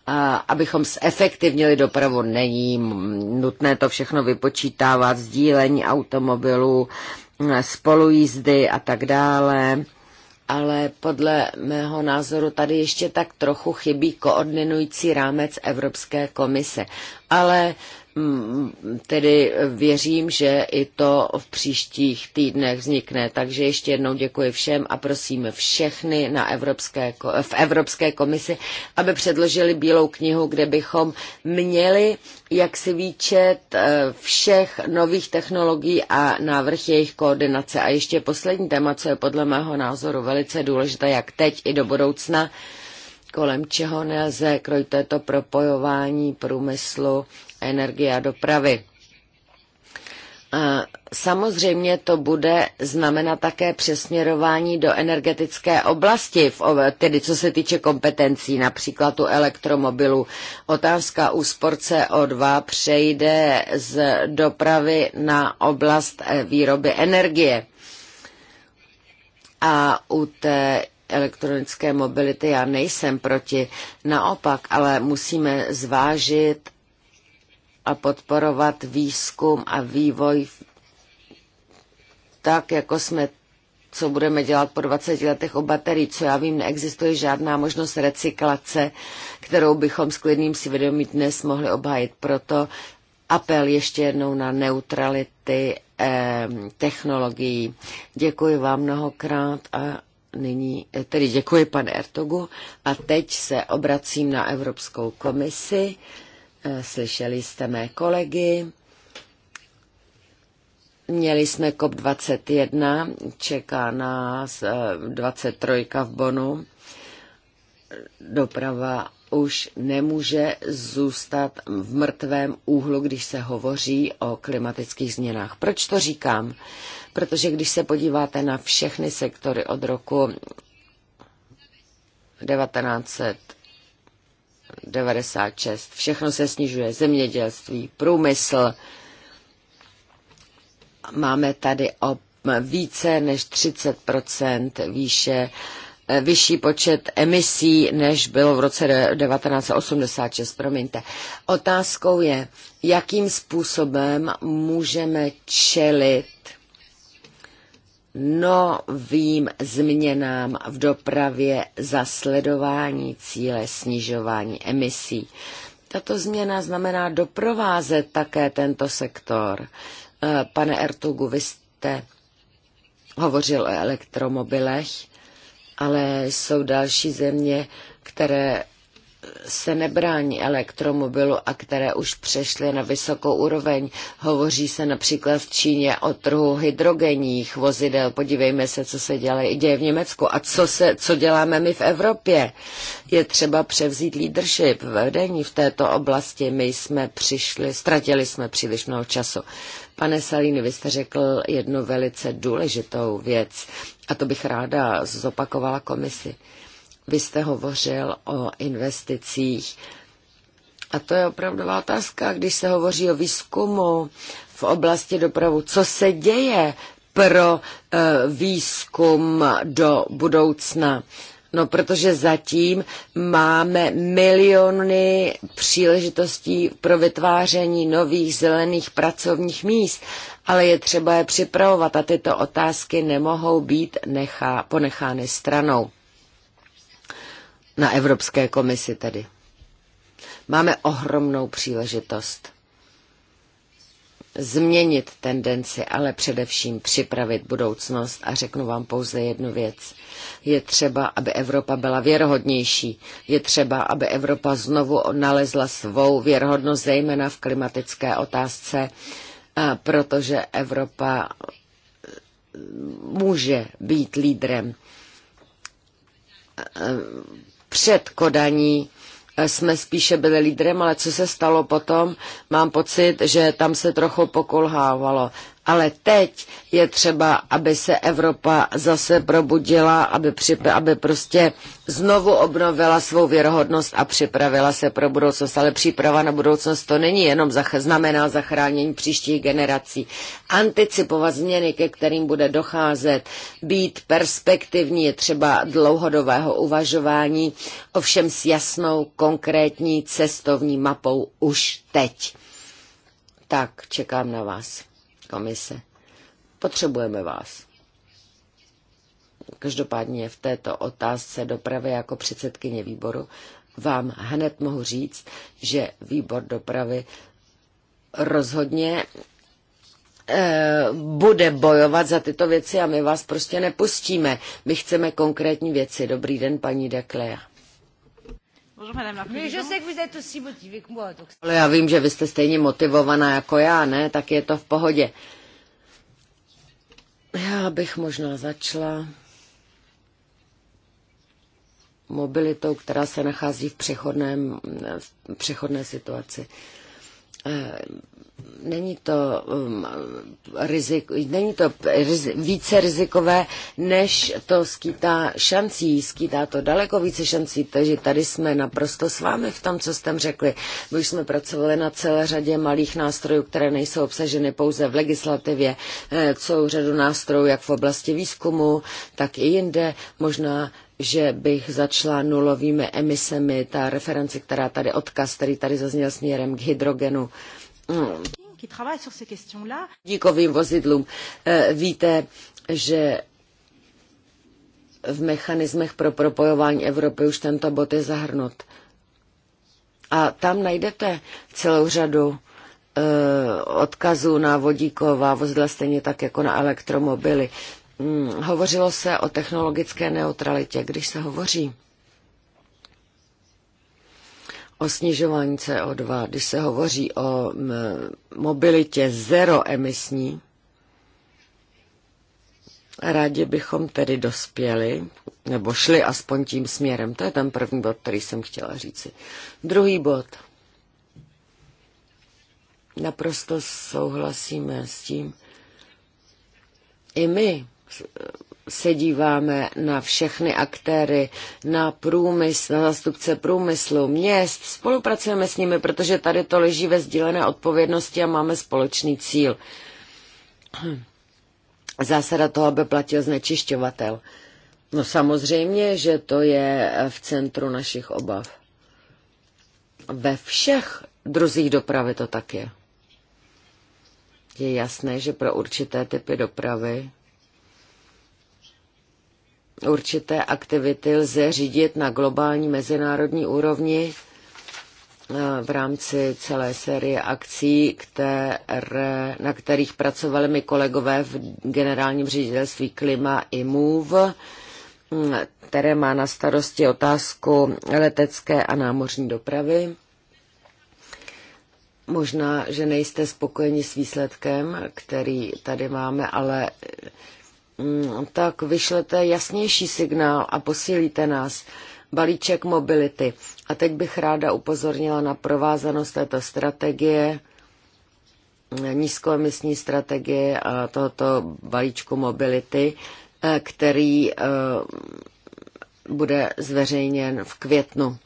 A abychom zefektivnili dopravu, není nutné to všechno vypočítávat, sdílení automobilů, spolujízdy a tak dále ale podle mého názoru tady ještě tak trochu chybí koordinující rámec Evropské komise. Ale Mm, tedy věřím, že i to v příštích týdnech vznikne. Takže ještě jednou děkuji všem a prosím všechny na Evropské, v Evropské komisi, aby předložili bílou knihu, kde bychom měli jak si výčet eh, všech nových technologií a návrh jejich koordinace. A ještě poslední téma, co je podle mého názoru velice důležité, jak teď i do budoucna, kolem čeho nelze kroj této propojování průmyslu, energie a dopravy. Samozřejmě to bude znamenat také přesměrování do energetické oblasti, tedy co se týče kompetencí, například u elektromobilů. Otázka úspor CO2 přejde z dopravy na oblast eh, výroby energie. A u té elektronické mobility. Já nejsem proti, naopak, ale musíme zvážit a podporovat výzkum a vývoj tak, jako jsme co budeme dělat po 20 letech o baterii. Co já vím, neexistuje žádná možnost recyklace, kterou bychom s klidným vědomí dnes mohli obhájit. Proto apel ještě jednou na neutrality eh, technologií. Děkuji vám mnohokrát a nyní, eh, tedy děkuji pane Ertogu a teď se obracím na Evropskou komisi. Eh, slyšeli jste mé kolegy. Měli jsme COP21, čeká nás 23 eh, v Bonu. Doprava už nemůže zůstat v mrtvém úhlu, když se hovoří o klimatických změnách. Proč to říkám? protože když se podíváte na všechny sektory od roku 1996, všechno se snižuje, zemědělství, průmysl, máme tady o více než 30 výše eh, vyšší počet emisí, než bylo v roce 1986, promiňte. Otázkou je, jakým způsobem můžeme čelit novým změnám v dopravě za sledování cíle snižování emisí. Tato změna znamená doprovázet také tento sektor. Eh, pane Ertugu, vy jste hovořil o elektromobilech, ale jsou další země, které se nebrání elektromobilu a které už přešly na vysokou úroveň. Hovoří se například v Číně o trhu hydrogenních vozidel. Podívejme se, co se i děje v Německu a co, se, co děláme my v Evropě. Je třeba převzít leadership vedení v této oblasti. My jsme přišli, ztratili jsme příliš mnoho času. Pane Salíny, vy jste řekl jednu velice důležitou věc a to bych ráda zopakovala komisi. Vy jste hovořil o investicích. A to je opravdová otázka, když se hovoří o výzkumu v oblasti dopravu. Co se děje pro eh, výzkum do budoucna? No, protože zatím máme miliony příležitostí pro vytváření nových zelených pracovních míst, ale je třeba je připravovat a tyto otázky nemohou být nechá, ponechány stranou na Evropské komisi tedy. Máme ohromnou příležitost změnit tendenci, ale především připravit budoucnost. A řeknu vám pouze jednu věc. Je třeba, aby Evropa byla věrohodnější. Je třeba, aby Evropa znovu nalezla svou věrohodnost, zejména v klimatické otázce, protože Evropa může být lídrem před Kodaní eh, jsme spíše byli lídrem, ale co se stalo potom, mám pocit, že tam se trochu pokolhávalo. Ale teď je třeba, aby se Evropa zase probudila, aby, připra- aby prostě znovu obnovila svou věrohodnost a připravila se pro budoucnost. Ale příprava na budoucnost to není jenom zach- znamená zachránění příštích generací. Anticipovat změny, ke kterým bude docházet, být perspektivní je třeba dlouhodobého uvažování, ovšem s jasnou konkrétní cestovní mapou už teď. Tak, čekám na vás komise. Potřebujeme vás. Každopádně v této otázce dopravy jako předsedkyně výboru vám hned mohu říct, že výbor dopravy rozhodně eh, bude bojovat za tyto věci a my vás prostě nepustíme. My chceme konkrétní věci. Dobrý den, paní Deklea. Ale já vím, že vy jste stejně motivovaná jako já, ne? Tak je to v pohodě. Já bych možná začala mobilitou, která se nachází v přechodném, v přechodné situaci. Uh, Eh, není to, um, rizik, není to rizik, více rizikové, než to skýtá šancí. Skýtá to daleko více šancí, takže tady jsme naprosto s vámi v tom, co jste řekli. My už jsme pracovali na celé řadě malých nástrojů, které nejsou obsaženy pouze v legislativě, eh, celou řadu nástrojů, jak v oblasti výzkumu, tak i jinde. Možná že bych začala nulovými emisemi, ta reference, která tady odkaz, který tady zazněl směrem k hydrogenu, Mm. díkovým vozidlům. Eh, víte, že v mechanismech pro propojování Evropy už tento bod je zahrnut. A tam najdete celou řadu eh, odkazů na vodíková vozidla, stejně tak jako na elektromobily hm, hovořilo se o technologické neutralitě. Když se hovoří o snižování CO2, když se hovoří o mm, mobilitě zeroemisní, rádi bychom tedy dospěli, nebo šli aspoň tím směrem. To je ten první bod, který jsem chtěla říci. Druhý bod. Naprosto souhlasíme s tím. I my se díváme na všechny aktéry, na průmysl, na zastupce průmyslu, měst, spolupracujeme s nimi, protože tady to leží ve sdílené odpovědnosti a máme společný cíl. Zásada toho, aby platil znečišťovatel. No samozřejmě, že to je v centru našich obav. Ve všech druzích dopravy to tak je. Je jasné, že pro určité typy dopravy určité aktivity lze řídit na globální mezinárodní úrovni eh, v rámci celé série akcí, které, na kterých pracovali mi kolegové v generálním ředitelství Klima i Move, hm, které má na starosti otázku letecké a námořní dopravy. Možná, že nejste spokojeni s výsledkem, který tady máme, ale Mm, tak vyšlete jasnější signál a posílíte nás. Balíček mobility. A teď bych ráda upozornila na provázanost této strategie, nízkoemisní strategie a tohoto balíčku mobility, eh, který eh, bude zveřejněn v květnu.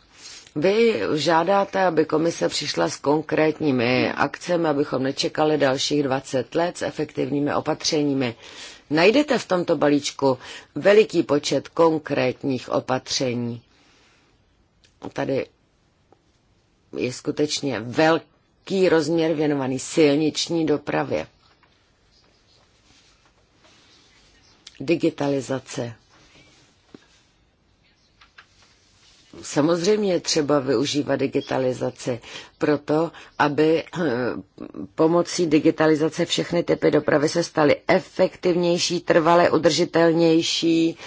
Vy žádáte, aby komise přišla s konkrétními akcemi, abychom nečekali dalších 20 let s efektivními opatřeními. Najdete v tomto balíčku veliký počet konkrétních opatření. Tady je skutečně velký rozměr věnovaný silniční dopravě. Digitalizace samozřejmě je třeba využívat digitalizaci proto, aby eh, pomocí digitalizace všechny typy dopravy se staly efektivnější, trvale udržitelnější,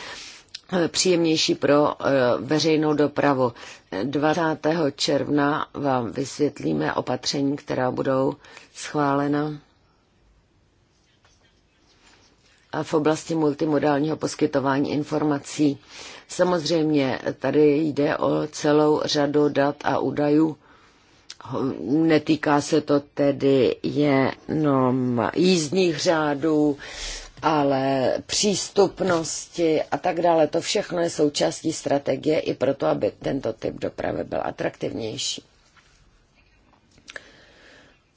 eh, příjemnější pro eh, veřejnou dopravu. 20. června vám vysvětlíme opatření, která budou schválena v oblasti multimodálního poskytování informací. Samozřejmě tady jde o celou řadu dat a údajů. Netýká se to tedy jenom jízdních řádů, ale přístupnosti a tak dále. To všechno je součástí strategie i proto, aby tento typ dopravy byl atraktivnější.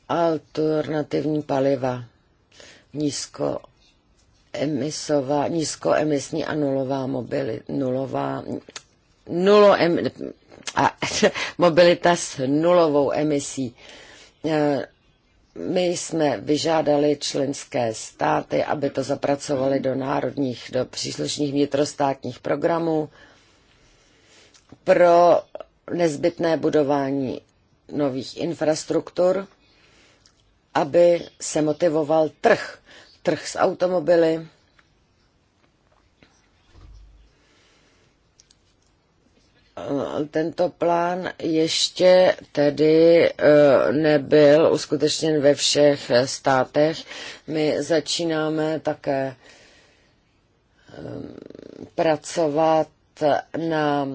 Alternativní paliva, nízko emisová, nízkoemisní a nulová mobilita, nulová, nulo em, a, mobilita s nulovou emisí. E, my jsme vyžádali členské státy, aby to zapracovali do národních, do příslušných vnitrostátních programů pro nezbytné budování nových infrastruktur, aby se motivoval trh trh s automobily. Tento plán ještě tedy e, nebyl uskutečněn ve všech státech. My začínáme také e, pracovat na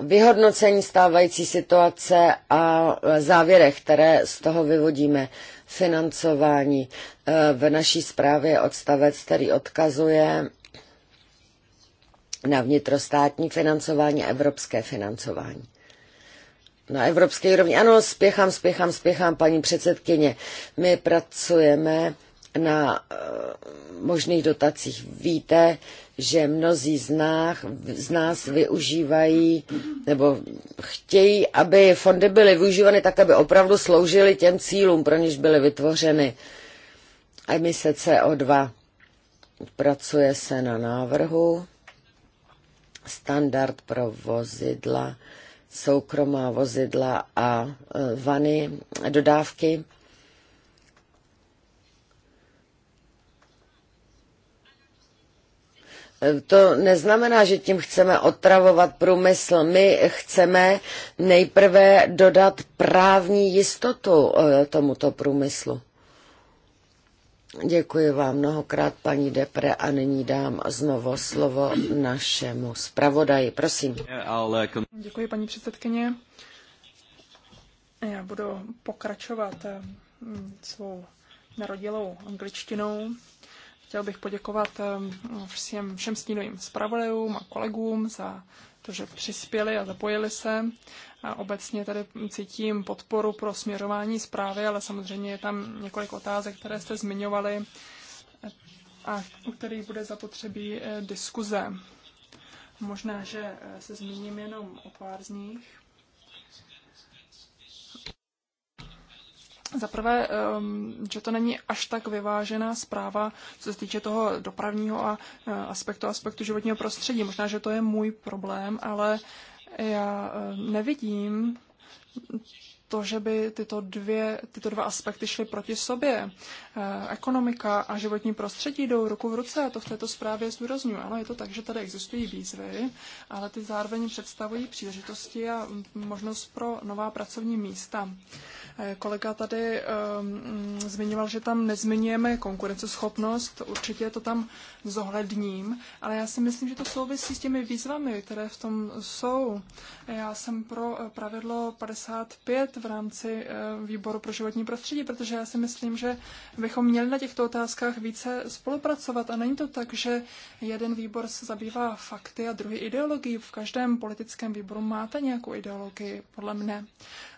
vyhodnocení stávající situace a závěrech, které z toho vyvodíme financování. E, v naší zprávě je odstavec, který odkazuje na vnitrostátní financování a evropské financování. Na evropské úrovni. Ano, spěchám, spěchám, spěchám, paní předsedkyně. My pracujeme na eh, možných dotacích. Víte, že mnozí z nás, z nás využívají nebo chtějí, aby fondy byly využívány tak, aby opravdu sloužily těm cílům, pro něž byly vytvořeny. Emise CO2. Pracuje se na návrhu. Standard pro vozidla, soukromá vozidla a eh, vany, dodávky To neznamená, že tím chceme otravovat průmysl. My chceme nejprve dodat právní jistotu eh, tomuto průmyslu. Děkuji vám mnohokrát, paní Depre, a nyní dám znovu slovo našemu zpravodaji. Prosím. Děkuji, paní předsedkyně. Já budu pokračovat eh, svou narodilou angličtinou Chtěl bych poděkovat všem, všem stínovým zpravodajům a kolegům za to, že přispěli a zapojili se. A obecně tady cítím podporu pro směrování zprávy, ale samozřejmě je tam několik otázek, které jste zmiňovali a u kterých bude zapotřebí eh, diskuze. Možná, že eh, se zmíním jenom o pár z nich. Za prvé, že to není až tak vyvážená zpráva, co se týče toho dopravního a e, aspektu, aspektu životního prostředí. Možná, že to je můj problém, ale já nevidím to, že by tyto, dvě, tyto dva aspekty šly proti sobě. E, ekonomika a životní prostředí jdou ruku v ruce, a to v této zprávě zdůraznuju. Ano, je to tak, že tady existují výzvy, ale ty zároveň představují příležitosti a možnost pro nová pracovní místa. Kolega tady um, zmiňoval, že tam nezmiňujeme konkurenceschopnost, určitě to tam zohledním, ale já si myslím, že to souvisí s těmi výzvami, které v tom jsou. Já jsem pro eh, pravidlo 55 v rámci eh, výboru pro životní prostředí, protože já si myslím, že bychom měli na těchto otázkách více spolupracovat a není to tak, že jeden výbor se zabývá fakty a druhý ideologií. V každém politickém výboru máte nějakou ideologii, podle mne.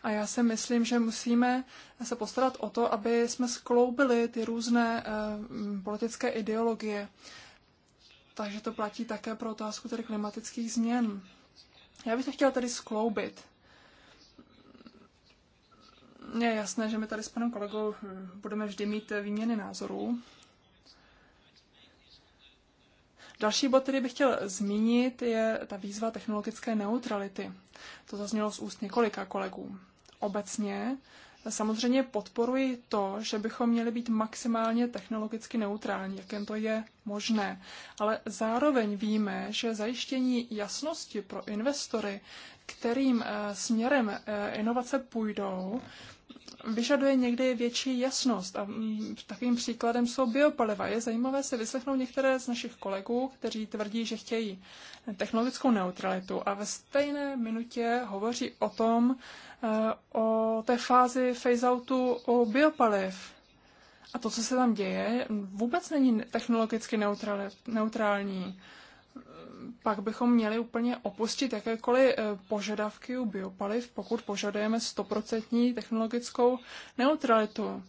A já si myslím, že musíme se postarat o to, aby jsme skloubili ty různé eh, politické ideologie. Takže to platí také pro otázku tedy klimatických změn. Já bych to chtěla tady skloubit. Je jasné, že my tady s panem kolegou hm, budeme vždy mít eh, výměny názorů. Další bod, který bych chtěl zmínit, je ta výzva technologické neutrality. To zaznělo z úst několika kolegů obecně. Samozřejmě podporuji to, že bychom měli být maximálně technologicky neutrální, jak jen to je možné. Ale zároveň víme, že zajištění jasnosti pro investory, kterým eh, směrem eh, inovace půjdou, vyžaduje někdy větší jasnost. A mm, takovým příkladem jsou biopaliva. Je zajímavé se vyslechnout některé z našich kolegů, kteří tvrdí, že chtějí technologickou neutralitu a ve stejné minutě hovoří o tom, eh, o té fázi phase-outu o biopaliv. A to, co se tam děje, vůbec není technologicky neutrální pak bychom měli úplně opustit jakékoliv eh, požadavky u biopaliv, pokud požadujeme stoprocentní technologickou neutralitu.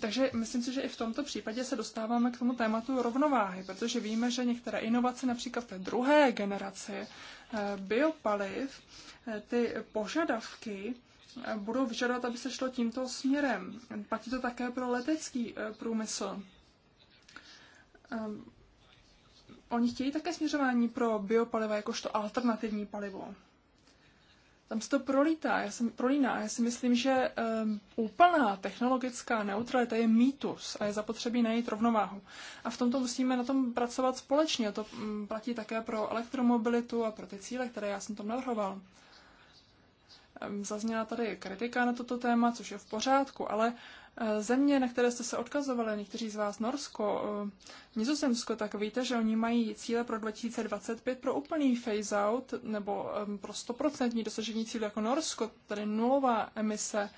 Takže myslím si, že i v tomto případě se dostáváme k tomu tématu rovnováhy, protože víme, že některé inovace, například té druhé generaci eh, biopaliv, eh, ty požadavky budou vyžadovat, aby se šlo tímto směrem. Platí to také pro letecký průmysl. Ehm, Oni chtějí také směřování pro biopaliva jakožto alternativní palivo. Tam se to prolítá, já jsem prolíná. Já si myslím, že um, úplná technologická neutralita je mýtus a je zapotřebí najít rovnováhu. A v tomto musíme na tom pracovat společně. A to um, platí také pro elektromobilitu a pro ty cíle, které já jsem tam navrhoval. Um, zazněla tady kritika na toto téma, což je v pořádku, ale uh, Eh, země, na které jste se odkazovali, někteří z vás, Norsko, eh, Nizozemsko, tak víte, že oni mají cíle pro 2025 pro úplný phase-out nebo pro stoprocentní dosažení cíle jako Norsko, tedy nulová emise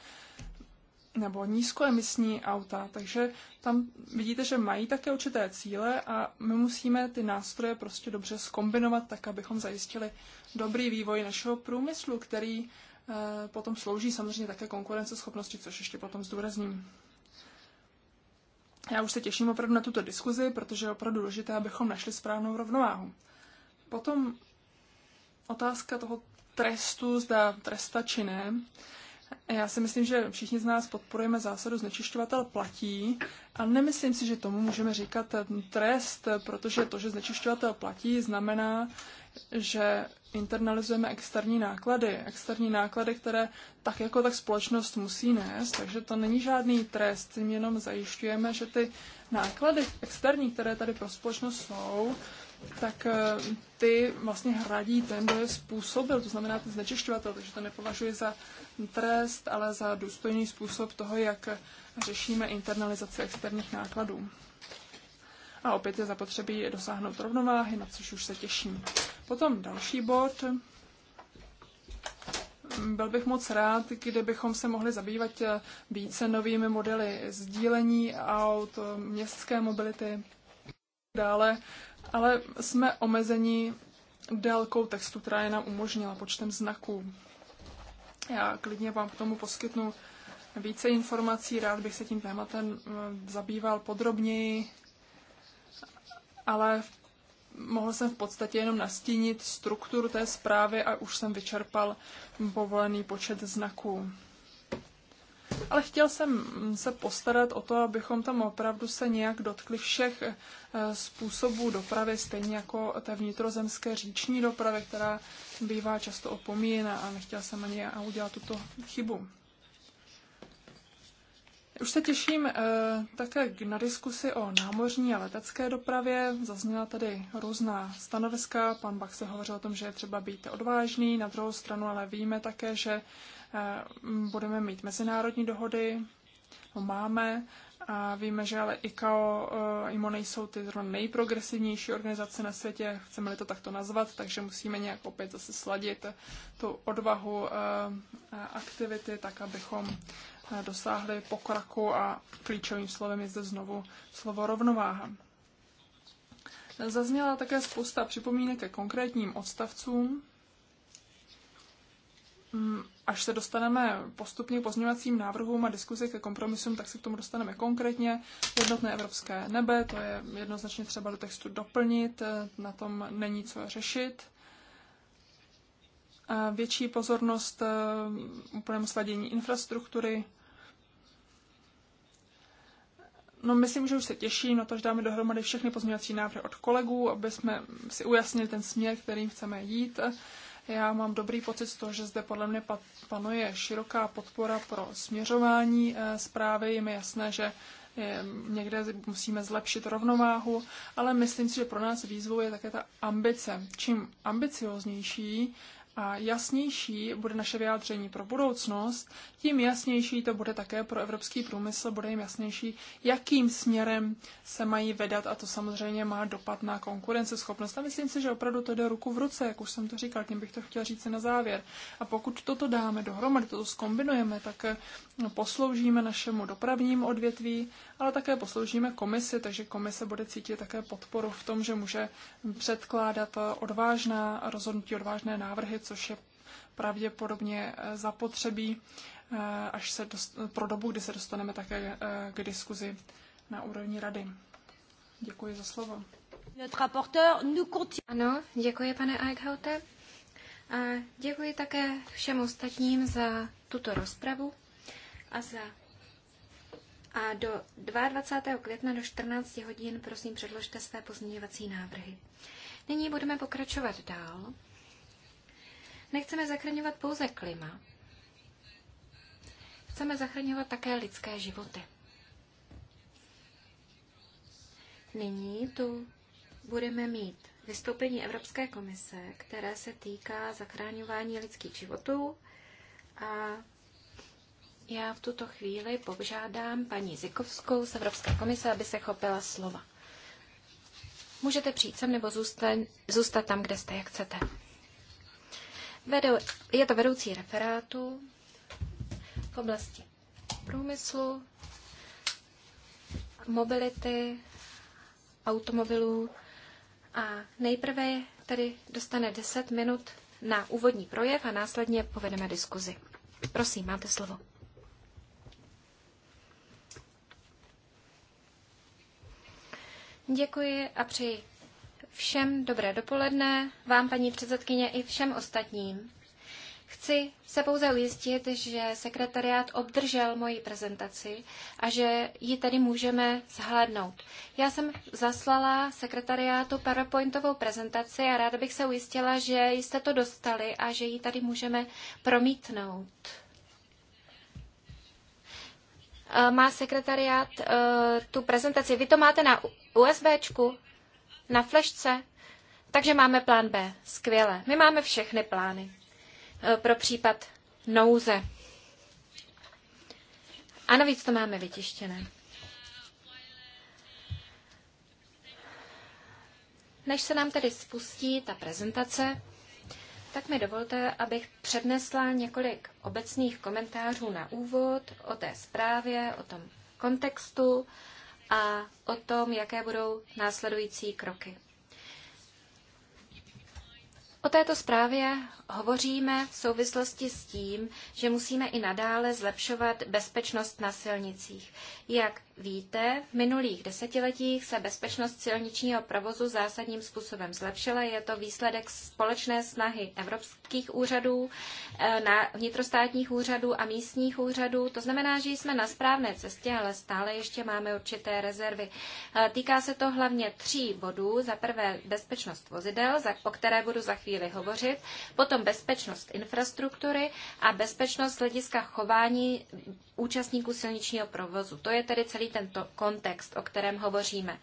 nebo nízkoemisní auta. Takže tam vidíte, že mají také určité cíle a my musíme ty nástroje prostě dobře skombinovat, tak abychom zajistili dobrý vývoj našeho průmyslu, který Eh, potom slouží samozřejmě také konkurenceschopnosti, což ještě potom zdůrazním. Já už se těším opravdu na tuto diskuzi, protože je opravdu důležité, abychom našli správnou rovnováhu. Potom otázka toho trestu, zda tresta či ne. Já si myslím, že všichni z nás podporujeme zásadu znečišťovatel platí a nemyslím si, že tomu můžeme říkat trest, protože to, že znečišťovatel platí, znamená, že internalizujeme externí náklady. Externí náklady, které tak jako tak společnost musí nést, takže to není žádný trest, tím jenom zajišťujeme, že ty náklady externí, které tady pro společnost jsou, tak eh, ty vlastně hradí ten, kdo je způsobil, to znamená ten znečišťovatel, takže to nepovažuji za trest, ale za důstojný způsob toho, jak řešíme internalizaci externích nákladů. A opět je zapotřebí dosáhnout rovnováhy, na což už se těším. Potom další bod. Byl bych moc rád, kdybychom se mohli zabývat více novými modely sdílení aut, městské mobility, dále, ale jsme omezeni délkou textu, která je nám umožnila, počtem znaků. Já klidně vám k tomu poskytnu více informací, rád bych se tím tématem zabýval podrobněji, ale v mohl jsem v podstatě jenom nastínit strukturu té zprávy a už jsem vyčerpal povolený počet znaků. Ale chtěl jsem se postarat o to, abychom tam opravdu se nějak dotkli všech eh, způsobů dopravy, stejně jako té vnitrozemské říční dopravy, která bývá často opomíjena a nechtěl jsem ani udělat tuto chybu. Už se těším eh, také na diskusi o námořní a letecké dopravě. Zazněla tady různá stanoviska. Pan Bach se hovořil o tom, že je třeba být odvážný. Na druhou stranu ale víme také, že eh, budeme mít mezinárodní dohody. No, máme. A víme, že ale ICAO, eh, IMO nejsou ty zrovna nejprogresivnější organizace na světě, chceme-li to takto nazvat, takže musíme nějak opět zase sladit tu odvahu eh, aktivity, tak abychom dosáhli pokraku a klíčovým slovem je zde znovu slovo rovnováha. Zazněla také spousta připomínek ke konkrétním odstavcům. Mm, až se dostaneme postupně k pozměňovacím návrhům a diskuzi ke kompromisům, tak se k tomu dostaneme konkrétně. Jednotné evropské nebe, to je jednoznačně třeba do textu doplnit, eh, na tom není co řešit větší pozornost eh, úplnému sladění infrastruktury. No, myslím, že už se těší na to, že dáme dohromady všechny pozměňovací návrhy od kolegů, aby jsme si ujasnili ten směr, kterým chceme jít. Já mám dobrý pocit z toho, že zde podle mě panuje široká podpora pro směřování eh, zprávy. Je mi jasné, že eh, někde musíme zlepšit rovnováhu, ale myslím si, že pro nás výzvou je také ta ambice. Čím ambicioznější a jasnější bude naše vyjádření pro budoucnost, tím jasnější to bude také pro evropský průmysl, bude jim jasnější, jakým směrem se mají vedat a to samozřejmě má dopad na konkurenceschopnost. A myslím si, že opravdu to jde ruku v ruce, jak už jsem to říkal, tím bych to chtěl říct na závěr. A pokud toto dáme dohromady, toto zkombinujeme, tak eh, posloužíme našemu dopravnímu odvětví, ale také posloužíme komisi, takže komise bude cítit také podporu v tom, že může předkládat eh, odvážná rozhodnutí, odvážné návrhy, což je pravděpodobně eh, zapotřebí eh, až se dost, pro dobu, kdy se dostaneme také eh, k diskuzi na úrovni rady. Děkuji za slovo. Ano, děkuji, pane Eichhaute. A děkuji také všem ostatním za tuto rozpravu a za a do 22. května do 14 hodin prosím předložte své pozměňovací návrhy. Nyní budeme pokračovat dál. Nechceme zachraňovat pouze klima. Chceme zachraňovat také lidské životy. Nyní tu budeme mít vystoupení Evropské komise, které se týká zachraňování lidských životů. A já v tuto chvíli požádám paní Zikovskou z Evropské komise, aby se chopila slova. Můžete přijít sem nebo zůstat, zůstat tam, kde jste, jak chcete. Vedou, je to vedoucí referátu v oblasti průmyslu, mobility, automobilů a nejprve tedy dostane 10 minut na úvodní projev a následně povedeme diskuzi. Prosím, máte slovo. Děkuji a přeji všem dobré dopoledne, vám paní předsedkyně i všem ostatním. Chci se pouze ujistit, že sekretariát obdržel moji prezentaci a že ji tady můžeme zhlédnout. Já jsem zaslala sekretariátu PowerPointovou prezentaci a ráda bych se ujistila, že jste to dostali a že ji tady můžeme promítnout. Eh, má sekretariát eh, tu prezentaci. Vy to máte na USBčku? na flešce? Takže máme plán B. Skvěle. My máme všechny plány e, pro případ nouze. A navíc to máme vytištěné. Než se nám tedy spustí ta prezentace, tak mi dovolte, abych přednesla několik obecných komentářů na úvod o té zprávě, o tom kontextu a o tom, jaké budou následující kroky. O této zprávě hovoříme v souvislosti s tím, že musíme i nadále zlepšovat bezpečnost na silnicích. Jak víte, v minulých desetiletích se bezpečnost silničního provozu zásadním způsobem zlepšila. Je to výsledek společné snahy evropských úřadů, eh, vnitrostátních úřadů a místních úřadů. To znamená, že jsme na správné cestě, ale stále ještě máme určité rezervy. Eh, týká se to hlavně tří bodů. Za prvé bezpečnost vozidel, o které budu za chvíli hovořit, potom bezpečnost infrastruktury a bezpečnost hlediska chování účastníků silničního provozu. To je tedy celý tento kontext, o kterém hovoříme.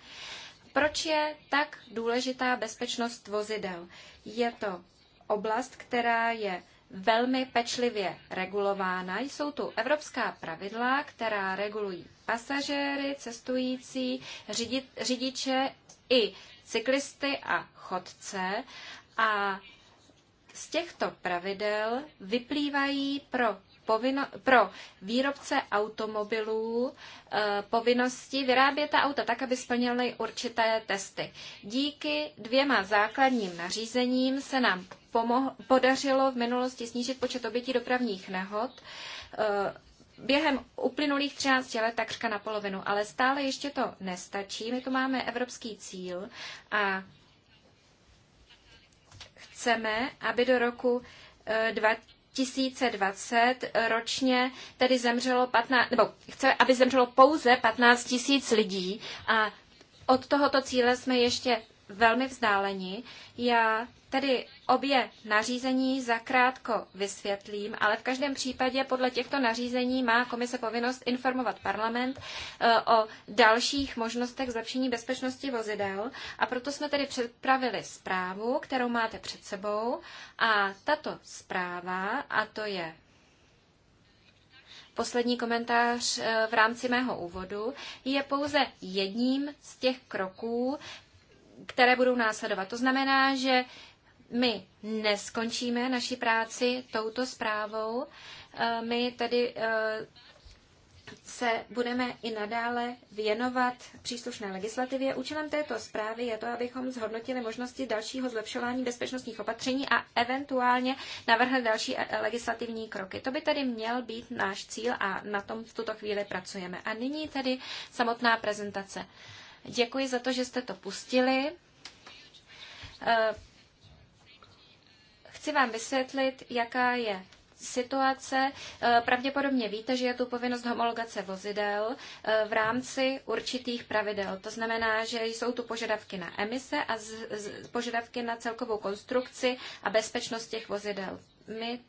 Proč je tak důležitá bezpečnost vozidel? Je to oblast, která je velmi pečlivě regulována. Jsou tu evropská pravidla, která regulují pasažéry, cestující, řidiče i cyklisty a chodce. A z těchto pravidel vyplývají pro povinno, pro výrobce automobilů eh, povinnosti vyrábět ta auta tak, aby splnily určité testy. Díky dvěma základním nařízením se nám pomoh, podařilo v minulosti snížit počet obětí dopravních nehod eh, během uplynulých 13 let takřka na polovinu, ale stále ještě to nestačí. My tu máme evropský cíl a chceme, aby do roku 2020 eh, 2020 ročně tedy zemřelo 15, nebo chce, aby zemřelo pouze 15 tisíc lidí a od tohoto cíle jsme ještě velmi vzdáleni. Já tedy obě nařízení zakrátko vysvětlím, ale v každém případě podle těchto nařízení má komise povinnost informovat parlament eh, o dalších možnostech zlepšení bezpečnosti vozidel a proto jsme tedy připravili zprávu, kterou máte před sebou a tato zpráva, a to je poslední komentář eh, v rámci mého úvodu, je pouze jedním z těch kroků, které budou následovat. To znamená, že my neskončíme naši práci touto zprávou. Eh, my tedy eh, se budeme i nadále věnovat příslušné legislativě. Účelem této zprávy je to, abychom zhodnotili možnosti dalšího zlepšování bezpečnostních opatření a eventuálně navrhli další eh, legislativní kroky. To by tedy měl být náš cíl a na tom v tuto chvíli pracujeme. A nyní tedy samotná prezentace. Děkuji za to, že jste to pustili. Eh, chci vám vysvětlit, jaká je situace. Eh, pravděpodobně víte, že je tu povinnost homologace vozidel eh, v rámci určitých pravidel. To znamená, že jsou tu požadavky na emise a požadavky na celkovou konstrukci a bezpečnost těch vozidel. My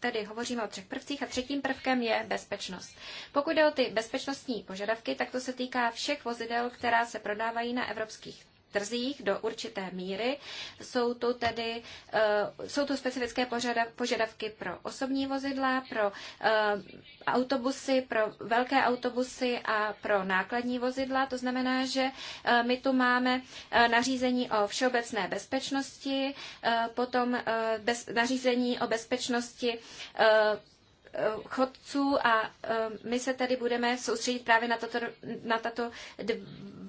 tedy hovoříme o třech prvcích a třetím prvkem je bezpečnost. Pokud jde o ty bezpečnostní požadavky, tak to se týká všech vozidel, která se prodávají na evropských trzích do určité míry. Jsou to tedy eh, jsou to specifické požadavky pro osobní vozidla, pro eh, autobusy, pro velké autobusy a pro nákladní vozidla. To znamená, že eh, my tu máme nařízení o všeobecné bezpečnosti, potom nařízení o bezpečnosti chodců a eh, my se tady budeme soustředit právě na tato, na tato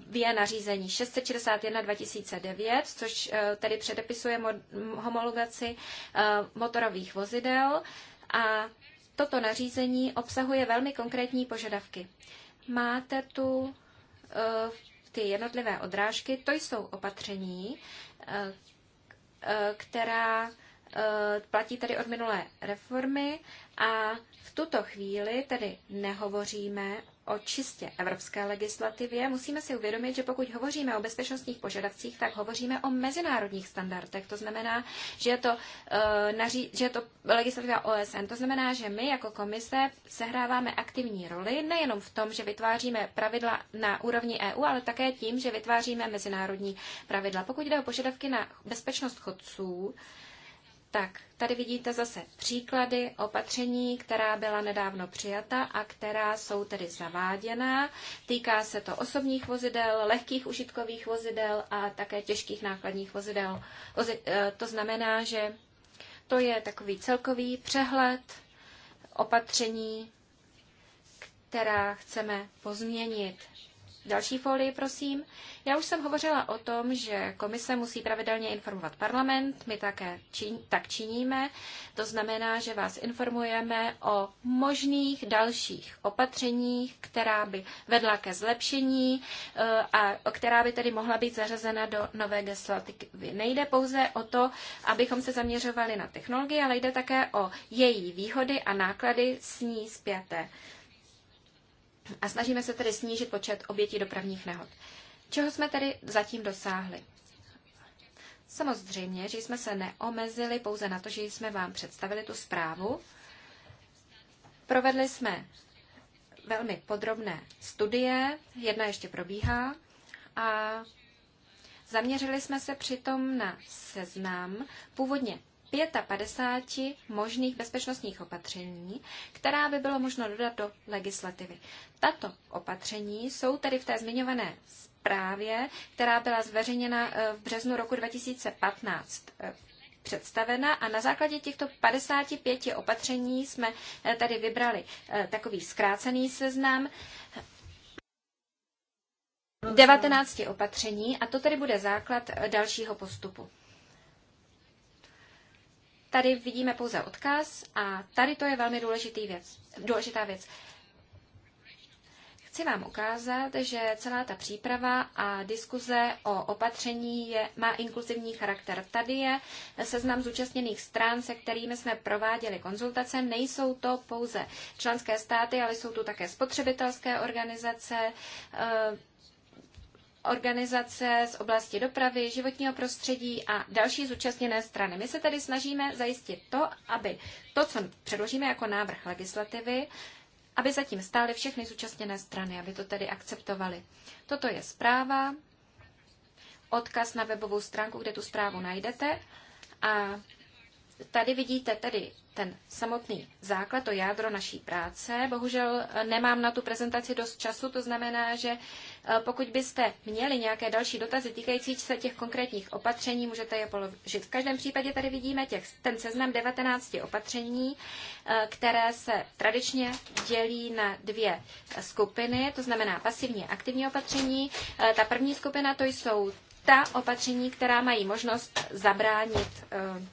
dvě nařízení 661 2009, což eh, tedy předepisuje homologaci eh, motorových vozidel a toto nařízení obsahuje velmi konkrétní požadavky. Máte tu ty jednotlivé odrážky, to jsou opatření, která Eh, platí tady od minulé reformy a v tuto chvíli tedy nehovoříme o čistě evropské legislativě. Musíme si uvědomit, že pokud hovoříme o bezpečnostních požadavcích, tak hovoříme o mezinárodních standardech. To znamená, že je to, uh, naří, že je to legislativa OSN. To znamená, že my jako komise sehráváme aktivní roli nejenom v tom, že vytváříme pravidla na úrovni EU, ale také tím, že vytváříme mezinárodní pravidla. Pokud jde o požadavky na bezpečnost chodců, uh, tak, tady vidíte zase příklady opatření, která byla nedávno přijata a která jsou tedy zaváděna. Týká se to osobních vozidel, lehkých užitkových vozidel a také těžkých nákladních vozidel. Eh, to znamená, že to je takový celkový přehled opatření, která chceme pozměnit Další folii, prosím. Já už jsem hovořila o tom, že komise musí pravidelně informovat parlament, my také čin, tak činíme. To znamená, že vás informujeme o možných dalších opatřeních, která by vedla ke zlepšení eh, a která by tedy mohla být zařazena do nové legislativy. Nejde pouze o to, abychom se zaměřovali na technologii, ale jde také o její výhody a náklady s ní zpěté. A snažíme se tedy snížit počet obětí dopravních nehod. Čeho jsme tedy zatím dosáhli? Samozřejmě, že jsme se neomezili pouze na to, že jsme vám představili tu zprávu. Provedli jsme velmi podrobné studie, jedna ještě probíhá, a zaměřili jsme se přitom na seznam původně 55 možných bezpečnostních opatření, která by bylo možno dodat do legislativy. Tato opatření jsou tedy v té zmiňované zprávě, která byla zveřejněna eh, v březnu roku 2015 eh, představena a na základě těchto 55 opatření jsme eh, tady vybrali takový zkrácený seznam 19 opatření a to tedy bude základ dalšího postupu. Tady vidíme pouze odkaz a tady to je velmi důležitý věc, důležitá věc. Chci vám ukázat, že celá ta příprava a diskuze o opatření je, má inkluzivní charakter. Tady je seznam zúčastněných stran, se kterými jsme prováděli konzultace. Nejsou to pouze členské státy, ale jsou tu také spotřebitelské organizace, organizace z oblasti dopravy, životního prostředí a další zúčastněné strany. My se tedy snažíme zajistit to, aby to, co předložíme jako návrh legislativy, aby zatím stály všechny zúčastněné strany, aby to tedy akceptovali. Toto je zpráva, odkaz na webovou stránku, kde tu zprávu najdete. A tady vidíte tedy ten samotný základ, to jádro naší práce. Bohužel nemám na tu prezentaci dost času, to znamená, že pokud byste měli nějaké další dotazy týkající se těch konkrétních opatření, můžete je položit. V každém případě tady vidíme těch, ten seznam 19 opatření, e, které se tradičně dělí na dvě skupiny, to znamená pasivní a aktivní opatření. E, ta první skupina to jsou ta opatření, která mají možnost zabránit e,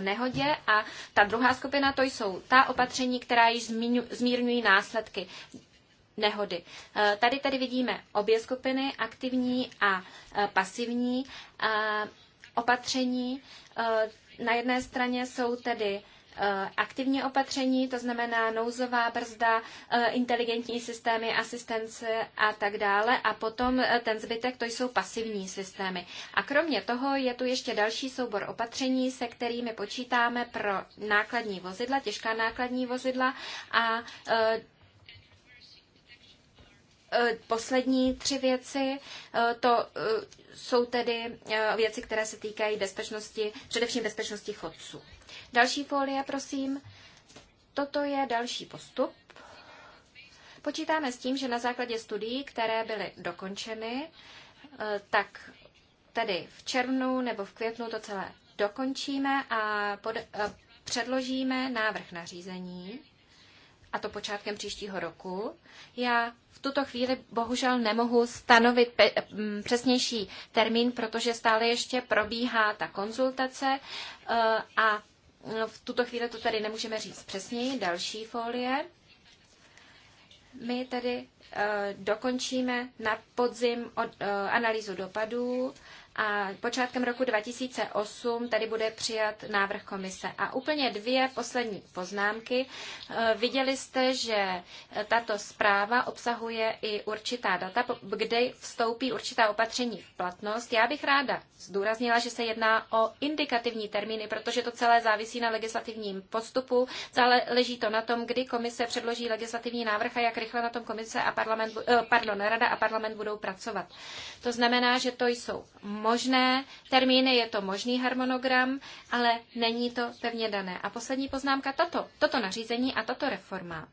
nehodě a ta druhá skupina to jsou ta opatření, která již zmírňují následky nehody. Eh, tady tedy vidíme obě skupiny, aktivní a eh, pasivní eh, opatření. Na jedné straně jsou tedy aktivní opatření, to znamená nouzová brzda, inteligentní systémy, asistence a tak dále. A potom ten zbytek, to jsou pasivní systémy. A kromě toho je tu ještě další soubor opatření, se kterými počítáme pro nákladní vozidla, těžká nákladní vozidla a Eh, poslední tři věci, eh, to eh, jsou tedy věci, které se týkají bezpečnosti, především bezpečnosti chodců. Další folie, prosím. Toto je další postup. Počítáme s tím, že na základě studií, které byly dokončeny, tak tedy v červnu nebo v květnu to celé dokončíme a, pod, a předložíme návrh nařízení a to počátkem příštího roku. Já v tuto chvíli bohužel nemohu stanovit mm, přesnější termín, protože stále ještě probíhá ta konzultace eh, a mm, v tuto chvíli to tady nemůžeme říct přesněji. Další folie. My tedy eh, dokončíme na podzim od, eh, analýzu dopadů a počátkem roku 2008 tady bude přijat návrh komise. A úplně dvě poslední poznámky. E, viděli jste, že tato zpráva obsahuje i určitá data, kde vstoupí určitá opatření v platnost. Já bych ráda zdůraznila, že se jedná o indikativní termíny, protože to celé závisí na legislativním postupu. Zále leží to na tom, kdy komise předloží legislativní návrh a jak rychle na tom komise a parlament, e, pardon, rada a parlament budou pracovat. To znamená, že to jsou možné termíny, je to možný harmonogram, ale není to pevně dané. A poslední poznámka, toto, toto nařízení a tato reforma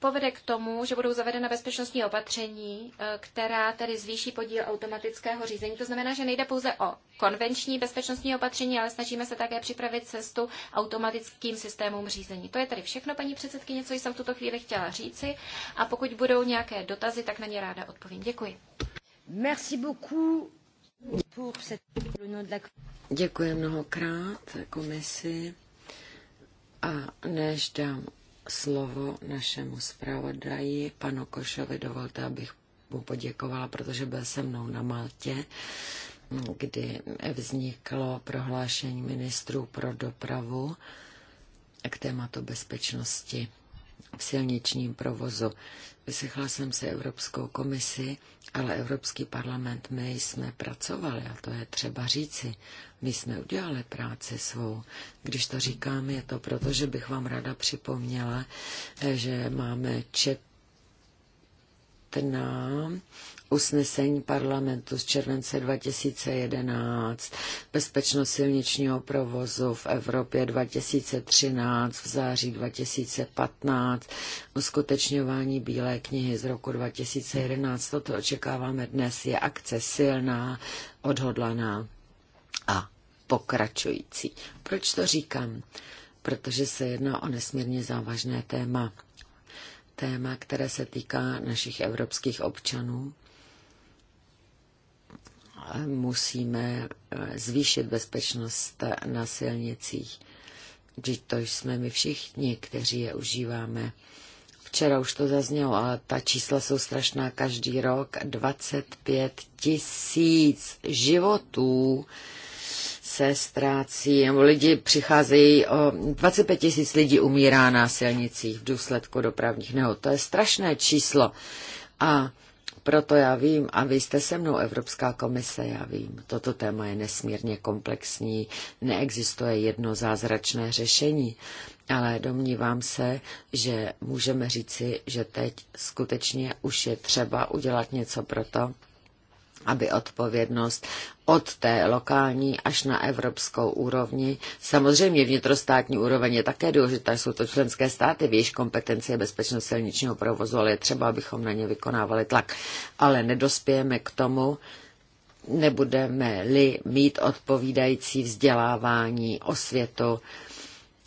povede k tomu, že budou zavedena bezpečnostní opatření, eh, která tedy zvýší podíl automatického řízení. To znamená, že nejde pouze o konvenční bezpečnostní opatření, ale snažíme se také připravit cestu automatickým systémům řízení. To je tedy všechno, paní předsedkyně, co jsem v tuto chvíli chtěla říci. A pokud budou nějaké dotazy, tak na ně ráda odpovím. Děkuji. Merci beaucoup. Děkuji mnohokrát komisi. A než dám slovo našemu zpravodaji, panu Košovi. Dovolte, abych mu poděkovala, protože byl se mnou na Maltě, kdy vzniklo prohlášení ministrů pro dopravu k tématu bezpečnosti v silničním provozu. Vyslechla jsem se Evropskou komisi, ale Evropský parlament my jsme pracovali, a to je třeba říci. My jsme udělali práci svou. Když to říkám, je to proto, že bych vám ráda připomněla, eh, že máme čet usnesení parlamentu z července 2011, bezpečnost silničního provozu v Evropě 2013, v září 2015, uskutečňování Bílé knihy z roku 2011. Toto očekáváme dnes. Je akce silná, odhodlaná a pokračující. Proč to říkám? Protože se jedná o nesmírně závažné téma téma, které se týká našich evropských občanů musíme eh, zvýšit bezpečnost na silnicích. Vždyť to jsme my všichni, kteří je užíváme. Včera už to zaznělo, ale ta čísla jsou strašná každý rok. 25 tisíc životů se ztrácí, nebo lidi přicházejí, o 25 tisíc lidí umírá na silnicích v důsledku dopravních nehod. To je strašné číslo. A proto já vím, a vy jste se mnou Evropská komise, já vím, toto téma je nesmírně komplexní, neexistuje jedno zázračné řešení, ale domnívám se, že můžeme říci, že teď skutečně už je třeba udělat něco pro to, aby odpovědnost od té lokální až na evropskou úrovni. Samozřejmě vnitrostátní úroveň je také důležitá, jsou to členské státy, v jejich kompetenci je bezpečnost silničního provozu, ale je třeba, abychom na ně vykonávali tlak. Ale nedospějeme k tomu, nebudeme-li mít odpovídající vzdělávání, světu.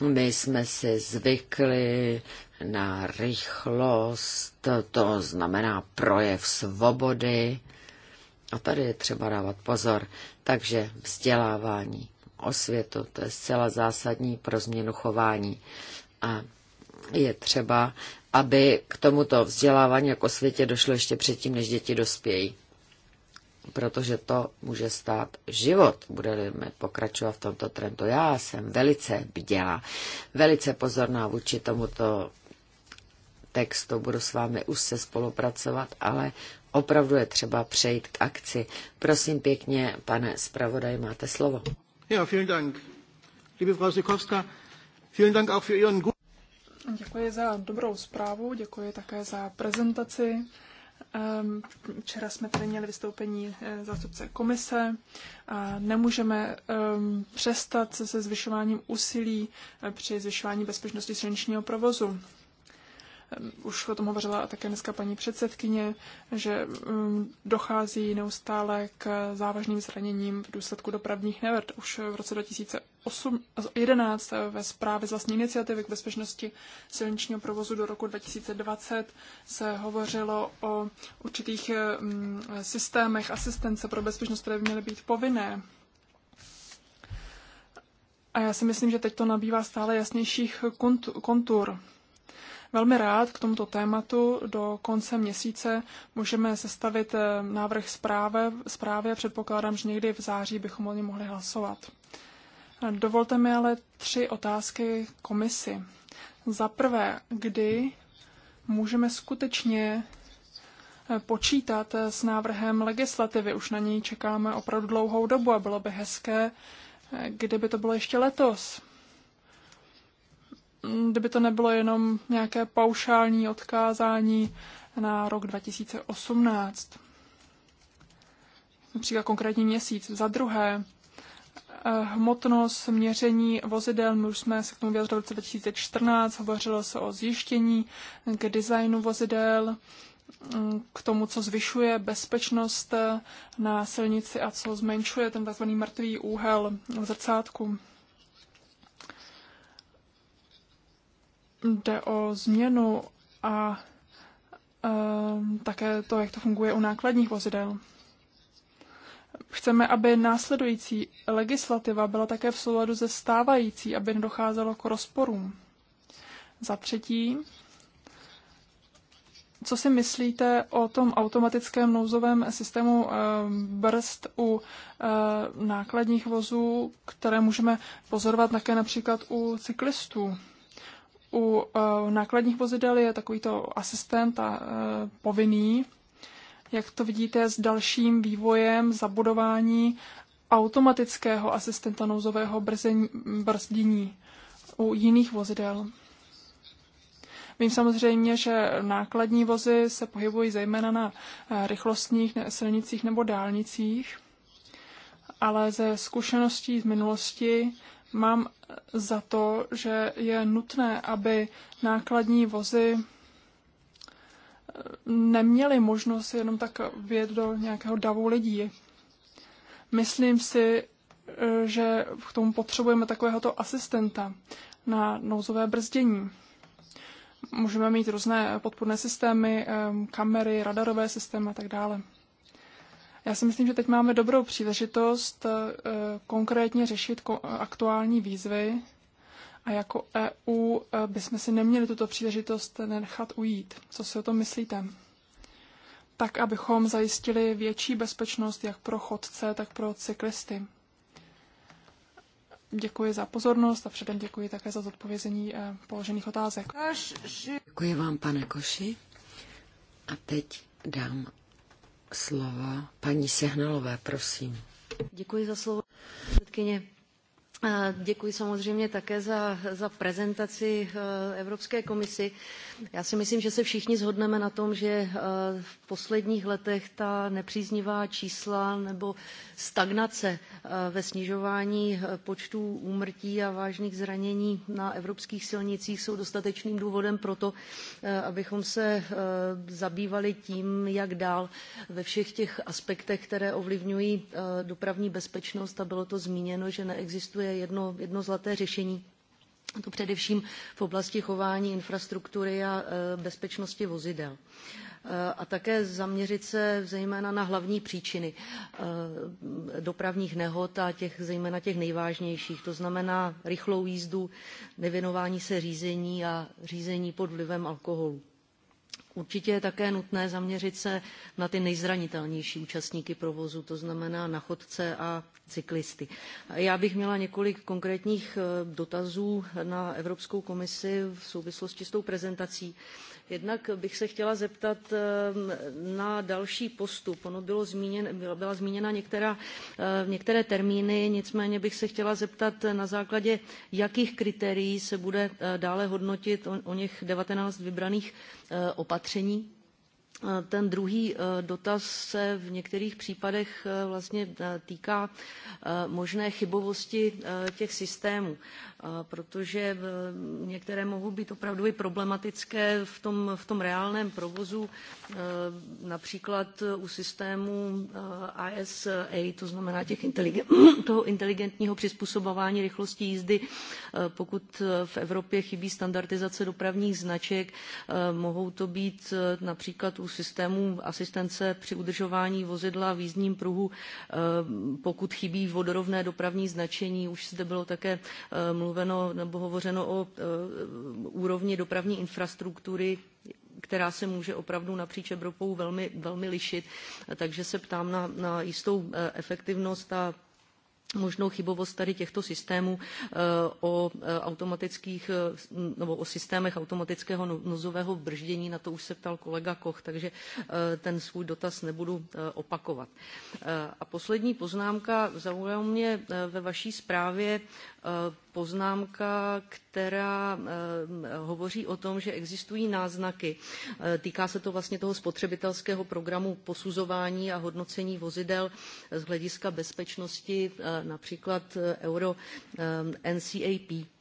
My jsme si zvykli na rychlost, to znamená projev svobody, a tady je třeba dávat pozor. Takže vzdělávání, osvětu, to je zcela zásadní pro změnu chování. A je třeba, aby k tomuto vzdělávání jako světě došlo ještě předtím, než děti dospějí. Protože to může stát život, budeme pokračovat v tomto trendu. Já jsem velice bděla, velice pozorná vůči tomuto textu, budu s vámi už se spolupracovat, ale opravdu je třeba přejít k akci. Prosím pěkně, pane zpravodaj, máte slovo. Ja, vielen Dank. Liebe Frau Sikorska, vielen Dank auch für Ihren guten Děkuji za dobrou zprávu, děkuji také za prezentaci. Ehm, včera jsme tady měli vystoupení eh, zástupce komise a nemůžeme ehm, přestat se zvyšováním úsilí eh, při zvyšování bezpečnosti silničního provozu. Eh, už o tom hovořila také dneska paní předsedkyně, že mm, dochází neustále k závažným zraněním v důsledku dopravních nehod. Už v roce 2011 eh, ve zprávě z vlastní iniciativy k bezpečnosti silničního provozu do roku 2020 se hovořilo o určitých eh, mm, systémech asistence pro bezpečnost, které by měly být povinné. A já si myslím, že teď to nabývá stále jasnějších kontur velmi rád k tomuto tématu. Do konce měsíce můžeme sestavit eh, návrh zprávy. zprávy předpokládám, že někdy v září bychom o něm mohli hlasovat. Eh, dovolte mi ale tři otázky komisi. Za prvé, kdy můžeme skutečně eh, počítat s návrhem legislativy. Už na ní čekáme opravdu dlouhou dobu a bylo by hezké, kdyby to bylo ještě letos. Mm, kdyby to nebylo jenom nějaké paušální odkázání na rok 2018. Například konkrétní měsíc. Za druhé, eh, hmotnost měření vozidel, my už jsme se k tomu vyjadřili v roce 2014, hovořilo se o zjištění k designu vozidel, mm, k tomu, co zvyšuje bezpečnost eh, na silnici a co zmenšuje ten tzv. mrtvý úhel v zrcátku. jde o změnu a eh, také to, jak to funguje u nákladních vozidel. Chceme, aby následující legislativa byla také v souladu se stávající, aby nedocházelo k rozporům. Za třetí, co si myslíte o tom automatickém nouzovém systému eh, brzd u eh, nákladních vozů, které můžeme pozorovat také například u cyklistů? U eh, nákladních vozidel je takovýto asistent a eh, povinný. Jak to vidíte s dalším vývojem zabudování automatického asistenta nouzového brzení, brzdění u jiných vozidel? Vím samozřejmě, že nákladní vozy se pohybují zejména na eh, rychlostních silnicích nebo dálnicích, ale ze zkušeností z minulosti mám za to, že je nutné, aby nákladní vozy eh, neměly možnost jenom tak vjet do nějakého davu lidí. Myslím si, eh, že k tomu potřebujeme takovéhoto asistenta na nouzové brzdění. Můžeme mít různé podporné systémy, eh, kamery, radarové systémy a tak dále. Já si myslím, že teď máme dobrou příležitost eh, konkrétně řešit aktuální výzvy a jako EU eh, bychom si neměli tuto příležitost nechat ujít. Co si o tom myslíte? Tak, abychom zajistili větší bezpečnost jak pro chodce, tak pro cyklisty. Děkuji za pozornost a předem děkuji také za zodpovězení eh, položených otázek. Děkuji vám, pane Koši. A teď dám slova paní Sehnalové, prosím. Děkuji za slovo, předsedkyně. Děkuji samozřejmě také za, za prezentaci e, Evropské komisi. Já si myslím, že se všichni zhodneme na tom, že e, v posledních letech ta nepříznivá čísla nebo stagnace e, ve snižování počtu úmrtí a vážných zranění na evropských silnicích jsou dostatečným důvodem pro to, abychom se zabývali tím, jak dál ve všech těch aspektech, které ovlivňují dopravní bezpečnost. A bylo to zmíněno, že neexistuje jedno, jedno zlaté řešení. A to především v oblasti chování infrastruktury a e, bezpečnosti vozidel e, a také zaměřit se zejména na hlavní příčiny e, dopravních nehod a těch, zejména těch nejvážnějších. To znamená rychlou jízdu, nevěnování se řízení a řízení pod vlivem alkoholu. Určitě je také nutné zaměřit se na ty nejzranitelnější účastníky provozu, to znamená na chodce a cyklisty. Já bych měla několik konkrétních eh, dotazů na Evropskou komisi v souvislosti s tou prezentací. Jednak bych se chtěla zeptat ehm, na další postup. Ono bylo zmíněn, byla zmíněna některá, ehm, některé termíny, nicméně bych se chtěla zeptat na základě jakých kritérií se bude eh, dále hodnotit o, o něch 19 vybraných eh, opatření. Eh, ten druhý dotaz se v některých případech vlastně týká možné chybovosti těch systémů protože eh, některé mohou být opravdu i problematické v tom, v tom reálném provozu, eh, například u systému ISA, eh, to znamená těch inteligen, toho inteligentního přizpůsobování rychlosti jízdy, pokud v Evropě chybí standardizace dopravních značek, mohou to být například u systému asistence při udržování vozidla v jízdním pruhu, pokud chybí vodorovné dopravní značení, už zde bylo také mluveno mluveno nebo hovořeno o e, úrovni dopravní infrastruktury, která se může opravdu napříč Evropou velmi, velmi lišit. Takže se ptám na, na jistou e, efektivnost a možnou chybovost tady těchto systémů eh, o eh, automatických eh, nebo o systémech automatického nouzového brždění, na to už se ptal kolega Koch, takže ten svůj dotaz nebudu opakovat. A poslední poznámka, zaujala mě ve vaší zprávě poznámka, která hovoří o tom, že existují náznaky. Týká se to vlastně toho spotřebitelského programu posuzování a hodnocení vozidel z hlediska bezpečnosti například eh, euro eh, NCAP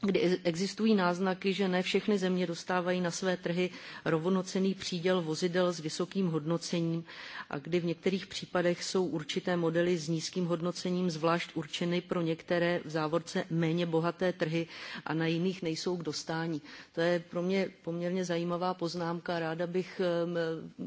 kdy existují náznaky, že ne všechny země dostávají na své trhy rovnocený příděl vozidel s vysokým hodnocením a kdy v některých případech jsou určité modely s nízkým hodnocením zvlášť určeny pro některé v závorce méně bohaté trhy a na jiných nejsou k dostání. To je pro mě poměrně zajímavá poznámka. Ráda bych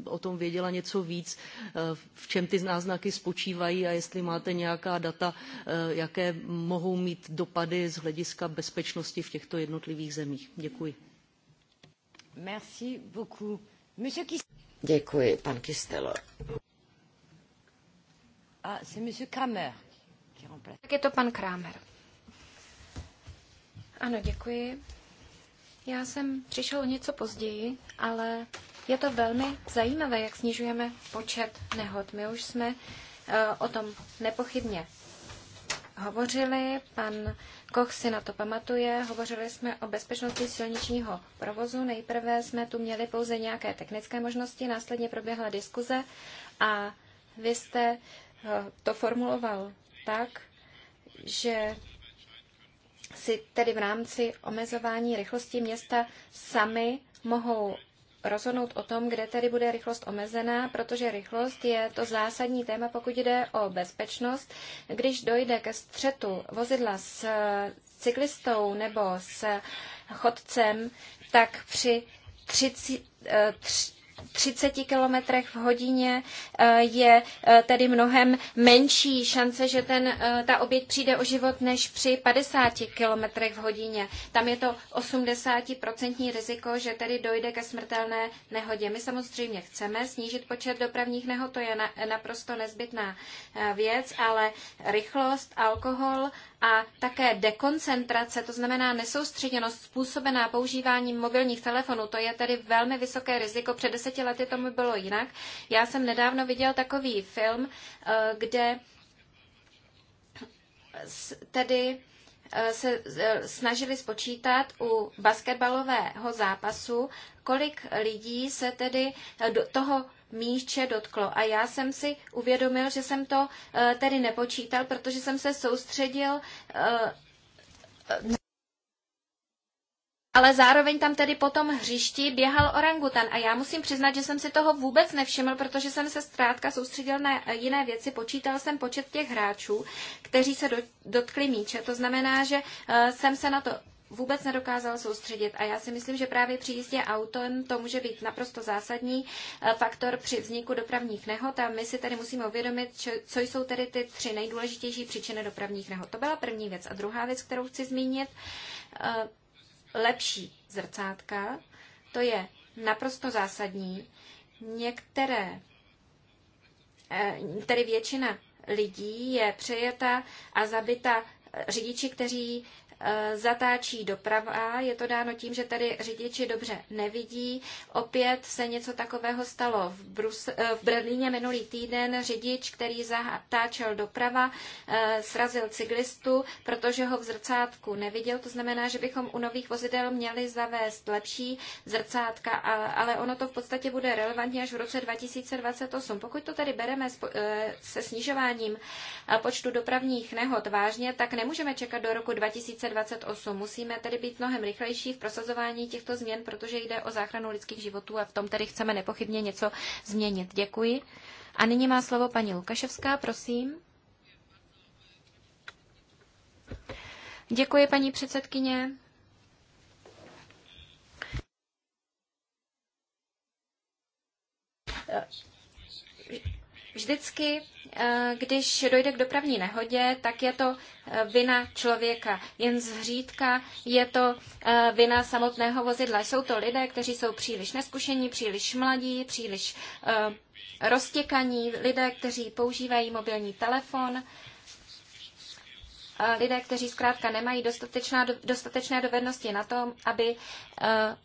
o tom věděla něco víc, eh, v čem ty náznaky spočívají a jestli máte nějaká data, eh, jaké mohou mít dopady z hlediska bezpečnosti společnosti v těchto jednotlivých zemích. Děkuji. Merci beaucoup. Děkuji, pan Kistelo. Ah, c'est monsieur Kramer. Tak je to pan Kramer. Ano, děkuji. Já jsem přišel něco později, ale je to velmi zajímavé, jak snižujeme počet nehod. My už jsme eh, o tom nepochybně hovořili, pan Koch si na to pamatuje, hovořili jsme o bezpečnosti silničního provozu. Nejprve jsme tu měli pouze nějaké technické možnosti, následně proběhla diskuze a vy jste eh, to formuloval tak, že si tedy v rámci omezování rychlosti města sami mohou rozhodnout o tom, kde tedy bude rychlost omezená, protože rychlost je to zásadní téma, pokud jde o bezpečnost. Když dojde ke střetu vozidla s e, cyklistou nebo s chodcem, tak při 30, e, tři, 30 km v hodině eh, je eh, tedy mnohem menší šance, že ten, eh, ta oběť přijde o život, než při 50 km v hodině. Tam je to 80% riziko, že tedy dojde ke smrtelné nehodě. My samozřejmě chceme snížit počet dopravních nehod, to je naprosto nezbytná věc, ale rychlost, alkohol a také dekoncentrace, to znamená nesoustředěnost způsobená používáním mobilních telefonů, to je tedy velmi vysoké riziko před 10 20 lety tomu bylo jinak. Já jsem nedávno viděl takový film, eh, kde tedy eh, se eh, snažili spočítat u basketbalového zápasu, kolik lidí se tedy do toho míče dotklo. A já jsem si uvědomil, že jsem to tedy nepočítal, protože jsem se soustředil ale zároveň tam tedy po tom hřišti běhal orangutan a já musím přiznat, že jsem si toho vůbec nevšiml, protože jsem se zkrátka soustředil na jiné věci. Počítal jsem počet těch hráčů, kteří se dotkli míče. To znamená, že eh, jsem se na to vůbec nedokázal soustředit a já si myslím, že právě při jízdě autem to může být naprosto zásadní eh, faktor při vzniku dopravních nehod a my si tady musíme uvědomit, co jsou tedy ty tři nejdůležitější příčiny dopravních nehod. To byla první věc. A druhá věc, kterou chci zmínit, eh, lepší zrcátka. To je naprosto zásadní. Některé, eh, tedy většina lidí je přejeta a zabita řidiči, kteří Eh, zatáčí doprava. Je to dáno tím, že tady řidiči dobře nevidí. Opět se něco takového stalo v, Brus- eh, v Berlíně minulý týden. Řidič, který zatáčel doprava, eh, srazil cyklistu, protože ho v zrcátku neviděl. To znamená, že bychom u nových vozidel měli zavést lepší zrcátka, ale ono to v podstatě bude relevantně až v roce 2028. Pokud to tady bereme se snižováním počtu dopravních nehod vážně, tak nemůžeme čekat do roku 2020 28. Musíme tedy být mnohem rychlejší v prosazování těchto změn, protože jde o záchranu lidských životů a v tom tedy chceme nepochybně něco změnit. Děkuji. A nyní má slovo paní Lukaševská, prosím. Děkuji, paní předsedkyně. Vždycky, eh, když dojde k dopravní nehodě, tak je to eh, vina člověka. Jen zřídka je to eh, vina samotného vozidla. Jsou to lidé, kteří jsou příliš neskušení, příliš mladí, příliš roztěkaní, lidé, kteří používají mobilní telefon, lidé, kteří zkrátka nemají dostatečná, dostatečné dovednosti na tom, aby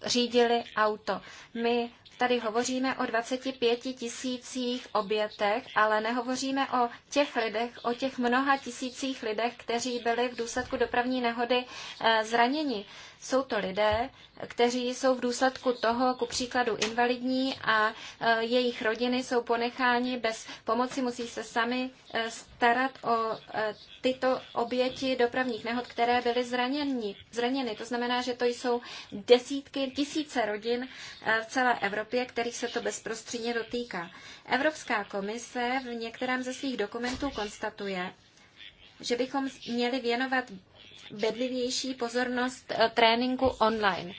řídili auto. My tady hovoříme o 25 tisících obětech, ale nehovoříme o těch lidech, o těch mnoha tisících lidech, kteří byli v důsledku dopravní nehody eh, zraněni. Jsou to lidé, kteří jsou v důsledku toho, ku příkladu, invalidní a e, jejich rodiny jsou ponecháni bez pomoci, musí se sami e, starat o e, tyto oběti dopravních nehod, které byly zraněni. zraněny. To znamená, že to jsou desítky, tisíce rodin v celé Evropě, kterých se to bezprostředně dotýká. Evropská komise v některém ze svých dokumentů konstatuje, že bychom měli věnovat bedlivější pozornost eh, tréninku online.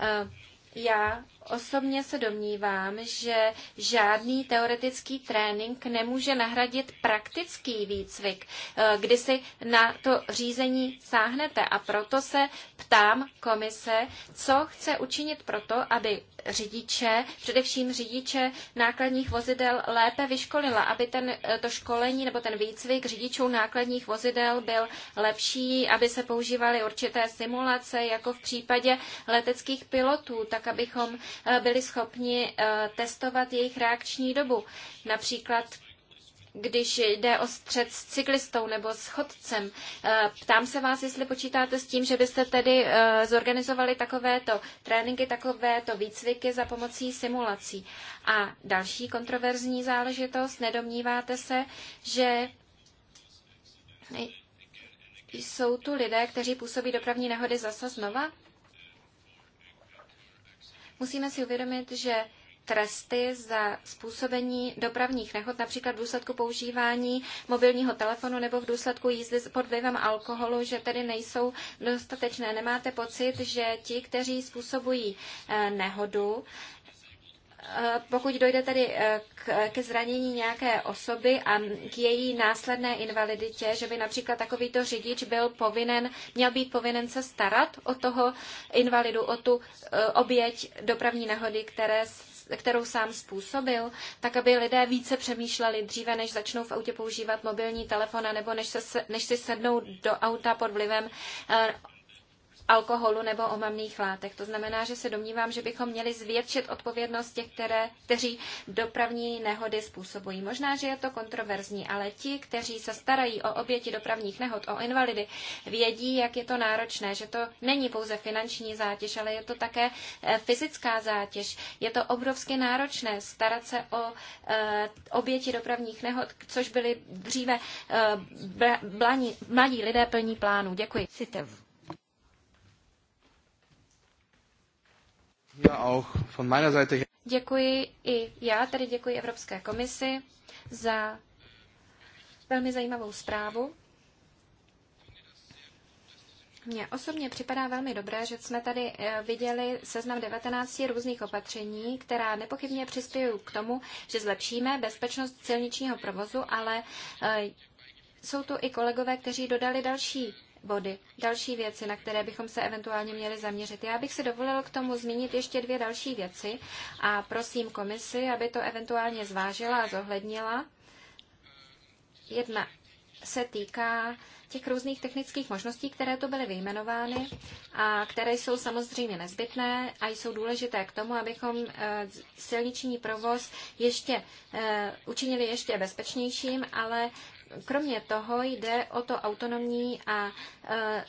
Eh, já Osobně se domnívám, že žádný teoretický trénink nemůže nahradit praktický výcvik, eh, kdy si na to řízení sáhnete. A proto se ptám komise, co chce učinit proto, aby řidiče, především řidiče nákladních vozidel, lépe vyškolila, aby ten, eh, to školení nebo ten výcvik řidičů nákladních vozidel byl lepší, aby se používaly určité simulace, jako v případě leteckých pilotů, tak abychom Eh, byli schopni eh, testovat jejich reakční dobu. Například když jde o střed s cyklistou nebo s chodcem. Eh, ptám se vás, jestli počítáte s tím, že byste tedy zorganizovali takovéto tréninky, takovéto výcviky za pomocí simulací. A další kontroverzní záležitost, nedomníváte se, že jsou tu lidé, kteří působí dopravní nehody zase znova? Musíme si uvědomit, že tresty za způsobení dopravních nehod, například v důsledku používání mobilního telefonu nebo v důsledku jízdy pod vlivem alkoholu, že tedy nejsou dostatečné. Nemáte pocit, že ti, kteří způsobují eh, nehodu, Eh, pokud dojde tedy eh, k, ke zranění nějaké osoby a k její následné invaliditě, že by například takovýto řidič byl povinen, měl být povinen se starat o toho invalidu, o tu eh, oběť dopravní nehody, které, kterou sám způsobil, tak aby lidé více přemýšleli dříve, než začnou v autě používat mobilní telefon, nebo než, se, než si sednou do auta pod vlivem alkoholu nebo omamných látek. To znamená, že se domnívám, že bychom měli zvětšit odpovědnost těch, které, kteří dopravní nehody způsobují. Možná, že je to kontroverzní, ale ti, kteří se starají o oběti dopravních nehod, o invalidy, vědí, jak je to náročné, že to není pouze finanční zátěž, ale je to také eh, fyzická zátěž. Je to obrovsky náročné starat se o eh, oběti dopravních nehod, což byli dříve eh, mladí lidé plní plánů. Děkuji. Děkuji i já, tedy děkuji Evropské komisi za velmi zajímavou zprávu. Mně osobně připadá velmi dobré, že jsme tady eh, viděli seznam 19 různých opatření, která nepochybně přispějí k tomu, že zlepšíme bezpečnost silničního provozu, ale eh, jsou tu i kolegové, kteří dodali další body, další věci, na které bychom se eventuálně měli zaměřit. Já bych si dovolil k tomu zmínit ještě dvě další věci a prosím komisi, aby to eventuálně zvážila a zohlednila. Jedna se týká těch různých technických možností, které tu byly vyjmenovány a které jsou samozřejmě nezbytné a jsou důležité k tomu, abychom eh, silniční provoz ještě eh, učinili ještě bezpečnějším, ale Kromě toho jde o to autonomní a e,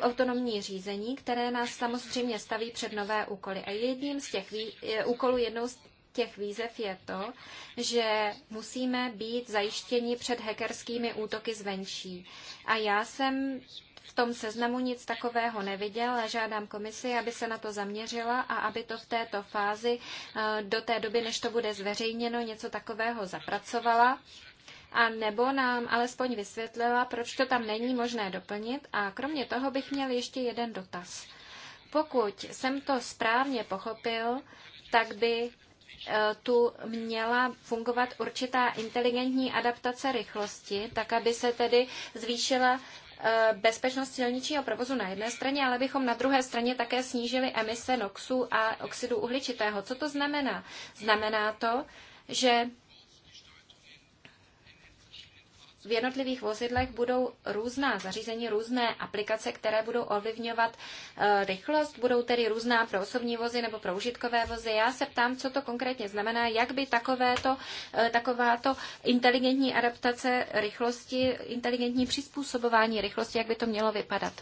autonomní řízení, které nás samozřejmě staví před nové úkoly. A jedním z těch vý, e, úkolů, jednou z těch výzev je to, že musíme být zajištěni před hackerskými útoky zvenčí. A já jsem v tom seznamu nic takového neviděl a žádám komisi, aby se na to zaměřila a aby to v této fázi e, do té doby, než to bude zveřejněno, něco takového zapracovala a nebo nám alespoň vysvětlila, proč to tam není možné doplnit. A kromě toho bych měl ještě jeden dotaz. Pokud jsem to správně pochopil, tak by e, tu měla fungovat určitá inteligentní adaptace rychlosti, tak aby se tedy zvýšila e, bezpečnost silničního provozu na jedné straně, ale bychom na druhé straně také snížili emise NOXu a oxidu uhličitého. Co to znamená? Znamená to, že v jednotlivých vozidlech budou různá zařízení, různé aplikace, které budou ovlivňovat eh, rychlost, budou tedy různá pro osobní vozy nebo pro užitkové vozy. Já se ptám, co to konkrétně znamená, jak by takovéto, eh, takováto inteligentní adaptace rychlosti, inteligentní přizpůsobování rychlosti, jak by to mělo vypadat.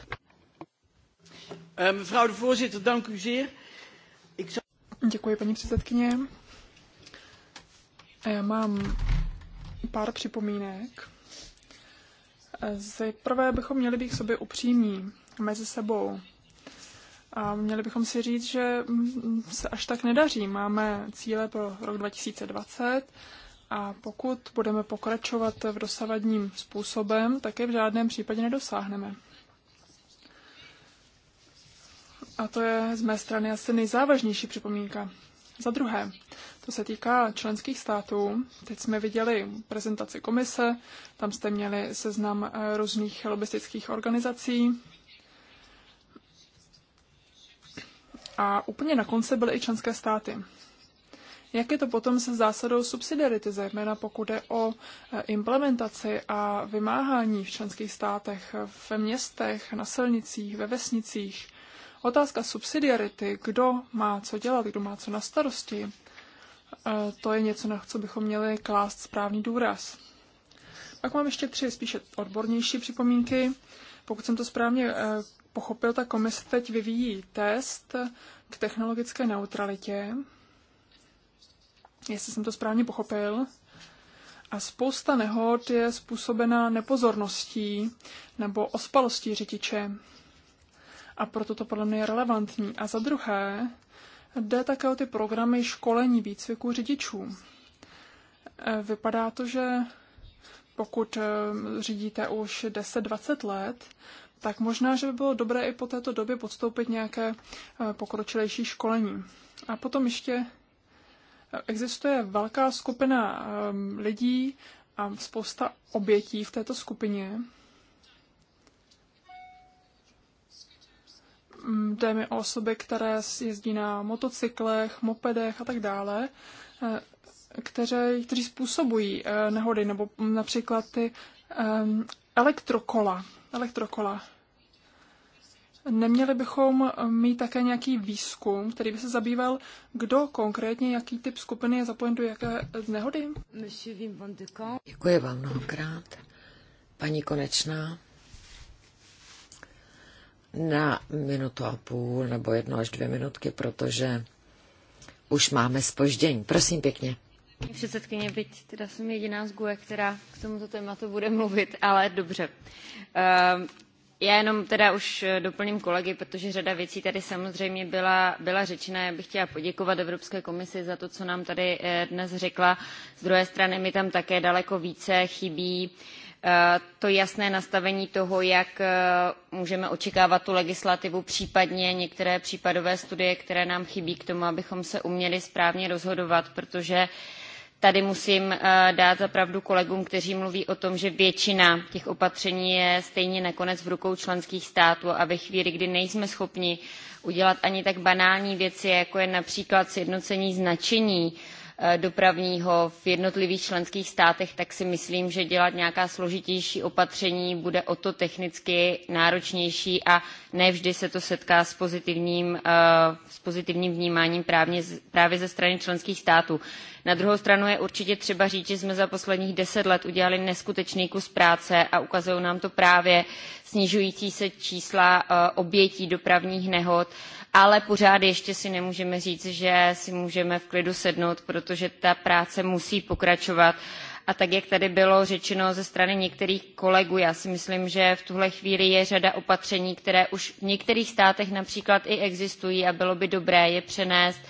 Eh, mevrouw de voorzitter, dank u zeer. Děkuji, paní předsedkyně. Já mám pár připomínek. Zaprvé bychom měli být k sobě upřímní mezi sebou. A měli bychom si říct, že se až tak nedaří. Máme cíle pro rok 2020 a pokud budeme pokračovat v dosavadním způsobem, tak je v žádném případě nedosáhneme. A to je z mé strany asi nejzávažnější připomínka. Za druhé, to se týká členských států. Teď jsme viděli prezentaci komise, tam jste měli seznam eh, různých lobistických organizací. A úplně na konci byly i členské státy. Jak je to potom se zásadou subsidiarity, zejména pokud je o eh, implementaci a vymáhání v členských státech, ve městech, na silnicích, ve vesnicích? Otázka subsidiarity, kdo má co dělat, kdo má co na starosti, to je něco, na co bychom měli klást správný důraz. Pak mám ještě tři spíše odbornější připomínky. Pokud jsem to správně eh, pochopil, ta komise teď vyvíjí test k technologické neutralitě. Jestli jsem to správně pochopil. A spousta nehod je způsobena nepozorností nebo ospalostí řidiče. A proto to podle mě je relevantní. A za druhé, Jde také o ty programy školení výcviku řidičů. Eh, vypadá to, že pokud eh, řídíte už 10-20 let, tak možná, že by bylo dobré i po této době podstoupit nějaké eh, pokročilejší školení. A potom ještě existuje velká skupina lidí a spousta obětí v této skupině, jde mm, mi o osoby, které jezdí na motocyklech, mopedech a tak dále, eh, které, kteří způsobují eh, nehody, nebo například ty ehm, elektrokola. elektrokola. Neměli bychom eh, mít také nějaký výzkum, který by se zabýval, kdo konkrétně, jaký typ skupiny je zapojen do jaké nehody? Děkuji vám mnohokrát. Paní Konečná na minutu a půl nebo jedno až dvě minutky, protože už máme spoždění. Prosím pěkně. Předsedkyně, byť teda jsem jediná z GUE, která k tomuto tématu bude mluvit, ale dobře. Um... Já jenom teda už eh, doplním kolegy, protože řada věcí tady samozřejmě byla, byla řečena. Já bych chtěla poděkovat Evropské komisi za to, co nám tady eh, dnes řekla. Z druhé strany mi tam také daleko více chybí uh, Eh, to jasné nastavení toho, jak eh, můžeme očekávat tu legislativu, případně některé případové studie, které nám chybí k tomu, abychom se uměli správně rozhodovat, protože tady musím eh, dát za pravdu kolegům, kteří mluví o tom, že většina těch opatření je stejně nakonec v rukou členských států a ve chvíli, kdy nejsme schopni udělat ani tak banální věci, jako je například sjednocení značení, Eh, dopravního v jednotlivých členských státech, tak si myslím, že dělat nějaká složitější opatření bude o to technicky náročnější a ne vždy se to setká s pozitivním, eh, s pozitivním vnímáním právě ze strany členských států na druhou stranu je určitě třeba říct že jsme za posledních deset let udělali neskutečný kus práce a ukazují nám to právě snižující se čísla eh, obětí dopravních nehod ale pořád ještě si nemůžeme říct že si můžeme v klidu sednout protože ta práce musí pokračovat a tak jak tady bylo řečeno ze strany některých kolegů já si myslím že v tuhle chvíli je řada opatření která už v některých státech například i existují a bylo by dobré je přenést do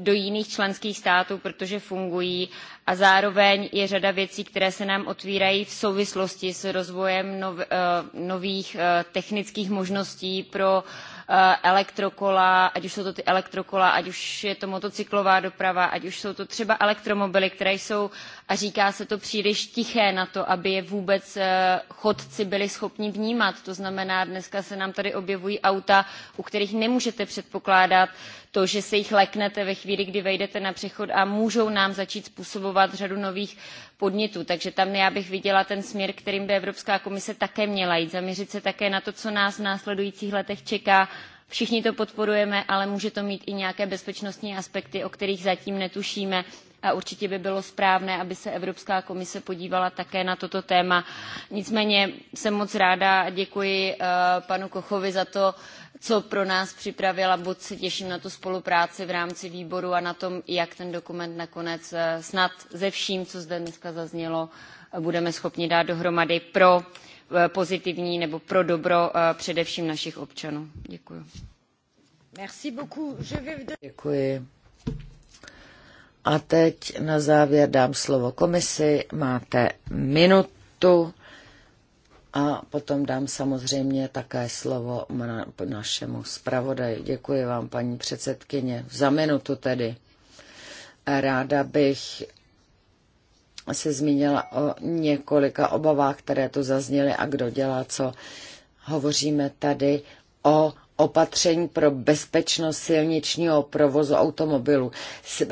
do jiných členských států, protože fungují a zároveň je řada věcí, které se nám otvírají v souvislosti s rozvojem nov, eh, nových eh, technických možností pro eh, elektrokola, ať už jsou to ty elektrokola, ať už je to motocyklová doprava, ať už jsou to třeba elektromobily, které jsou, a říká se to příliš tiché na to, aby je vůbec chodci byli schopni vnímat. To znamená, dneska se nám tady objevují auta, u kterých nemůžete předpokládat, to, že se jich leknete ve chvíli, kdy vejdete na přechod a můžou nám začít způsobovat řadu nových podnětů. Takže tam já bych viděla ten směr, kterým by Evropská komise také měla jít. Zaměřit se také na to, co nás v následujících letech čeká všichni to podporujeme ale může to mít i nějaké bezpečnostní aspekty o kterých zatím netušíme a určitě by bylo správné, aby se Evropská komise podívala také na toto téma. Nicméně jsem moc ráda a děkuji eh, panu Kochovi za to, co pro nás připravil a moc se těším na tu spolupráci v rámci výboru a na tom, jak ten dokument nakonec eh, snad ze vším, co zde dneska zaznělo, eh, budeme schopni dát dohromady pro pozitivní nebo pro dobro především našich občanů. Děkuji. Děkuji. A teď na závěr dám slovo komisi. Máte minutu a potom dám samozřejmě také slovo na, našemu zpravodaji. Děkuji vám, paní předsedkyně, za minutu tedy. Ráda bych se zmínila o několika obavách, které tu zazněly a kdo dělá co. Hovoříme tady o opatření pro bezpečnost silničního provozu automobilů.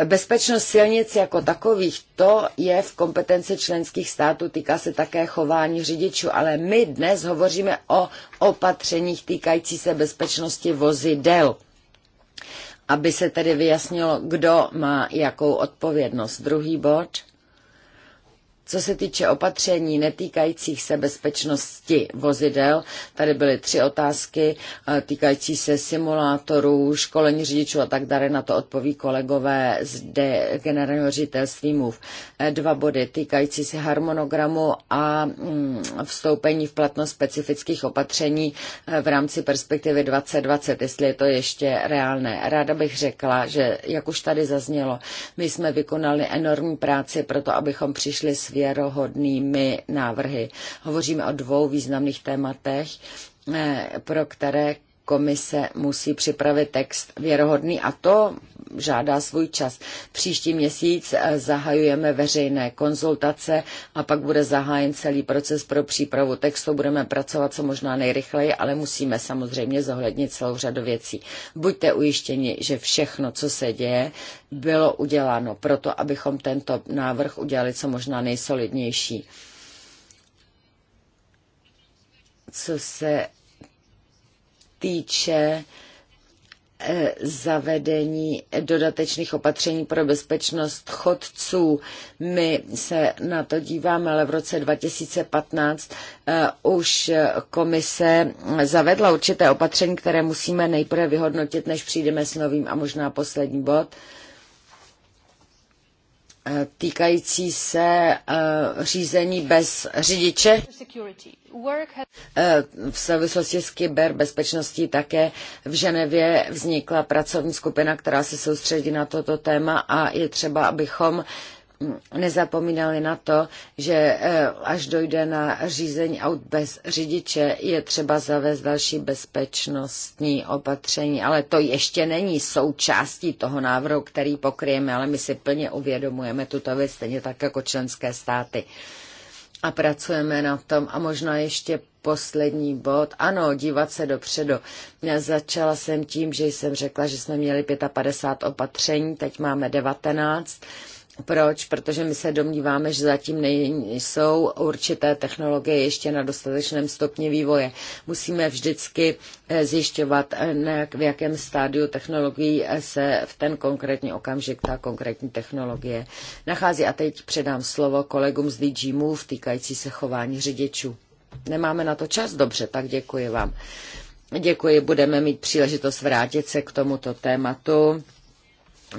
Bezpečnost silnic jako takových, to je v kompetenci členských států, týká se také chování řidičů, ale my dnes hovoříme o opatřeních týkající se bezpečnosti vozidel aby se tedy vyjasnilo, kdo má jakou odpovědnost. Druhý bod – co se týče opatření netýkajících se bezpečnosti vozidel, tady byly tři otázky eh, týkající se simulátorů, školení řidičů a tak dále. Na to odpoví kolegové z generálního ředitelství MUV. Eh, dva body týkající se harmonogramu a mm, vstoupení v platnost specifických opatření eh, v rámci perspektivy 2020, jestli je to ještě reálné. Ráda bych řekla, že jak už tady zaznělo, my jsme vykonali enormní práci pro to, abychom přišli s věrohodnými návrhy. Hovoříme o dvou významných tématech, eh, pro které komise musí připravit text věrohodný a to žádá svůj čas. Příští měsíc eh, zahajujeme veřejné konzultace a pak bude zahájen celý proces pro přípravu textu. Budeme pracovat co možná nejrychleji, ale musíme samozřejmě zohlednit celou řadu věcí. Buďte ujištěni, že všechno, co se děje, bylo uděláno proto, abychom tento návrh udělali co možná nejsolidnější. Co se týče eh, zavedení dodatečných opatření pro bezpečnost chodců. My se na to díváme, ale v roce 2015 eh, už komise zavedla určité opatření, které musíme nejprve vyhodnotit, než přijdeme s novým a možná poslední bod. Uh, Eh, týkající se eh, řízení bez řidiče. Eh, v souvislosti s kyberbezpečností také v Ženevě vznikla pracovní skupina, která se soustředí na toto téma a je třeba, abychom nezapomínali na to, že eh, až dojde na řízení aut bez řidiče, je třeba zavést další bezpečnostní opatření. Ale to ještě není součástí toho návrhu, který pokryjeme, ale my si plně uvědomujeme tuto věc, stejně tak jako členské státy a pracujeme na tom. A možná ještě poslední bod. Ano, dívat se dopředu. Já začala jsem tím, že jsem řekla, že jsme měli 55 opatření, teď máme 19 proč? Protože my se domníváme, že zatím nejsou určité technologie ještě na dostatečném stupni vývoje. Musíme vždycky eh, zjišťovat, eh, v jakém stádiu technologií eh, se v ten konkrétní okamžik ta konkrétní technologie nachází. A teď předám slovo kolegům z DG Move týkající se chování řidičů. Nemáme na to čas? Dobře, tak děkuji vám. Děkuji, budeme mít příležitost vrátit se k tomuto tématu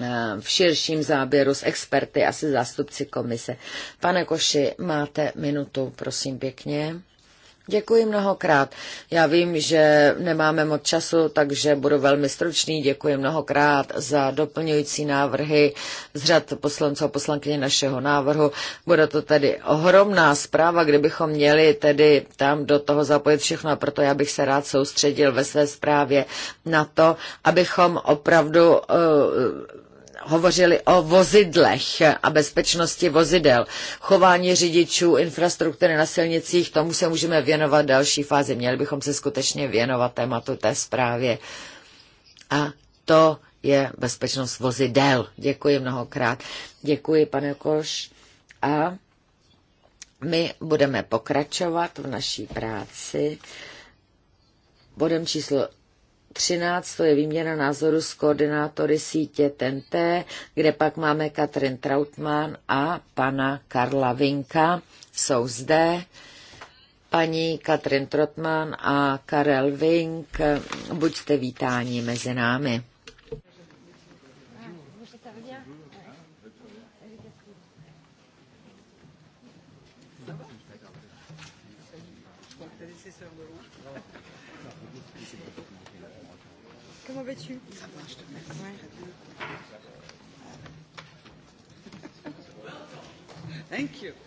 Eh, v širším záběru s experty a se zástupci komise. Pane Koši, máte minutu, prosím pěkně. Děkuji mnohokrát. Já vím, že nemáme moc času, takže budu velmi stručný. Děkuji mnohokrát za doplňující návrhy z řad poslanců a poslankyně našeho návrhu. Bude to tedy ohromná zpráva, kdybychom měli tedy tam do toho zapojit všechno a proto já bych se rád soustředil ve své zprávě na to, abychom opravdu uh, hovořili o vozidlech a bezpečnosti vozidel, chování řidičů, infrastruktury na silnicích, tomu se můžeme věnovat v další fázi. Měli bychom se skutečně věnovat tématu té zprávě. A to je bezpečnost vozidel. Děkuji mnohokrát. Děkuji, pane Koš. A my budeme pokračovat v naší práci bodem číslo 13, to je výměna názoru s koordinátory sítě TNT, kde pak máme Katrin Trautmann a pana Karla Vinka. Jsou zde paní Katrin Trautmann a Karel Vink. Buďte vítáni mezi námi. là-dessus. Thank you.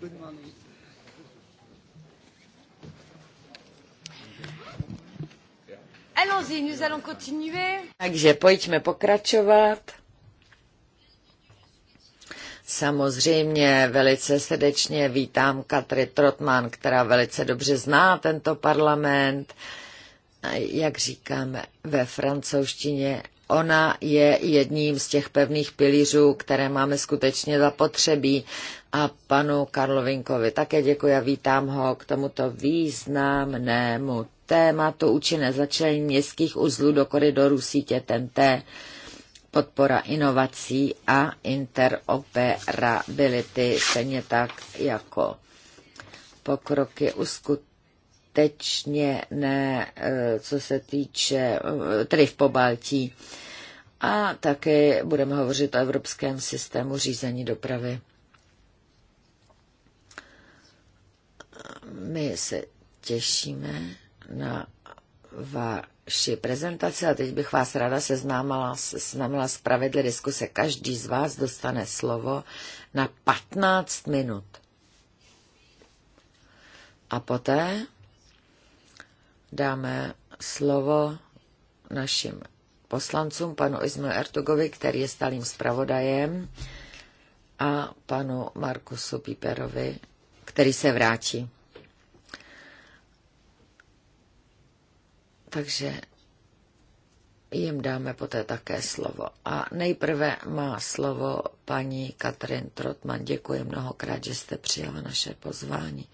Good morning. Allons-y, nous allons continuer. Takže pojďme pokračovat. Samozřejmě velice srdečně vítám Katry Trotman, která velice dobře zná tento parlament jak říkáme ve francouzštině, ona je jedním z těch pevných pilířů, které máme skutečně zapotřebí. A panu Karlovinkovi také děkuji a vítám ho k tomuto významnému tématu účinné začlenění městských uzlů do koridoru sítě TNT, podpora inovací a interoperability, stejně tak jako pokroky uskutečnění skutečně ne, eh, co se týče, eh, tedy v Pobaltí. A také budeme hovořit o evropském systému řízení dopravy. My se těšíme na vaši prezentaci a teď bych vás ráda seznámila, seznámila s pravidly diskuse. Každý z vás dostane slovo na 15 minut. A poté dáme slovo našim poslancům, panu Izmu Ertugovi, který je stálým zpravodajem, a panu Markusu Piperovi, který se vrátí. Takže jim dáme poté také slovo. A nejprve má slovo paní Katrin Trotman. Děkuji mnohokrát, že jste přijala naše pozvání.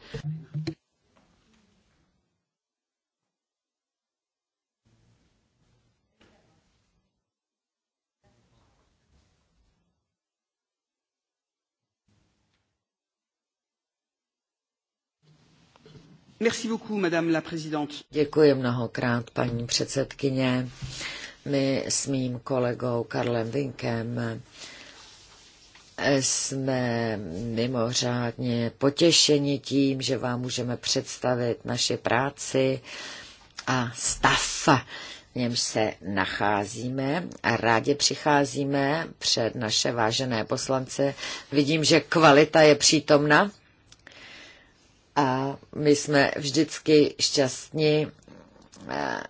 Merci beaucoup, madame la présidente. Děkuji mnohokrát, paní předsedkyně. My s mým kolegou Karlem Vinkem jsme mimořádně potěšeni tím, že vám můžeme představit naši práci a stav, v němž se nacházíme a rádi přicházíme před naše vážené poslance. Vidím, že kvalita je přítomna. A my jsme vždycky šťastní, eh,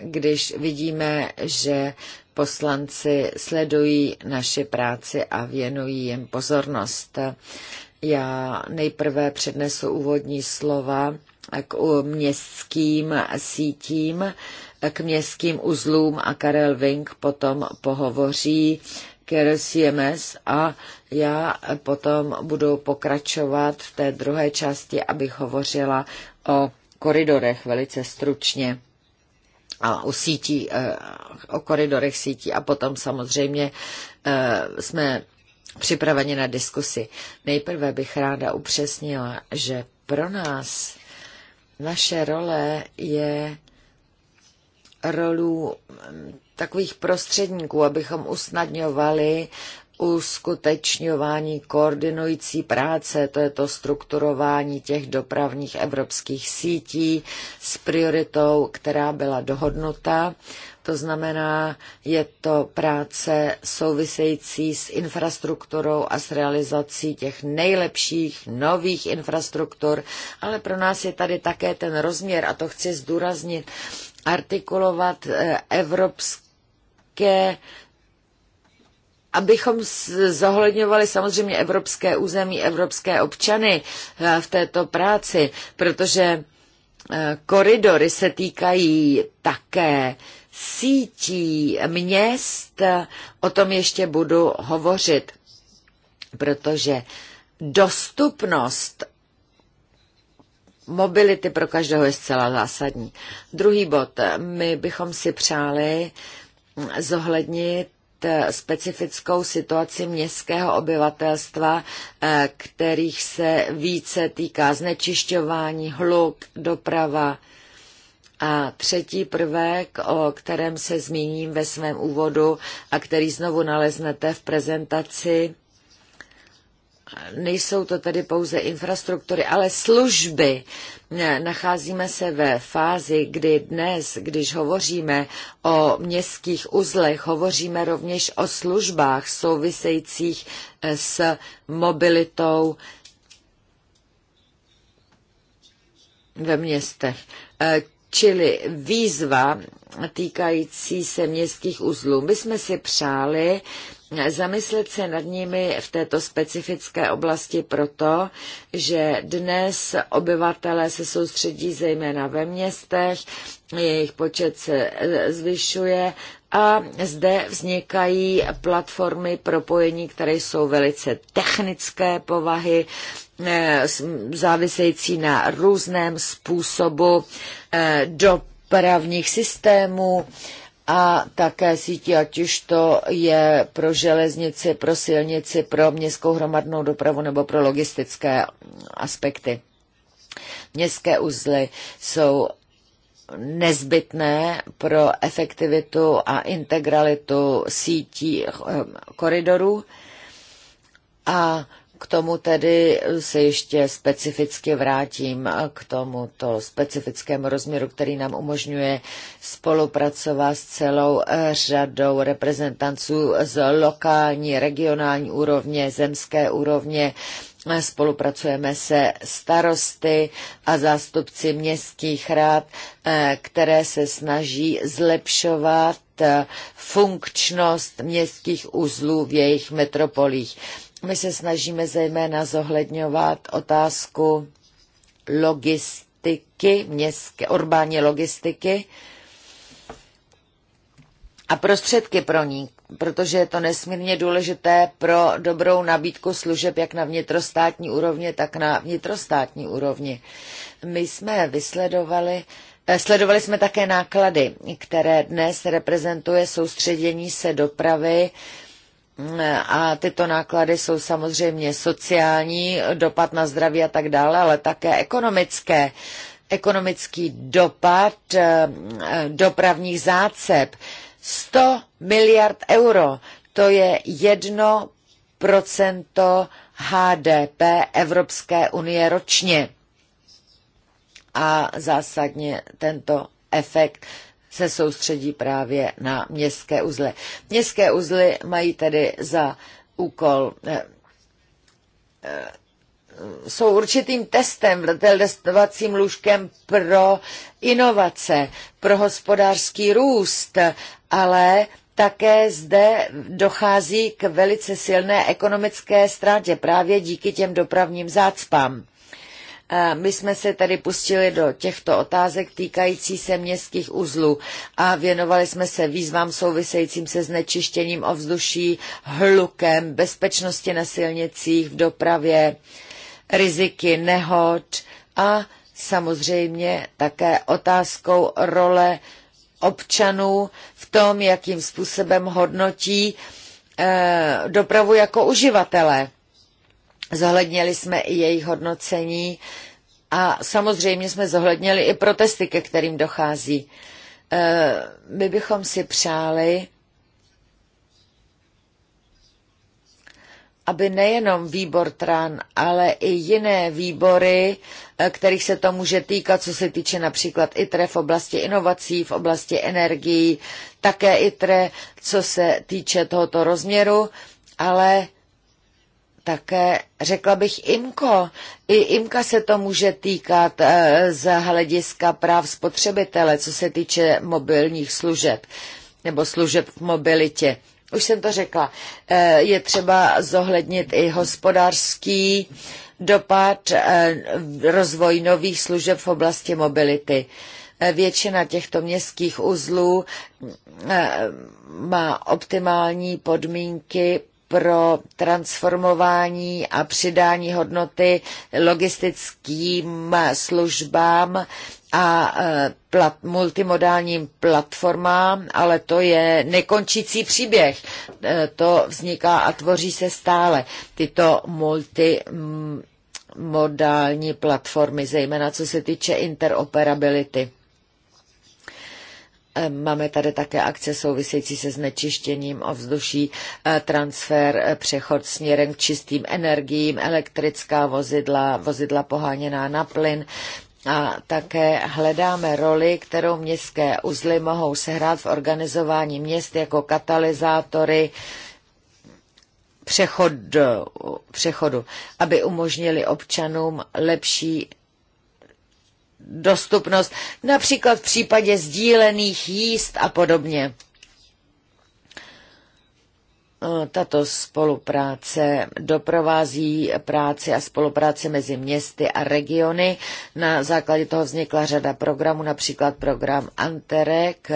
když vidíme, že poslanci sledují naši práci a věnují jim pozornost. Já nejprve přednesu úvodní slova k městským sítím, k městským uzlům a Karel Vink potom pohovoří k CMS a já potom budu pokračovat v té druhé části, abych hovořila o koridorech velice stručně a o sítí, eh, o koridorech sítí a potom samozřejmě eh, jsme připraveni na diskusi. Nejprve bych ráda upřesnila, že pro nás naše role je rolu takových prostředníků, abychom usnadňovali uskutečňování koordinující práce, to je to strukturování těch dopravních evropských sítí s prioritou, která byla dohodnuta. To znamená, je to práce související s infrastrukturou a s realizací těch nejlepších nových infrastruktur, ale pro nás je tady také ten rozměr, a to chci zdůraznit, artikulovat eh, evropský také abychom zohledňovali samozřejmě evropské území, evropské občany eh, v této práci, protože eh, koridory se týkají také sítí měst, o tom ještě budu hovořit, protože dostupnost mobility pro každého je zcela zásadní. Druhý bod, my bychom si přáli, zohlednit eh, specifickou situaci městského obyvatelstva, eh, kterých se více týká znečišťování, hluk, doprava. A třetí prvek, o kterém se zmíním ve svém úvodu a který znovu naleznete v prezentaci, nejsou to tedy pouze infrastruktury, ale služby. Nacházíme se ve fázi, kdy dnes, když hovoříme o městských uzlech, hovoříme rovněž o službách souvisejících eh, s mobilitou ve městech. Eh, čili výzva týkající se městských uzlů. My jsme si přáli, zamyslet se nad nimi v této specifické oblasti proto, že dnes obyvatelé se soustředí zejména ve městech, jejich počet se e, zvyšuje a zde vznikají platformy propojení, které jsou velice technické povahy, e, závisející na různém způsobu e, dopravních systémů, a také sítí, ať už to je pro železnici, pro silnici, pro městskou hromadnou dopravu nebo pro logistické aspekty. Městské uzly jsou nezbytné pro efektivitu a integralitu sítí eh, koridorů a k tomu tedy se ještě specificky vrátím k tomuto specifickému rozměru, který nám umožňuje spolupracovat s celou řadou reprezentanců z lokální, regionální úrovně, zemské úrovně. Spolupracujeme se starosty a zástupci městských rad, eh, které se snaží zlepšovat eh, funkčnost městských uzlů v jejich metropolích my se snažíme zejména zohledňovat otázku logistiky, městské, urbání logistiky a prostředky pro ní, protože je to nesmírně důležité pro dobrou nabídku služeb jak na vnitrostátní úrovni, tak na vnitrostátní úrovni. My jsme vysledovali eh, Sledovali jsme také náklady, které dnes reprezentuje soustředění se dopravy a tyto náklady jsou samozřejmě sociální, dopad na zdraví a tak dále, ale také ekonomické. Ekonomický dopad eh, dopravních zácep. 100 miliard euro, to je jedno procento HDP Evropské unie ročně. A zásadně tento efekt se soustředí právě na městské uzly. Městské uzly mají tedy za úkol eh, eh, jsou určitým testem, testovacím lůžkem pro inovace, pro hospodářský růst, ale také zde dochází k velice silné ekonomické ztrátě právě díky těm dopravním zácpám. My jsme se tady pustili do těchto otázek týkající se městských uzlů a věnovali jsme se výzvám souvisejícím se znečištěním ovzduší, hlukem, bezpečnosti na silnicích, v dopravě, riziky nehod a samozřejmě také otázkou role občanů v tom, jakým způsobem hodnotí eh, dopravu jako uživatelé. Zohlednili jsme i jejich hodnocení a samozřejmě jsme zohlednili i protesty, ke kterým dochází. Eh, my bychom si přáli, aby nejenom výbor TRAN, ale i jiné výbory, eh, kterých se to může týkat, co se týče například ITRE v oblasti inovací, v oblasti energií, také ITRE, co se týče tohoto rozměru, ale také, řekla bych, IMKO. I IMKA se to může týkat eh, z hlediska práv spotřebitele, co se týče mobilních služeb nebo služeb v mobilitě. Už jsem to řekla. Eh, je třeba zohlednit i hospodářský dopad eh, rozvoj nových služeb v oblasti mobility. Většina těchto městských uzlů má optimální podmínky pro transformování a přidání hodnoty logistickým službám a e, plat, multimodálním platformám, ale to je nekončící příběh. E, to vzniká a tvoří se stále. Tyto multi modální platformy, zejména co se týče interoperability. Máme tady také akce související se znečištěním ovzduší, eh, transfer, eh, přechod směrem k čistým energiím, elektrická vozidla, vozidla poháněná na plyn. A také hledáme roli, kterou městské uzly mohou sehrát v organizování měst jako katalyzátory přechod, přechodu, aby umožnili občanům lepší dostupnost, například v případě sdílených jíst a podobně. E, tato spolupráce doprovází práci a spolupráci mezi městy a regiony. Na základě toho vznikla řada programů, například program Anterek,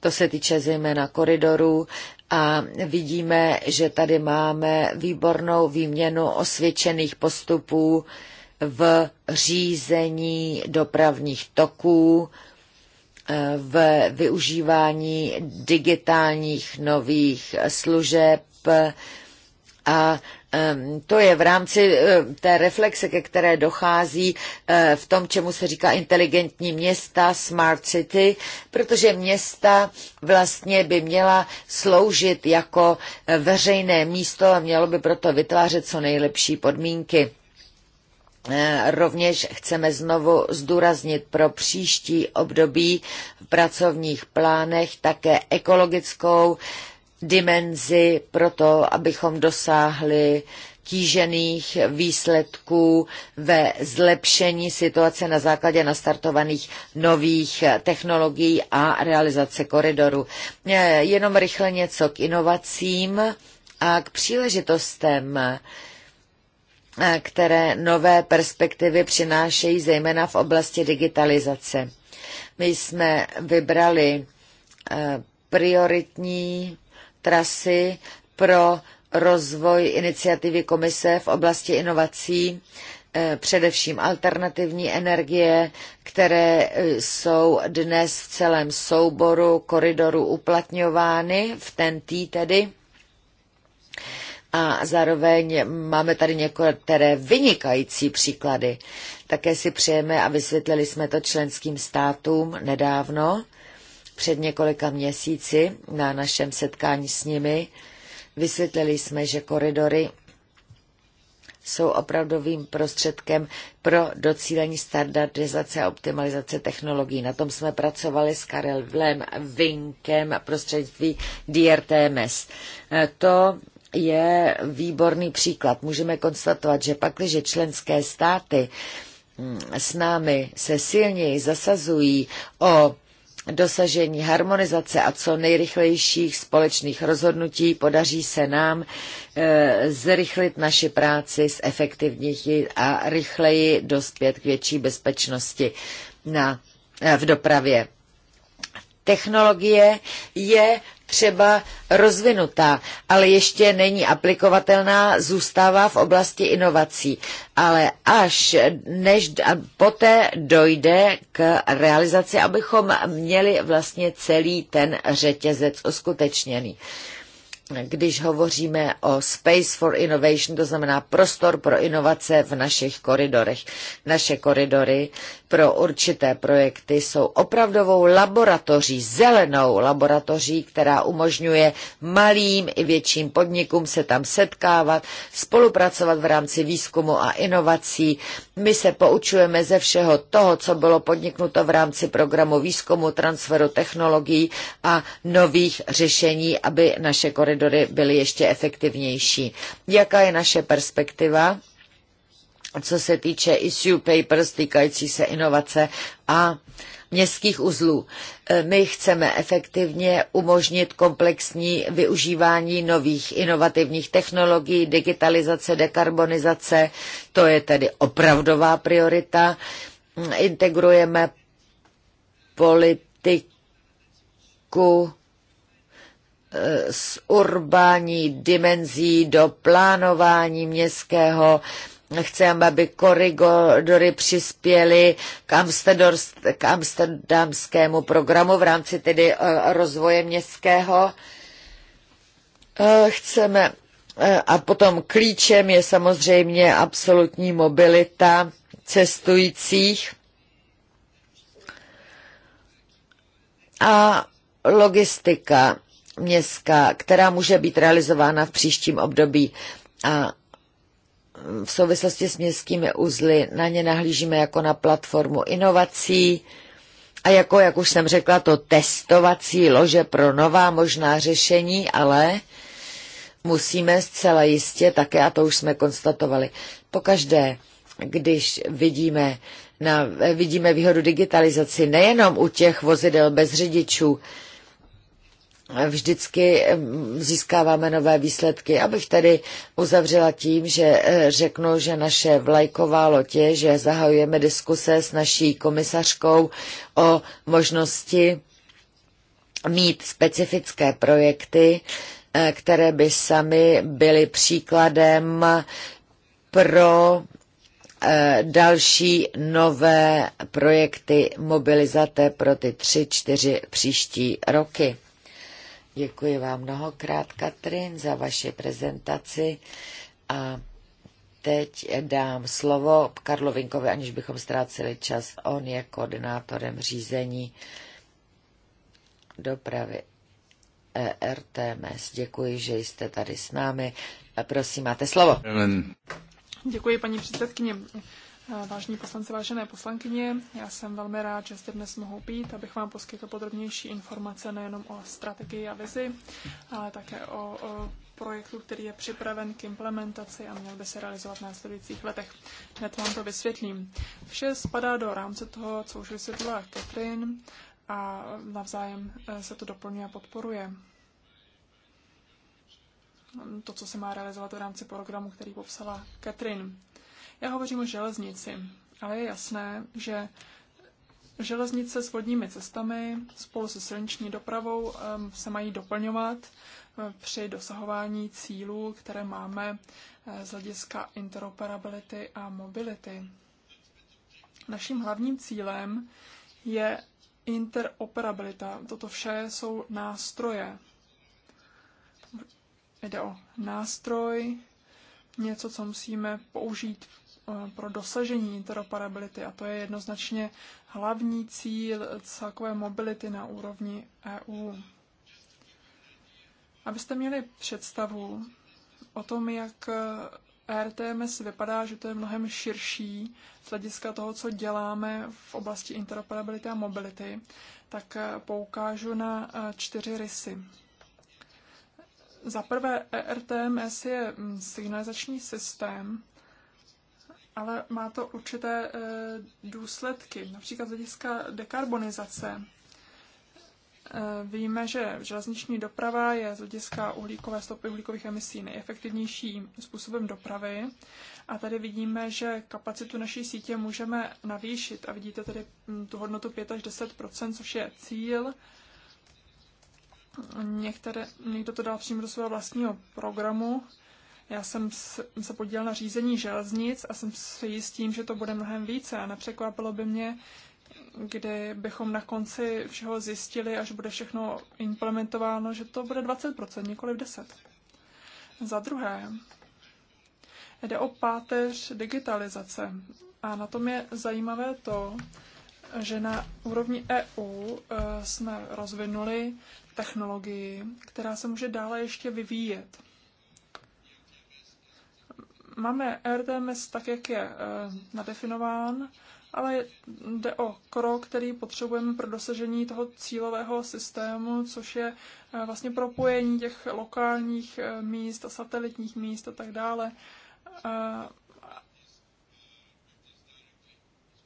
to se týče zejména koridorů, a vidíme, že tady máme výbornou výměnu osvědčených postupů, v řízení dopravních toků, eh, v využívání digitálních nových služeb a to je v rámci eh, té reflexe, ke které dochází eh, v tom, čemu se říká inteligentní města, smart city, protože města vlastně by měla sloužit jako veřejné místo a mělo by proto vytvářet co nejlepší podmínky. Eh, rovněž chceme znovu zdůraznit pro příští období v pracovních plánech také ekologickou dimenzi pro to, abychom dosáhli kýžených výsledků ve zlepšení situace na základě nastartovaných nových technologií a realizace koridoru. Eh, jenom rychle něco k inovacím a k příležitostem Eh, které nové perspektivy přinášejí zejména v oblasti digitalizace. My jsme vybrali eh, prioritní trasy pro rozvoj iniciativy komise v oblasti inovací, eh, především alternativní energie, které jsou dnes v celém souboru koridorů uplatňovány, v ten tedy, a zároveň máme tady některé vynikající příklady. Také si přejeme a vysvětlili jsme to členským státům nedávno, před několika měsíci na našem setkání s nimi. Vysvětlili jsme, že koridory jsou opravdovým prostředkem pro docílení standardizace a optimalizace technologií. Na tom jsme pracovali s Karel Vlem Vinkem prostřednictví DRTMS. To je výborný příklad. Můžeme konstatovat, že pakliže členské státy hm, s námi se silněji zasazují o dosažení harmonizace a co nejrychlejších společných rozhodnutí podaří se nám e, zrychlit naši práci, zefektivnit ji a rychleji dospět k větší bezpečnosti na, e, v dopravě. Technologie je třeba rozvinutá, ale ještě není aplikovatelná, zůstává v oblasti inovací. Ale až než poté dojde k realizaci, abychom měli vlastně celý ten řetězec uskutečněný když hovoříme o Space for Innovation, to znamená prostor pro inovace v našich koridorech. Naše koridory pro určité projekty jsou opravdovou laboratoří, zelenou laboratoří, která umožňuje malým i větším podnikům se tam setkávat, spolupracovat v rámci výzkumu a inovací. My se poučujeme ze všeho toho, co bylo podniknuto v rámci programu výzkumu, transferu technologií a nových řešení, aby naše koridory byly ještě efektivnější. Jaká je naše perspektiva? co se týče issue papers týkající se inovace a městských uzlů. E, my chceme efektivně umožnit komplexní využívání nových inovativních technologií, digitalizace, dekarbonizace, to je tedy opravdová priorita. Mm, integrujeme politiku e, s urbání dimenzí do plánování městského Chceme, aby korigodory přispěly k amsterdamskému programu v rámci tedy eh, rozvoje městského. Eh, chceme, eh, a potom klíčem je samozřejmě absolutní mobilita cestujících a logistika městská, která může být realizována v příštím období. A v souvislosti s městskými uzly na ně nahlížíme jako na platformu inovací a jako, jak už jsem řekla, to testovací lože pro nová možná řešení, ale musíme zcela jistě také, a to už jsme konstatovali, pokaždé, když vidíme, na, vidíme výhodu digitalizaci nejenom u těch vozidel bez řidičů, vždycky získáváme nové výsledky. Abych tady uzavřela tím, že eh, řeknu, že naše vlajková lotě, že zahajujeme diskuse s naší komisařkou o možnosti mít specifické projekty, eh, které by sami byly příkladem pro eh, další nové projekty mobilizace pro ty tři, čtyři příští roky. Děkuji vám mnohokrát, Katrin, za vaši prezentaci a teď dám slovo Karlo Vinkovi, aniž bychom ztráceli čas. On je koordinátorem řízení dopravy ERTMS. Děkuji, že jste tady s námi. Prosím, máte slovo. Děkuji, paní předsedkyně. Vážení poslanci, vážené poslankyně, já jsem velmi rád, že zde dnes mohou být, abych vám poskytl podrobnější informace nejenom o strategii a vizi, ale také o, o projektu, který je připraven k implementaci a měl by se realizovat v následujících letech. Hned vám to vysvětlím. Vše spadá do rámce toho, co už vysvětlila Katrin a navzájem e, se to doplňuje a podporuje. To, co se má realizovat v rámci programu, který popsala Katrin. Já hovořím o železnici, ale je jasné, že železnice s vodními cestami spolu se silniční dopravou ehm, se mají doplňovat eh, při dosahování cílů, které máme eh, z hlediska interoperability a mobility. Naším hlavním cílem je interoperabilita. Toto vše jsou nástroje. Jde o nástroj, něco, co musíme použít Eh, pro dosažení interoperability a to je jednoznačně hlavní cíl celkové mobility na úrovni EU. Abyste měli představu o tom, jak eh, RTMS vypadá, že to je mnohem širší z hlediska toho, co děláme v oblasti interoperability a mobility, tak eh, poukážu na čtyři rysy. Za prvé, ERTMS je mm, signalizační systém, ale má to určité eh, důsledky, například z hlediska dekarbonizace. Eh, víme, že železniční doprava je z hlediska uhlíkové stopy uhlíkových emisí nejefektivnějším způsobem dopravy. A tady vidíme, že kapacitu naší sítě můžeme navýšit. A vidíte tady hm, tu hodnotu 5 až 10 což je cíl. Některé, někdo to dal přímo do svého vlastního programu. Já jsem se podílel na řízení železnic a jsem si jistím, že to bude mnohem více. A nepřekvapilo by mě, kdy bychom na konci všeho zjistili, až bude všechno implementováno, že to bude 20%, nikoli 10%. Za druhé, jde o páteř digitalizace. A na tom je zajímavé to, že na úrovni EU eh, jsme rozvinuli technologii, která se může dále ještě vyvíjet. Máme RTMS tak, jak je eh, nadefinován, ale jde o krok, který potřebujeme pro dosažení toho cílového systému, což je eh, vlastně propojení těch lokálních eh, míst a satelitních míst a tak dále.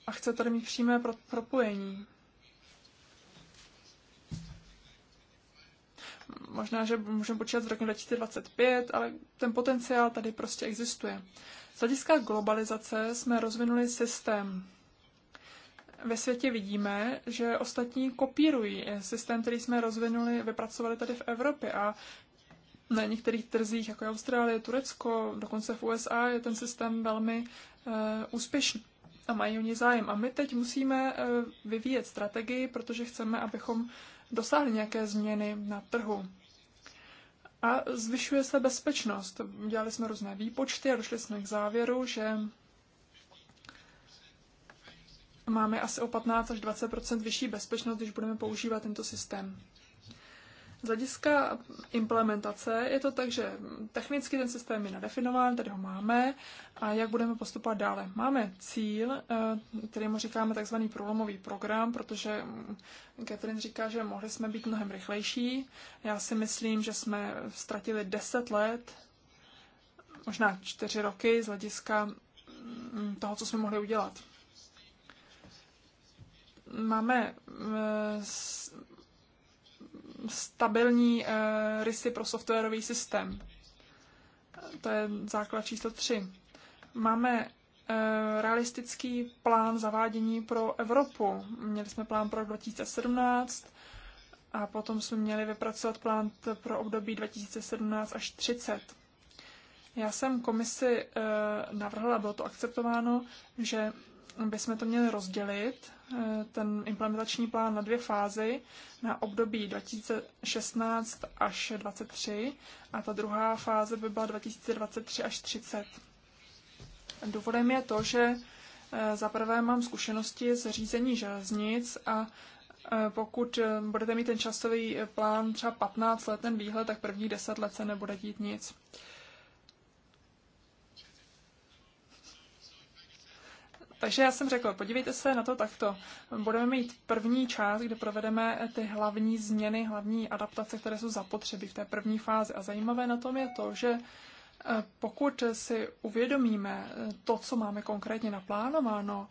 A chce tady mít přímé propojení. možná, že můžeme počítat v roku 2025, ale ten potenciál tady prostě existuje. Z hlediska globalizace jsme rozvinuli systém. Ve světě vidíme, že ostatní kopírují systém, který jsme rozvinuli, vypracovali tady v Evropě a na některých trzích, jako je Austrálie, Turecko, dokonce v USA, je ten systém velmi e, úspěšný a mají oni zájem. A my teď musíme e, vyvíjet strategii, protože chceme, abychom dosáhli nějaké změny na trhu. A zvyšuje se bezpečnost. Dělali jsme různé výpočty a došli jsme k závěru, že máme asi o 15 až 20 vyšší bezpečnost, když budeme používat tento systém. Z hlediska implementace je to tak, že technicky ten systém je nadefinován, tady ho máme a jak budeme postupovat dále. Máme cíl, eh, který říkáme takzvaný průlomový program, protože mm, Catherine říká, že mohli jsme být mnohem rychlejší. Já si myslím, že jsme ztratili 10 let, možná 4 roky z hlediska mm, toho, co jsme mohli udělat máme eh, stabilní eh, rysy pro softwarový systém. To je základ číslo 3. Máme eh, realistický plán zavádění pro Evropu. Měli jsme plán pro 2017 a potom jsme měli vypracovat plán pro období 2017 až 30. Já jsem komisi eh, navrhla, bylo to akceptováno, že bychom to měli rozdělit, eh, ten implementační plán na dvě fázy, na období 2016 až 2023 a ta druhá fáze by byla 2023 až 30. Důvodem je to, že eh, za prvé mám zkušenosti z řízení železnic a eh, pokud budete mít ten časový plán třeba 15 let, ten výhled, tak první 10 let se nebude dít nic. Takže já jsem řekla, podívejte se na to takto. Budeme mít první část, kde provedeme ty hlavní změny, hlavní adaptace, které jsou zapotřebí v té první fázi. A zajímavé na tom je to, že pokud si uvědomíme to, co máme konkrétně naplánováno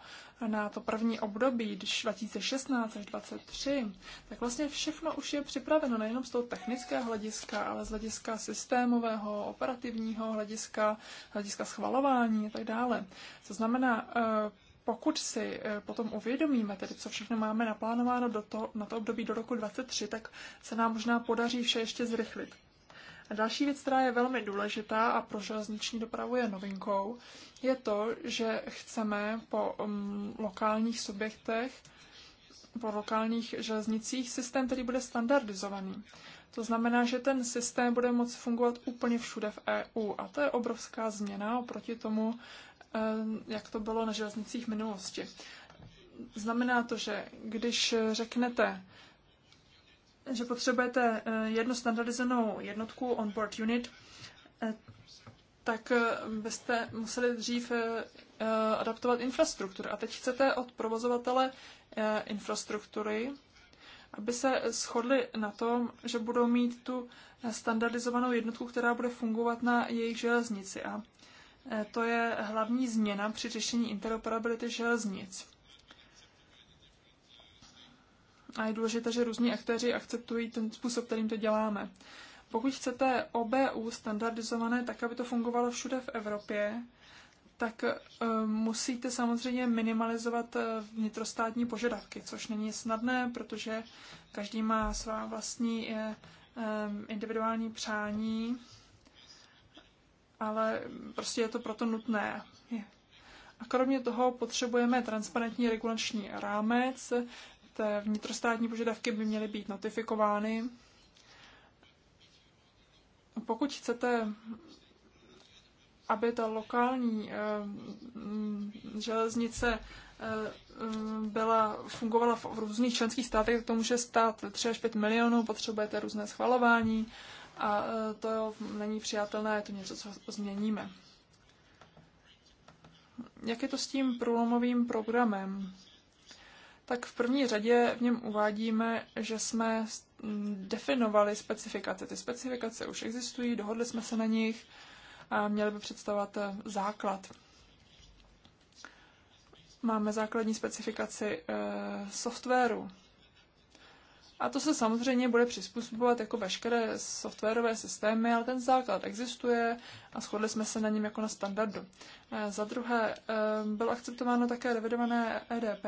na to první období, když 2016 až 2023, tak vlastně všechno už je připraveno nejenom z toho technického hlediska, ale z hlediska systémového, operativního hlediska, hlediska schvalování a tak dále. To znamená, eh, pokud si eh, potom uvědomíme, tedy co všechno máme naplánováno do to, na to období do roku 2023, tak se nám možná podaří vše ještě zrychlit. A další věc, která je velmi důležitá a pro železniční dopravu je novinkou, je to, že chceme po um, lokálních subjektech, po lokálních železnicích systém, který bude standardizovaný. To znamená, že ten systém bude moci fungovat úplně všude v EU a to je obrovská změna oproti tomu, eh, jak to bylo na železnicích minulosti. Znamená to, že když řeknete že potřebujete eh, jednu standardizovanou jednotku onboard unit, eh, tak eh, byste museli dřív adaptovat infrastrukturu. A teď chcete od provozovatele infrastruktury, aby se shodli na tom, že budou mít tu standardizovanou jednotku, která bude fungovat na jejich železnici. A to je hlavní změna při řešení interoperability železnic. A je důležité, že různí aktéři akceptují ten způsob, kterým to děláme. Pokud chcete OBU standardizované tak, aby to fungovalo všude v Evropě, tak eh, musíte samozřejmě minimalizovat eh, vnitrostátní požadavky, což není snadné, protože každý má svá vlastní eh, individuální přání, ale prostě je to proto nutné. A kromě toho potřebujeme transparentní regulační rámec, vnitrostátní požadavky by měly být notifikovány. Pokud chcete, aby ta lokální eh, mm, železnice eh, mm, byla, fungovala v různých členských státech, tak to může stát 3 až 5 milionů, potřebujete různé schvalování a eh, to není přijatelné, je to něco, co změníme. Jak je to s tím průlomovým programem? tak v první řadě v něm uvádíme, že jsme definovali specifikace. Ty specifikace už existují, dohodli jsme se na nich a měli by představovat eh, základ. Máme základní specifikaci e, softwaru. A to se samozřejmě bude přizpůsobovat jako veškeré softwarové systémy, ale ten základ existuje a shodli jsme se na něm jako na standardu. E, za druhé, e, bylo akceptováno také revidované EDP,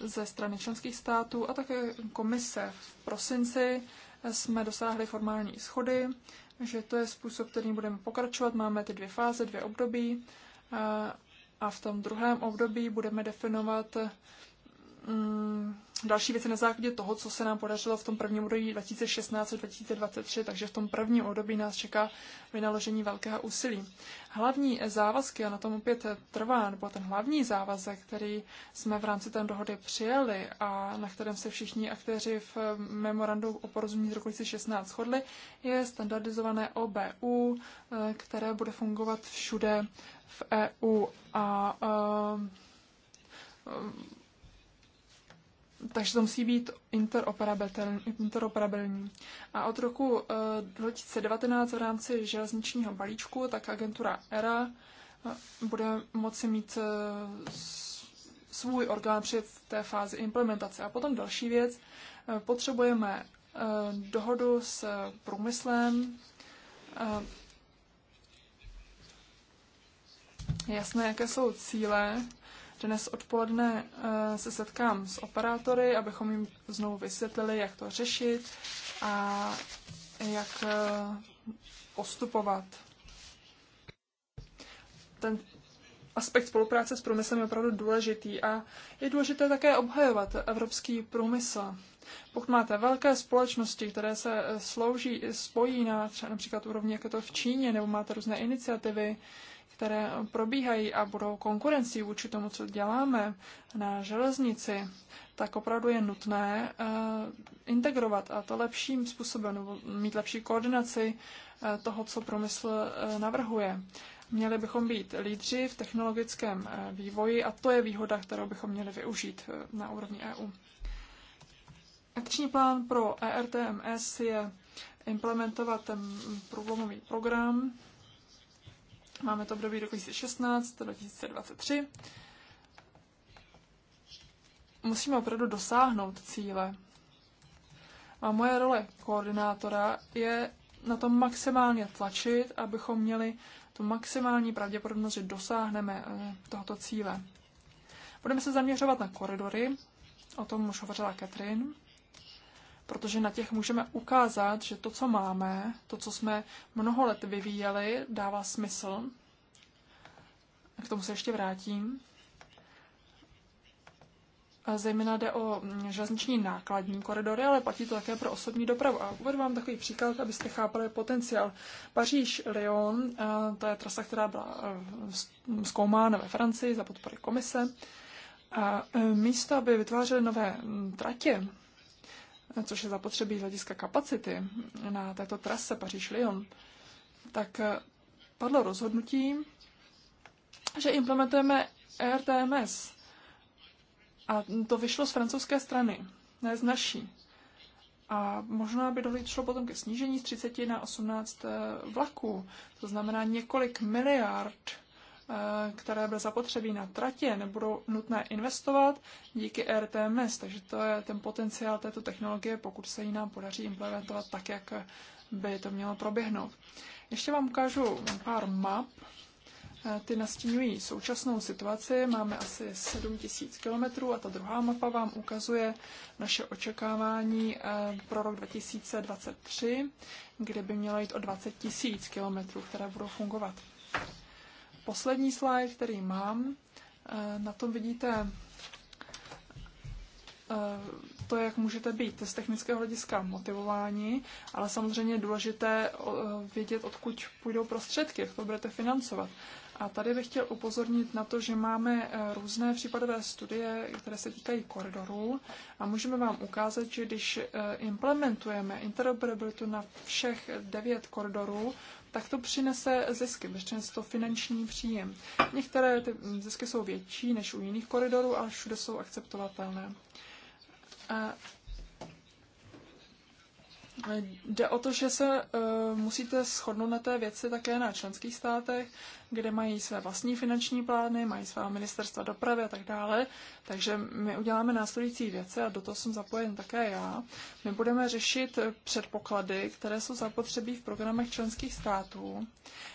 ze strany členských států a také komise. V prosinci jsme dosáhli formální schody, že to je způsob, kterým budeme pokračovat. Máme ty dvě fáze, dvě období a v tom druhém období budeme definovat mm, další věci na základě toho, co se nám podařilo v tom prvním období 2016-2023, takže v tom prvním období nás čeká vynaložení velkého úsilí. Hlavní závazky, a na tom opět trvá, nebo ten hlavní závazek, který jsme v rámci té dohody přijeli a na kterém se všichni aktéři v memorandu o porozumění z roku 2016 shodli, je standardizované OBU, které bude fungovat všude v EU a, a, a takže to musí být interoperabilní. A od roku 2019 eh, v rámci železničního balíčku, tak agentura ERA eh, bude moci mít eh, svůj orgán při té fázi implementace. A potom další věc, potřebujeme dohodu s průmyslem, jasné, jaké jsou cíle, dnes odpoledne eh, se setkám s operátory, abychom jim znovu vysvětlili, jak to řešit a jak eh, postupovat. Ten aspekt spolupráce s průmyslem je opravdu důležitý a je důležité také obhajovat evropský průmysl. Pokud máte velké společnosti, které se eh, slouží, spojí na třeba například úrovni, jako to v Číně, nebo máte různé iniciativy, které probíhají a budou konkurencí vůči tomu, co děláme na železnici, tak opravdu je nutné eh, integrovat a to lepším způsobem, nebo mít lepší koordinaci eh, toho, co promysl eh, navrhuje. Měli bychom být lídři v technologickém vývoji a to je výhoda, kterou bychom měli využít na úrovni EU. Akční plán pro ERTMS je implementovat ten průlomový program Máme to období roku 2016 do 2023. Musíme opravdu dosáhnout cíle. A moje role koordinátora je na to maximálně tlačit, abychom měli tu maximální pravděpodobnost, že dosáhneme eh, tohoto cíle. Budeme se zaměřovat na koridory, o tom už hovořila Katrin protože na těch můžeme ukázat, že to, co máme, to, co jsme mnoho let vyvíjeli, dává smysl. K tomu se ještě vrátím. A zejména jde o železniční nákladní koridory, ale platí to také pro osobní dopravu. A uvedu vám takový příklad, abyste chápali potenciál. Paříž-Lyon, to je trasa, která byla e, zkoumána ve Francii za podpory komise. A e, místo, aby vytvářely nové tratě, což je zapotřebí z hlediska kapacity na této trase Paříž-Lyon, tak eh, padlo rozhodnutí, že implementujeme RTMS. A to vyšlo z francouzské strany, ne z naší. A možná by došlo potom ke snížení z 30 na 18 eh, vlaků. To znamená několik miliard Eh, které bude zapotřebí na tratě, nebudou nutné investovat díky RTMS. Takže to je ten potenciál této technologie, pokud se ji nám podaří implementovat tak, jak by to mělo proběhnout. Ještě vám ukážu pár map. Eh, ty nastínují současnou situaci. Máme asi 7 km a ta druhá mapa vám ukazuje naše očekávání eh, pro rok 2023, kde by mělo jít o 20 000 km, které budou fungovat poslední slide, který mám. Eh, na tom vidíte eh, to, jak můžete být z technického hlediska motivováni, ale samozřejmě je důležité eh, vědět, odkud půjdou prostředky, jak to budete financovat. A tady bych chtěl upozornit na to, že máme různé případové studie, které se týkají koridorů a můžeme vám ukázat, že když implementujeme interoperabilitu na všech devět koridorů, tak to přinese zisky, to finanční příjem. Některé ty zisky jsou větší než u jiných koridorů, ale všude jsou akceptovatelné. A Jde o to, že se eh, musíte shodnout na té věci také na členských státech, kde mají své vlastní finanční plány, mají svá ministerstva dopravy a tak dále. Takže my uděláme následující věci a do toho jsem zapojen také já. My budeme řešit předpoklady, které jsou zapotřebí v programech členských států.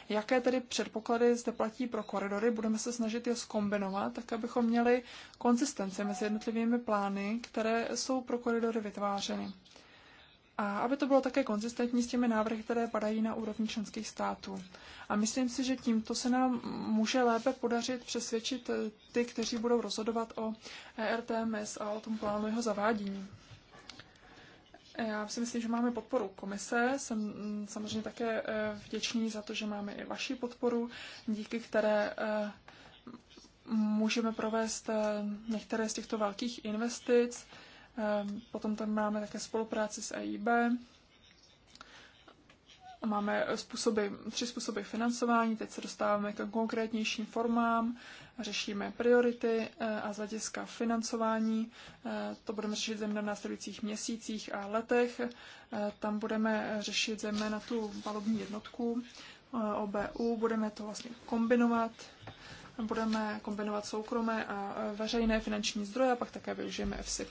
Jaké tedy předpoklady zde platí pro koridory? Budeme se snažit je zkombinovat, tak abychom měli konzistenci mezi jednotlivými plány, které jsou pro koridory vytvářeny a aby to bylo také konzistentní s těmi návrhy, které padají na úrovni členských států. A myslím si, že tímto se nám může lépe podařit přesvědčit eh, ty, kteří budou rozhodovat o ERTMS a o tom plánu jeho zavádění. Já si myslím, že máme podporu komise. Jsem mm, samozřejmě také eh, vděčný za to, že máme i vaši podporu, díky které eh, můžeme provést některé z těchto velkých investic Ehm, potom tam máme také spolupráci s EIB. Máme způsoby, tři způsoby financování, teď se dostáváme k konkrétnějším formám, řešíme priority eh, a z hlediska financování. Eh, to budeme řešit zejména v následujících měsících a letech. Eh, tam budeme řešit zejména tu palubní jednotku OBU, budeme to vlastně kombinovat. Budeme kombinovat soukromé a veřejné finanční zdroje a pak také využijeme EFSI.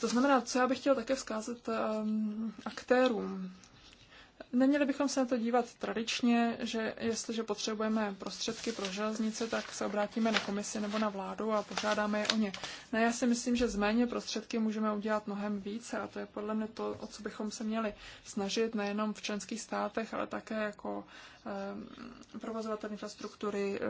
To znamená, co já bych chtěl také vzkázat um, aktérům Neměli bychom se na to dívat tradičně, že jestliže potřebujeme prostředky pro železnice, tak se obrátíme na komisi nebo na vládu a požádáme je o ně. Ne, já si myslím, že z méně prostředky můžeme udělat mnohem více a to je podle mě to, o co bychom se měli snažit nejenom v členských státech, ale také jako eh, provozovatel infrastruktury eh,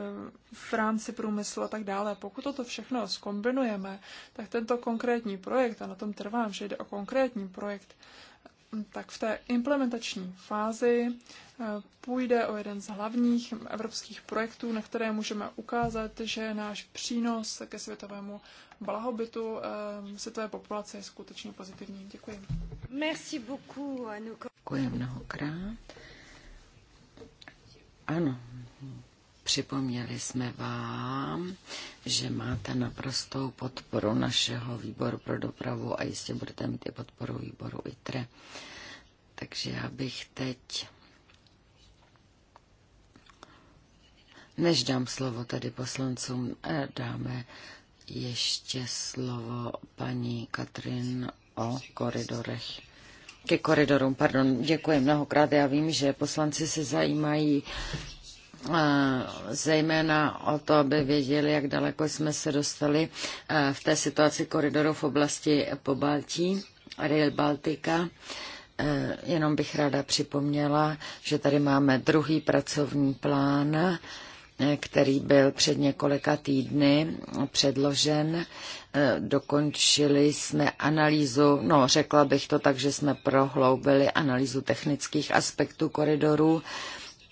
v rámci průmyslu a tak dále. Pokud toto všechno skombinujeme, tak tento konkrétní projekt, a na tom trvám, že jde o konkrétní projekt, eh, tak v té implementační fázi eh, půjde o jeden z hlavních evropských projektů, na které můžeme ukázat, že náš přínos ke světovému blahobytu eh, světové populace je skutečně pozitivní. Děkuji. Merci beaucoup, Děkuji mnohokrát. Ano, Připomněli jsme vám, že máte naprostou podporu našeho výboru pro dopravu a jistě budete mít i podporu výboru ITRE. Takže já bych teď, než dám slovo tady poslancům, eh, dáme ještě slovo paní Katrin o koridorech ke koridorům. Pardon, děkuji mnohokrát. Já vím, že poslanci se zajímají Eh, zejména o to, aby věděli, jak daleko jsme se dostali eh, v té situaci koridoru v oblasti Pobaltí, Rail Baltica. Eh, jenom bych ráda připomněla, že tady máme druhý pracovní plán, který byl před několika týdny předložen. Dokončili jsme analýzu, no řekla bych to tak, že jsme prohloubili analýzu technických aspektů koridorů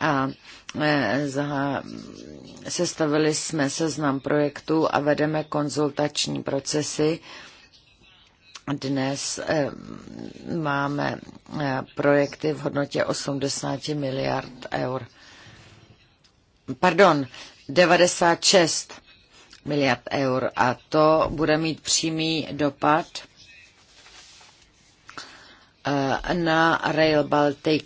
a e, zaha, sestavili jsme seznam projektů a vedeme konzultační procesy. Dnes e, máme e, projekty v hodnotě 80 miliard eur. Pardon, 96 miliard eur a to bude mít přímý dopad na Rail Baltic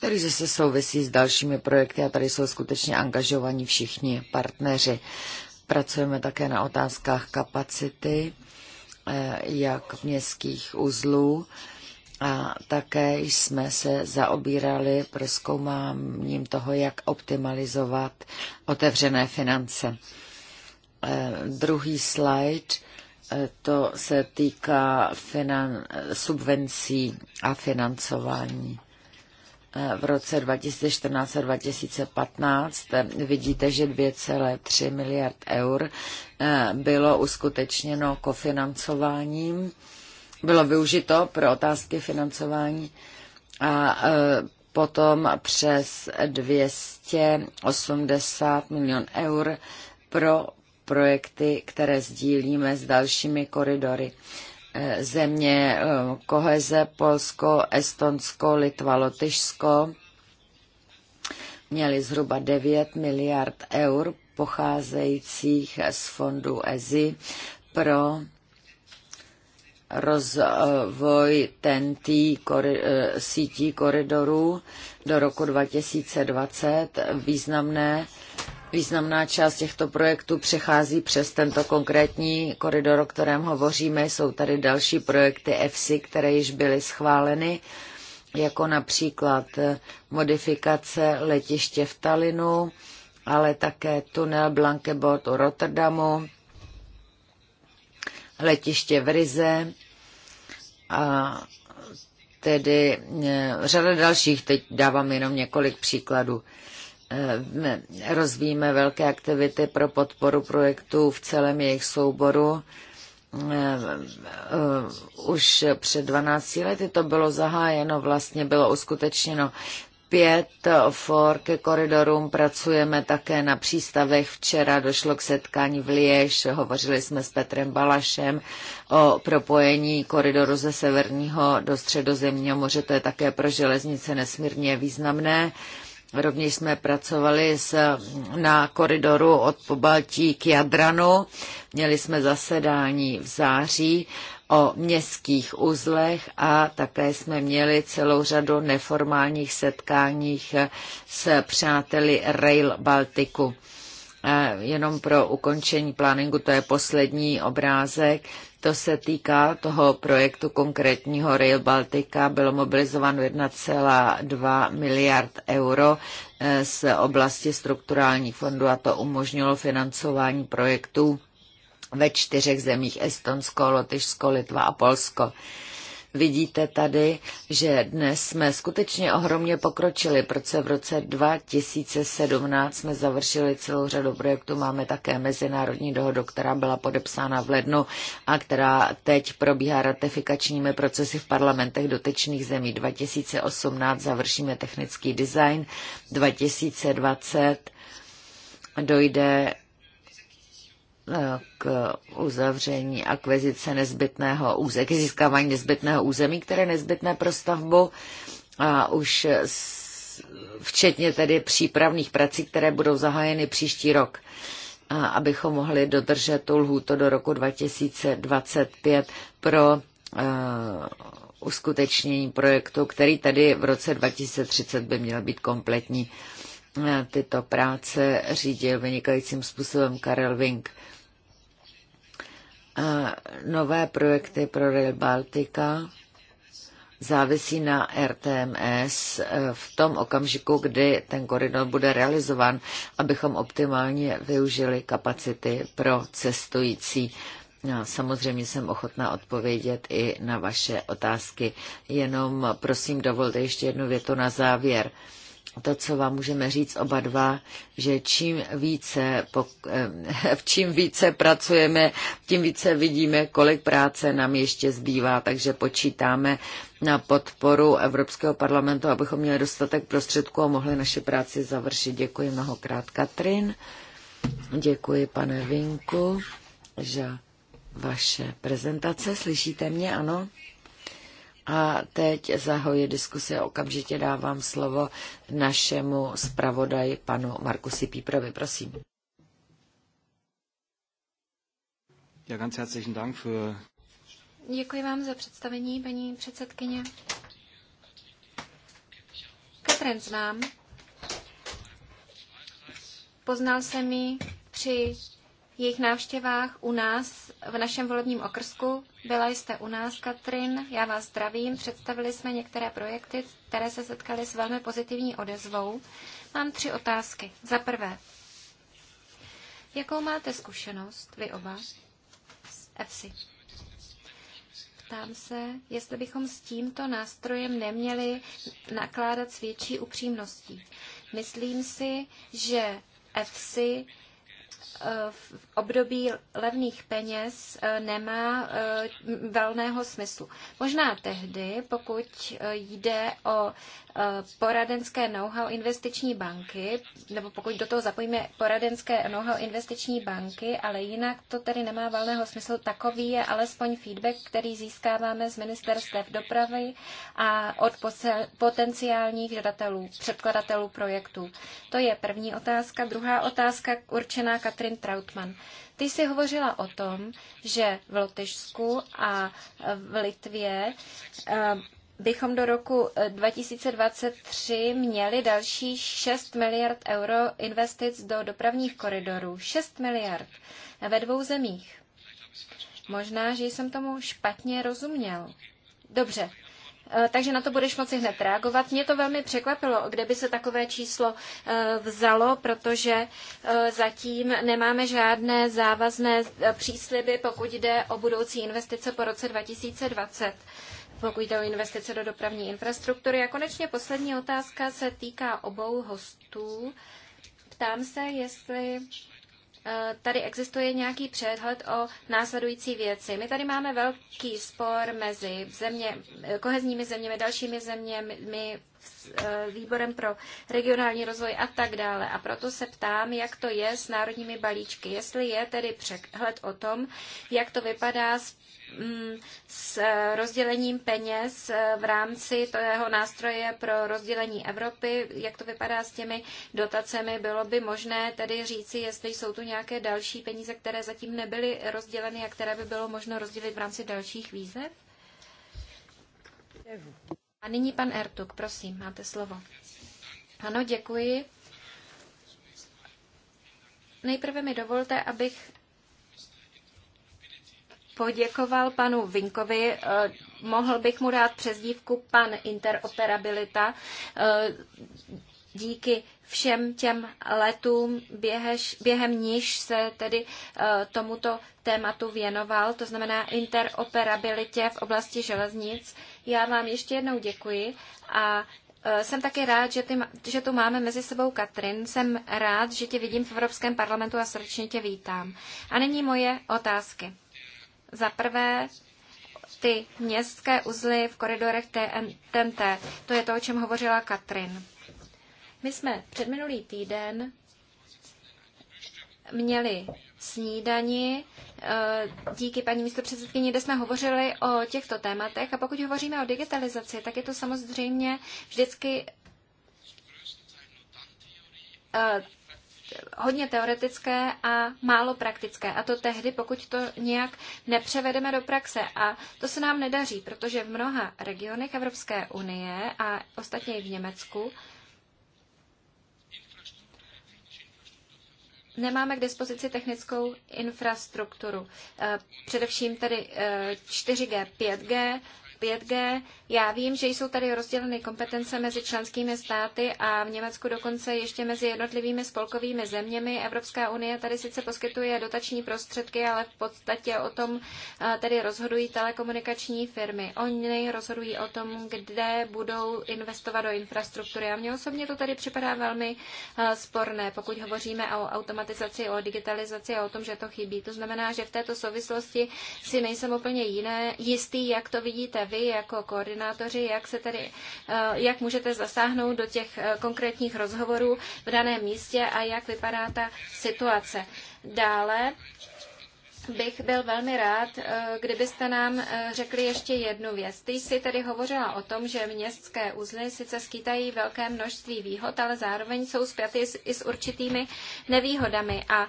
který zase souvisí s dalšími projekty a tady jsou skutečně angažovaní všichni partneři. Pracujeme také na otázkách kapacity, eh, jak městských uzlů, a také jsme se zaobírali proskoumáním toho, jak optimalizovat otevřené finance. Eh, druhý slide, eh, to se týká finan- subvencí a financování v roce 2014 a 2015 vidíte, že 2,3 miliard eur eh, bylo uskutečněno kofinancováním, bylo využito pro otázky financování a eh, potom přes 280 milion eur pro projekty, které sdílíme s dalšími koridory země eh, koheze Polsko, Estonsko, Litva, Lotyšsko měly zhruba 9 miliard eur pocházejících z fondu EZI pro rozvoj TNT kori- eh, sítí koridorů do roku 2020 významné Významná část těchto projektů přechází přes tento konkrétní koridor, o kterém hovoříme. Jsou tady další projekty EFSI, které již byly schváleny, jako například eh, modifikace letiště v Talinu, ale také tunel Blankebord u Rotterdamu, letiště v Rize a tedy eh, řada dalších, teď dávám jenom několik příkladů. Eh, rozvíjíme velké aktivity pro podporu projektů v celém jejich souboru. Eh, eh, už před 12 lety to bylo zahájeno, vlastně bylo uskutečněno pět for ke koridorům. Pracujeme také na přístavech. Včera došlo k setkání v Liež. Hovořili jsme s Petrem Balašem o propojení koridoru ze severního do středozemního moře. To je také pro železnice nesmírně významné. Rovněž jsme pracovali s, na koridoru od Pobaltí k Jadranu. Měli jsme zasedání v září o městských uzlech a také jsme měli celou řadu neformálních setkáních s přáteli Rail Baltiku. Jenom pro ukončení pláningu, to je poslední obrázek, to se týká toho projektu konkrétního Rail Baltica. Bylo mobilizováno 1,2 miliard euro eh, z oblasti strukturálních fondů a to umožnilo financování projektů ve čtyřech zemích Estonsko, Lotyšsko, Litva a Polsko. Vidíte tady, že dnes jsme skutečně ohromně pokročili, protože v roce 2017 jsme završili celou řadu projektů. Máme také mezinárodní dohodu, která byla podepsána v lednu a která teď probíhá ratifikačními procesy v parlamentech dotyčných zemí. 2018 završíme technický design, 2020 dojde k uzavření akvizice nezbytného území, k získávání nezbytného území, které je nezbytné pro stavbu a už včetně tedy přípravných prací, které budou zahájeny příští rok, abychom mohli dodržet tu lhůtu do roku 2025 pro uskutečnění projektu, který tady v roce 2030 by měl být kompletní. Tyto práce řídil vynikajícím způsobem Karel Wink nové projekty pro Rail Baltica závisí na RTMS eh, v tom okamžiku, kdy ten koridor bude realizován, abychom optimálně využili kapacity pro cestující. No, samozřejmě jsem ochotná odpovědět i na vaše otázky. Jenom prosím dovolte ještě jednu větu na závěr to, co vám můžeme říct oba dva, že čím více, eh, čím více pracujeme, tím více vidíme, kolik práce nám ještě zbývá, takže počítáme na podporu Evropského parlamentu, abychom měli dostatek prostředků a mohli naše práci završit. Děkuji mnohokrát, Katrin. Děkuji, pane Vinku, že vaše prezentace. Slyšíte mě, ano? A teď zahoji diskusi a okamžitě dávám slovo našemu zpravodaji panu Markusi Píprovi. Prosím. Ja, ganz herzlichen Dank für... Děkuji vám za představení, paní předsedkyně. Katrin znám. Poznal jsem ji při jejich návštěvách u nás v našem volebním okrsku. Byla jste u nás, Katrin, já vás zdravím. Představili jsme některé projekty, které se setkaly s velmi pozitivní odezvou. Mám tři otázky. Za prvé, jakou máte zkušenost, vy oba, s EFSI? Ptám se, jestli bychom s tímto nástrojem neměli nakládat s větší upřímností. Myslím si, že EFSI Eh, v období levných peněz eh, nemá eh, velného smyslu. Možná tehdy, pokud jde o poradenské know-how investiční banky, nebo pokud do toho zapojíme poradenské know-how investiční banky, ale jinak to tedy nemá valného smyslu. Takový je alespoň feedback, který získáváme z ministerstev dopravy a od potenciálních žadatelů, předkladatelů projektů. To je první otázka. Druhá otázka určená Katrin Katrin Trautmann. Ty jsi hovořila o tom, že v Lotyšsku a v Litvě eh, bychom do roku 2023 eh, měli další 6 miliard euro investic do dopravních koridorů. 6 miliard ve dvou zemích. Možná, že jsem tomu špatně rozuměl. Dobře, Eh, takže na to budeš moci hned reagovat. Mě to velmi překvapilo, kde by se takové číslo eh, vzalo, protože eh, zatím nemáme žádné závazné přísliby, pokud jde o budoucí investice po roce 2020 pokud jde o investice do dopravní infrastruktury. A konečně poslední otázka se týká obou hostů. Ptám se, jestli Eh, tady existuje nějaký přehled o následující věci. My tady máme velký spor mezi země, eh, kohezními zeměmi, dalšími zeměmi, s eh, výborem pro regionální rozvoj a tak dále. A proto se ptám, jak to je s národními balíčky. Jestli je tedy přehled o tom, jak to vypadá s mm, s eh, rozdělením peněz eh, v rámci toho nástroje pro rozdělení Evropy, jak to vypadá s těmi dotacemi, bylo by možné tedy říci, jestli jsou tu nějaké další peníze, které zatím nebyly rozděleny a které by bylo možno rozdělit v rámci dalších výzev? A nyní pan Ertuk, prosím, máte slovo. Ano, děkuji. Nejprve mi dovolte, abych poděkoval panu Vinkovi. Eh, mohl bych mu dát přezdívku pan Interoperabilita. Eh, díky všem těm letům, běhež, během níž se tedy eh, tomuto tématu věnoval, to znamená interoperabilitě v oblasti železnic. Já vám ještě jednou děkuji a e, jsem taky rád, že, ty, že tu máme mezi sebou Katrin. Jsem rád, že tě vidím v Evropském parlamentu a srdečně tě vítám. A nyní moje otázky. Za prvé, ty městské uzly v koridorech TNT. To je to, o čem hovořila Katrin. My jsme před minulý týden měli snídani. Eh, díky paní místopředsedkyni, kde jsme hovořili o těchto tématech. A pokud hovoříme o digitalizaci, tak je to samozřejmě vždycky eh, hodně teoretické a málo praktické. A to tehdy, pokud to nějak nepřevedeme do praxe. A to se nám nedaří, protože v mnoha regionech Evropské unie a ostatně i v Německu nemáme k dispozici technickou infrastrukturu. Eh, především tedy 4G, eh, 5G 5G. Já vím, že jsou tady rozděleny kompetence mezi členskými státy a v Německu dokonce ještě mezi jednotlivými spolkovými zeměmi. Evropská unie tady sice poskytuje dotační prostředky, ale v podstatě o tom eh, tedy rozhodují telekomunikační firmy. Oni rozhodují o tom, kde budou investovat do infrastruktury. A mně osobně to tady připadá velmi eh, sporné, pokud hovoříme o automatizaci, o digitalizaci a o tom, že to chybí. To znamená, že v této souvislosti si nejsem úplně jiné, jistý, jak to vidíte vy jako koordinátoři, jak se tady eh, jak můžete zasáhnout do těch eh, konkrétních rozhovorů v daném místě a jak vypadá ta situace. Dále bych byl velmi rád, eh, kdybyste nám řekli ještě jednu věc. Ty jsi tedy hovořila o tom, že městské uzly sice skýtají velké množství výhod, ale zároveň jsou spjaty i s určitými nevýhodami. A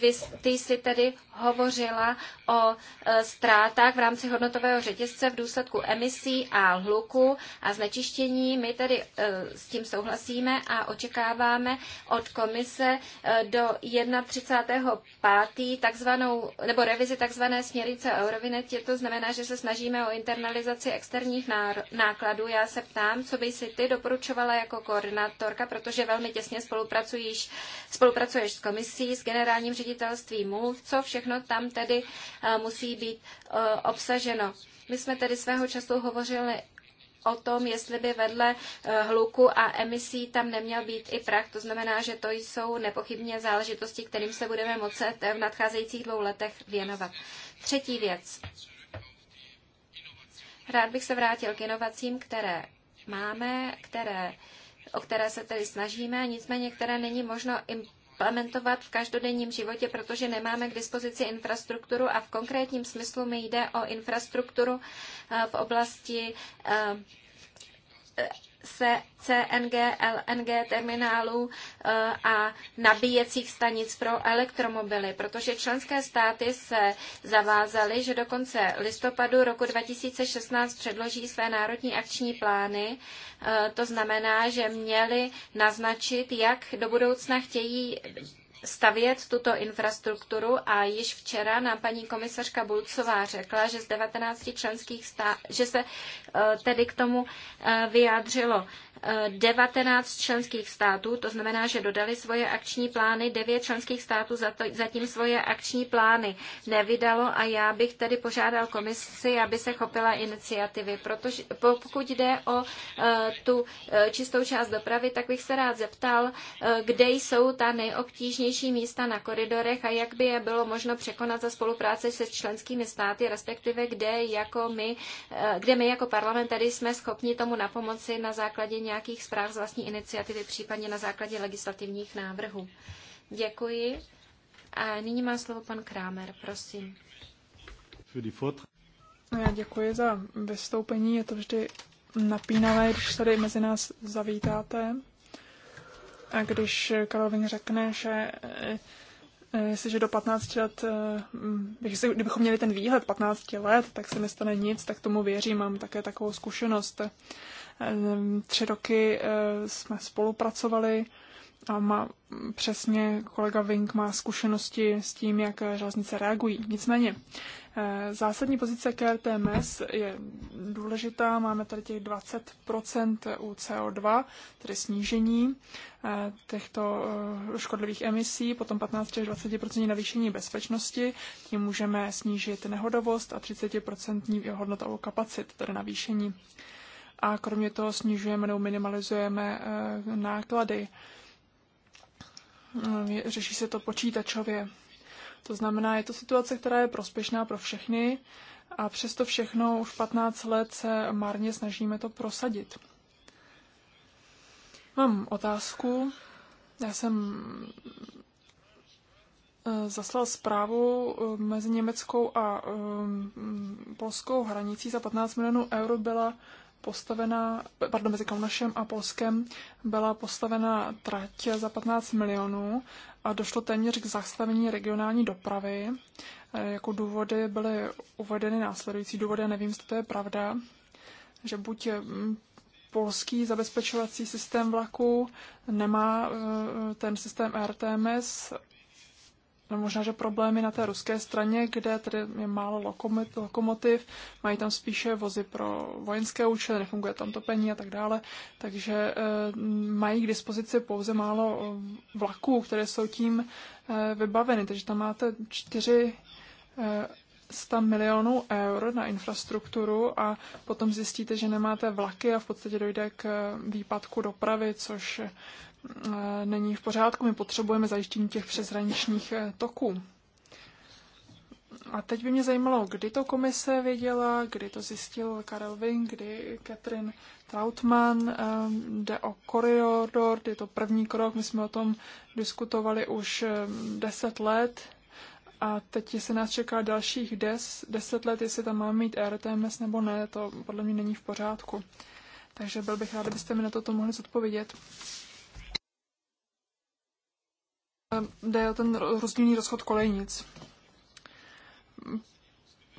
vy, ty jsi tedy hovořila o e, ztrátách v rámci hodnotového řetězce v důsledku emisí a hluku a znečištění. My tedy e, s tím souhlasíme a očekáváme od komise e, do 31.5. takzvanou, nebo revizi takzvané směrnice Eurovinet. Je to znamená, že se snažíme o internalizaci externích nákladů. Já se ptám, co by si ty doporučovala jako koordinátorka, protože velmi těsně spolupracuješ, spolupracuješ s komisí, s generálním ředitelství MUV, co všechno tam tedy eh, musí být eh, obsaženo. My jsme tedy svého času hovořili o tom, jestli by vedle eh, hluku a emisí tam neměl být i prach. To znamená, že to jsou nepochybně záležitosti, kterým se budeme moci v nadcházejících dvou letech věnovat. Třetí věc. Rád bych se vrátil k inovacím, které máme, které, o které se tedy snažíme, nicméně které není možno implementovat v každodenním životě, protože nemáme k dispozici infrastrukturu a v konkrétním smyslu mi jde o infrastrukturu eh, v oblasti eh, se CNG, LNG terminálů eh, a nabíjecích stanic pro elektromobily, protože členské státy se zavázaly, že do konce listopadu roku 2016 předloží své národní akční plány. Eh, to znamená, že měli naznačit, jak do budoucna chtějí stavět tuto infrastrukturu a již včera nám paní komisařka Bulcová řekla, že z 19 členských států, že se eh, tedy k tomu eh, vyjádřilo 19 členských států, to znamená, že dodali svoje akční plány, 9 členských států zatím svoje akční plány nevydalo a já bych tedy požádal komisi, aby se chopila iniciativy, protože pokud jde o e, tu e, čistou část dopravy, tak bych se rád zeptal, e, kde jsou ta nejobtížnější místa na koridorech a jak by je bylo možno překonat za spolupráce se členskými státy, respektive kde, jako my, kde my jako parlament tady jsme schopni tomu napomoci na základě nějaké nějakých zpráv z vlastní iniciativy, případně na základě legislativních návrhů. Děkuji. A nyní má slovo pan Krámer, prosím. Já děkuji za vystoupení. Je to vždy napínavé, když tady mezi nás zavítáte. A když Karolvin řekne, že eh, eh, jestliže do 15 let, eh, mm, kdybychom měli ten výhled 15 let, tak se nestane nic, tak tomu věřím, mám také takovou zkušenost. Ehm, tři roky eh, jsme spolupracovali a má, přesně kolega Vink má zkušenosti s tím, jak eh, železnice reagují. Nicméně, eh, zásadní pozice KRTMS je důležitá. Máme tady těch 20 u CO2, tedy snížení těchto škodlivých emisí, potom 15 až 20 navýšení bezpečnosti, tím můžeme snížit nehodovost a 30 hodnotovou kapacit, tedy navýšení a kromě toho snižujeme nebo minimalizujeme eh, náklady. Mm, řeší se to počítačově. To znamená, je to situace, která je prospěšná pro všechny a přesto všechno už 15 let se marně snažíme to prosadit. Mám otázku. Já jsem eh, zaslal zprávu eh, mezi německou a polskou hranicí za 15 milionů euro byla postavena, pardon, mezi Kaunašem a Polskem byla postavena trať za 15 milionů a došlo téměř k zastavení regionální dopravy. Jako důvody byly uvedeny následující důvody, nevím, jestli to je pravda, že buď mm, polský zabezpečovací systém vlaku nemá e, e, ten systém RTMS No, možná, že problémy na té ruské straně, kde tedy je málo lokomotiv, mají tam spíše vozy pro vojenské účely, nefunguje tam topení a tak dále, takže eh, mají k dispozici pouze málo eh, vlaků, které jsou tím eh, vybaveny, takže tam máte čtyři 100 milionů eur na infrastrukturu a potom zjistíte, že nemáte vlaky a v podstatě dojde k výpadku dopravy, což Eh, není v pořádku. My potřebujeme zajištění těch přeshraničních eh, toků. A teď by mě zajímalo, kdy to komise věděla, kdy to zjistil Karel Wing, kdy Katrin Trautmann eh, jde o koridor, je to první krok, my jsme o tom diskutovali už deset let a teď se nás čeká dalších des, deset let, jestli tam máme mít RTMS nebo ne, to podle mě není v pořádku. Takže byl bych rád, abyste mi na toto mohli zodpovědět. Eh, jde o ten rozdílný rozchod kolejnic.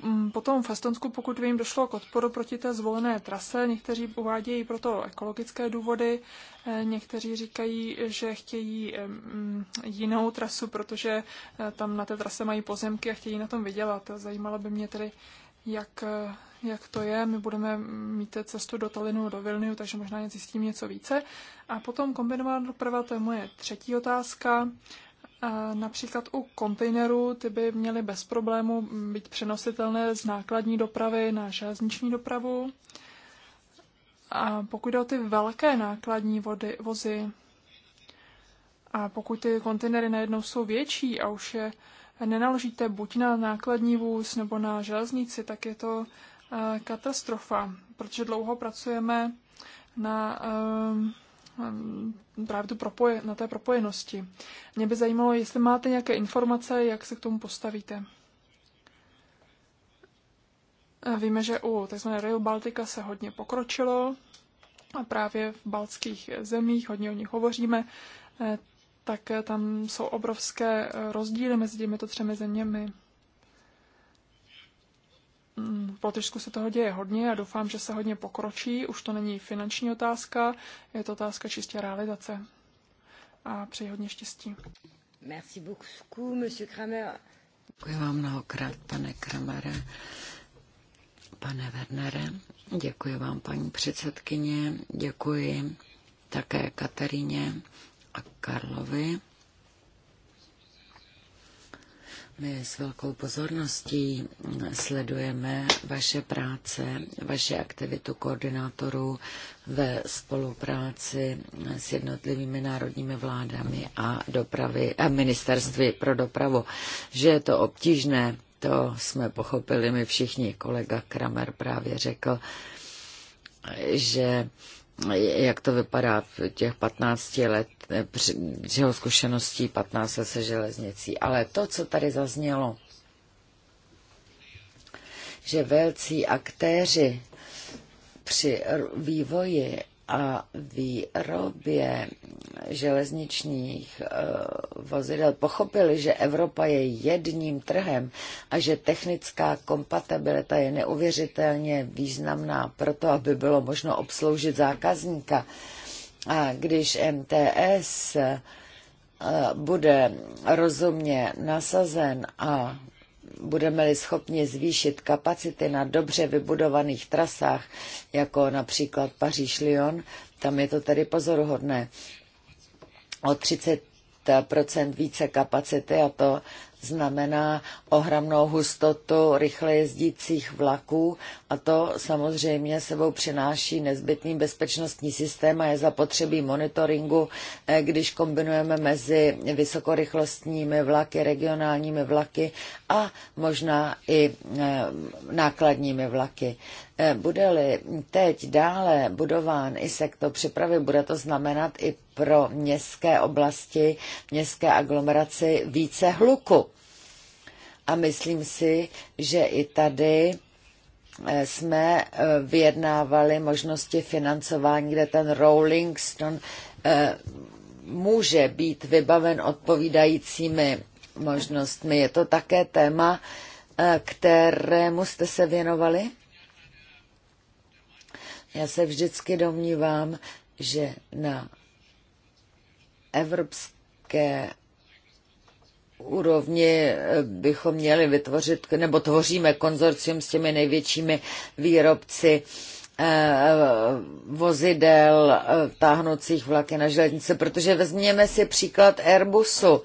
Mm, potom v Estonsku, pokud vím, došlo k odporu proti té zvolené trase. Někteří uvádějí proto ekologické důvody, eh, někteří říkají, že chtějí mm, jinou trasu, protože eh, tam na té trase mají pozemky a chtějí na tom vydělat. Zajímalo by mě tedy, jak, jak to je. My budeme mít cestu do Talinu, do Vilniu, takže možná zjistím něco více. A potom kombinovaná doprava, to je moje třetí otázka. Například u kontejnerů ty by měly bez problému být přenositelné z nákladní dopravy na železniční dopravu. A pokud jde o ty velké nákladní vody, vozy, a pokud ty kontejnery najednou jsou větší a už je nenaložíte buď na nákladní vůz nebo na železnici, tak je to eh, katastrofa, protože dlouho pracujeme na um, Eh, právě tu propoje, na té propojenosti. Mě by zajímalo, jestli máte nějaké informace, jak se k tomu postavíte. Eh, víme, že u tzv. Rail Baltica se hodně pokročilo a právě v baltských zemích, hodně o nich hovoříme, eh, tak tam jsou obrovské rozdíly mezi těmito třemi zeměmi v Lotyšsku se toho děje hodně a doufám, že se hodně pokročí. Už to není finanční otázka, je to otázka čistě realizace. A přeji hodně štěstí. Merci beaucoup, monsieur Kramer. Děkuji vám mnohokrát, pane Kramere. Pane Wernere, děkuji vám, paní předsedkyně, děkuji také Kataríně a Karlovi. My s velkou pozorností sledujeme vaše práce, vaše aktivitu koordinátorů ve spolupráci s jednotlivými národními vládami a, dopravy, a ministerství pro dopravu. Že je to obtížné, to jsme pochopili my všichni. Kolega Kramer právě řekl, že jak to vypadá v těch 15 let, z eh, jeho zkušeností 15 let se železnicí. Ale to, co tady zaznělo, že velcí aktéři při vývoji a výrobě železničních e, vozidel pochopili, že Evropa je jedním trhem a že technická kompatibilita je neuvěřitelně významná pro to, aby bylo možno obsloužit zákazníka. A když MTS e, bude rozumně nasazen a budeme-li schopni zvýšit kapacity na dobře vybudovaných trasách, jako například Paříž-Lyon, tam je to tedy pozoruhodné, o 30 více kapacity a to znamená ohromnou hustotu rychle jezdících vlaků a to samozřejmě sebou přináší nezbytný bezpečnostní systém a je zapotřebí monitoringu, eh, když kombinujeme mezi vysokorychlostními vlaky, regionálními vlaky a možná i eh, nákladními vlaky. Eh, bude-li teď dále budován i sektor přepravy, bude to znamenat i pro městské oblasti, městské aglomeraci více hluku. A myslím si, že i tady eh, jsme eh, vyjednávali možnosti financování, kde ten Rolling Stone eh, může být vybaven odpovídajícími možnostmi. Je to také téma, kterému jste se věnovali? Já se vždycky domnívám, že na evropské úrovni eh, bychom měli vytvořit, nebo tvoříme konzorcium s těmi největšími výrobci eh, eh, vozidel táhnoucích vlaky na železnice, protože vezměme si příklad Airbusu.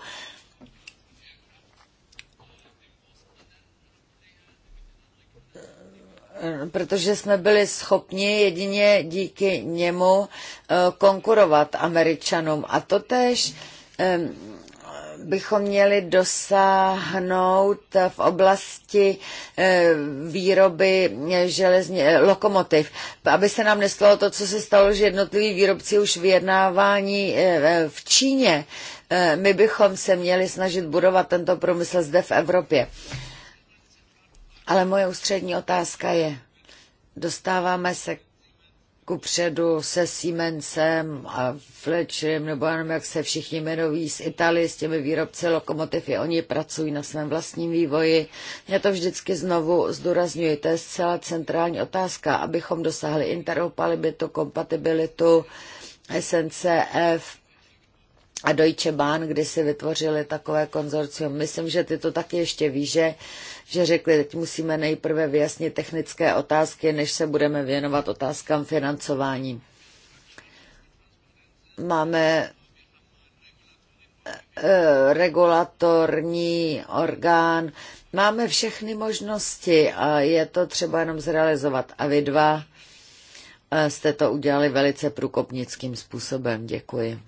protože jsme byli schopni jedině díky němu konkurovat Američanům. A totež bychom měli dosáhnout v oblasti eh, výroby eh, železně, eh, lokomotiv, aby se nám nestalo to, co se stalo, že jednotliví výrobci už vyjednávání v Číně. My bychom se měli snažit budovat tento průmysl zde v Evropě. Ale moje ústřední otázka je, dostáváme se ku předu se Siemensem a Fletcherem, nebo jenom jak se všichni jmenují z Itálie, s těmi výrobci lokomotiv, oni pracují na svém vlastním vývoji. Já to vždycky znovu zdůrazňuji, to je zcela centrální otázka, abychom dosáhli interoperabilitu, kompatibilitu, SNCF, a Deutsche Bahn, kdy si vytvořili takové konzorcium. Myslím, že ty to taky ještě víš, že že řekli, teď musíme nejprve vyjasnit technické otázky, než se budeme věnovat otázkám financování. Máme e, regulatorní orgán, máme všechny možnosti a je to třeba jenom zrealizovat. A vy dva e, jste to udělali velice průkopnickým způsobem. Děkuji.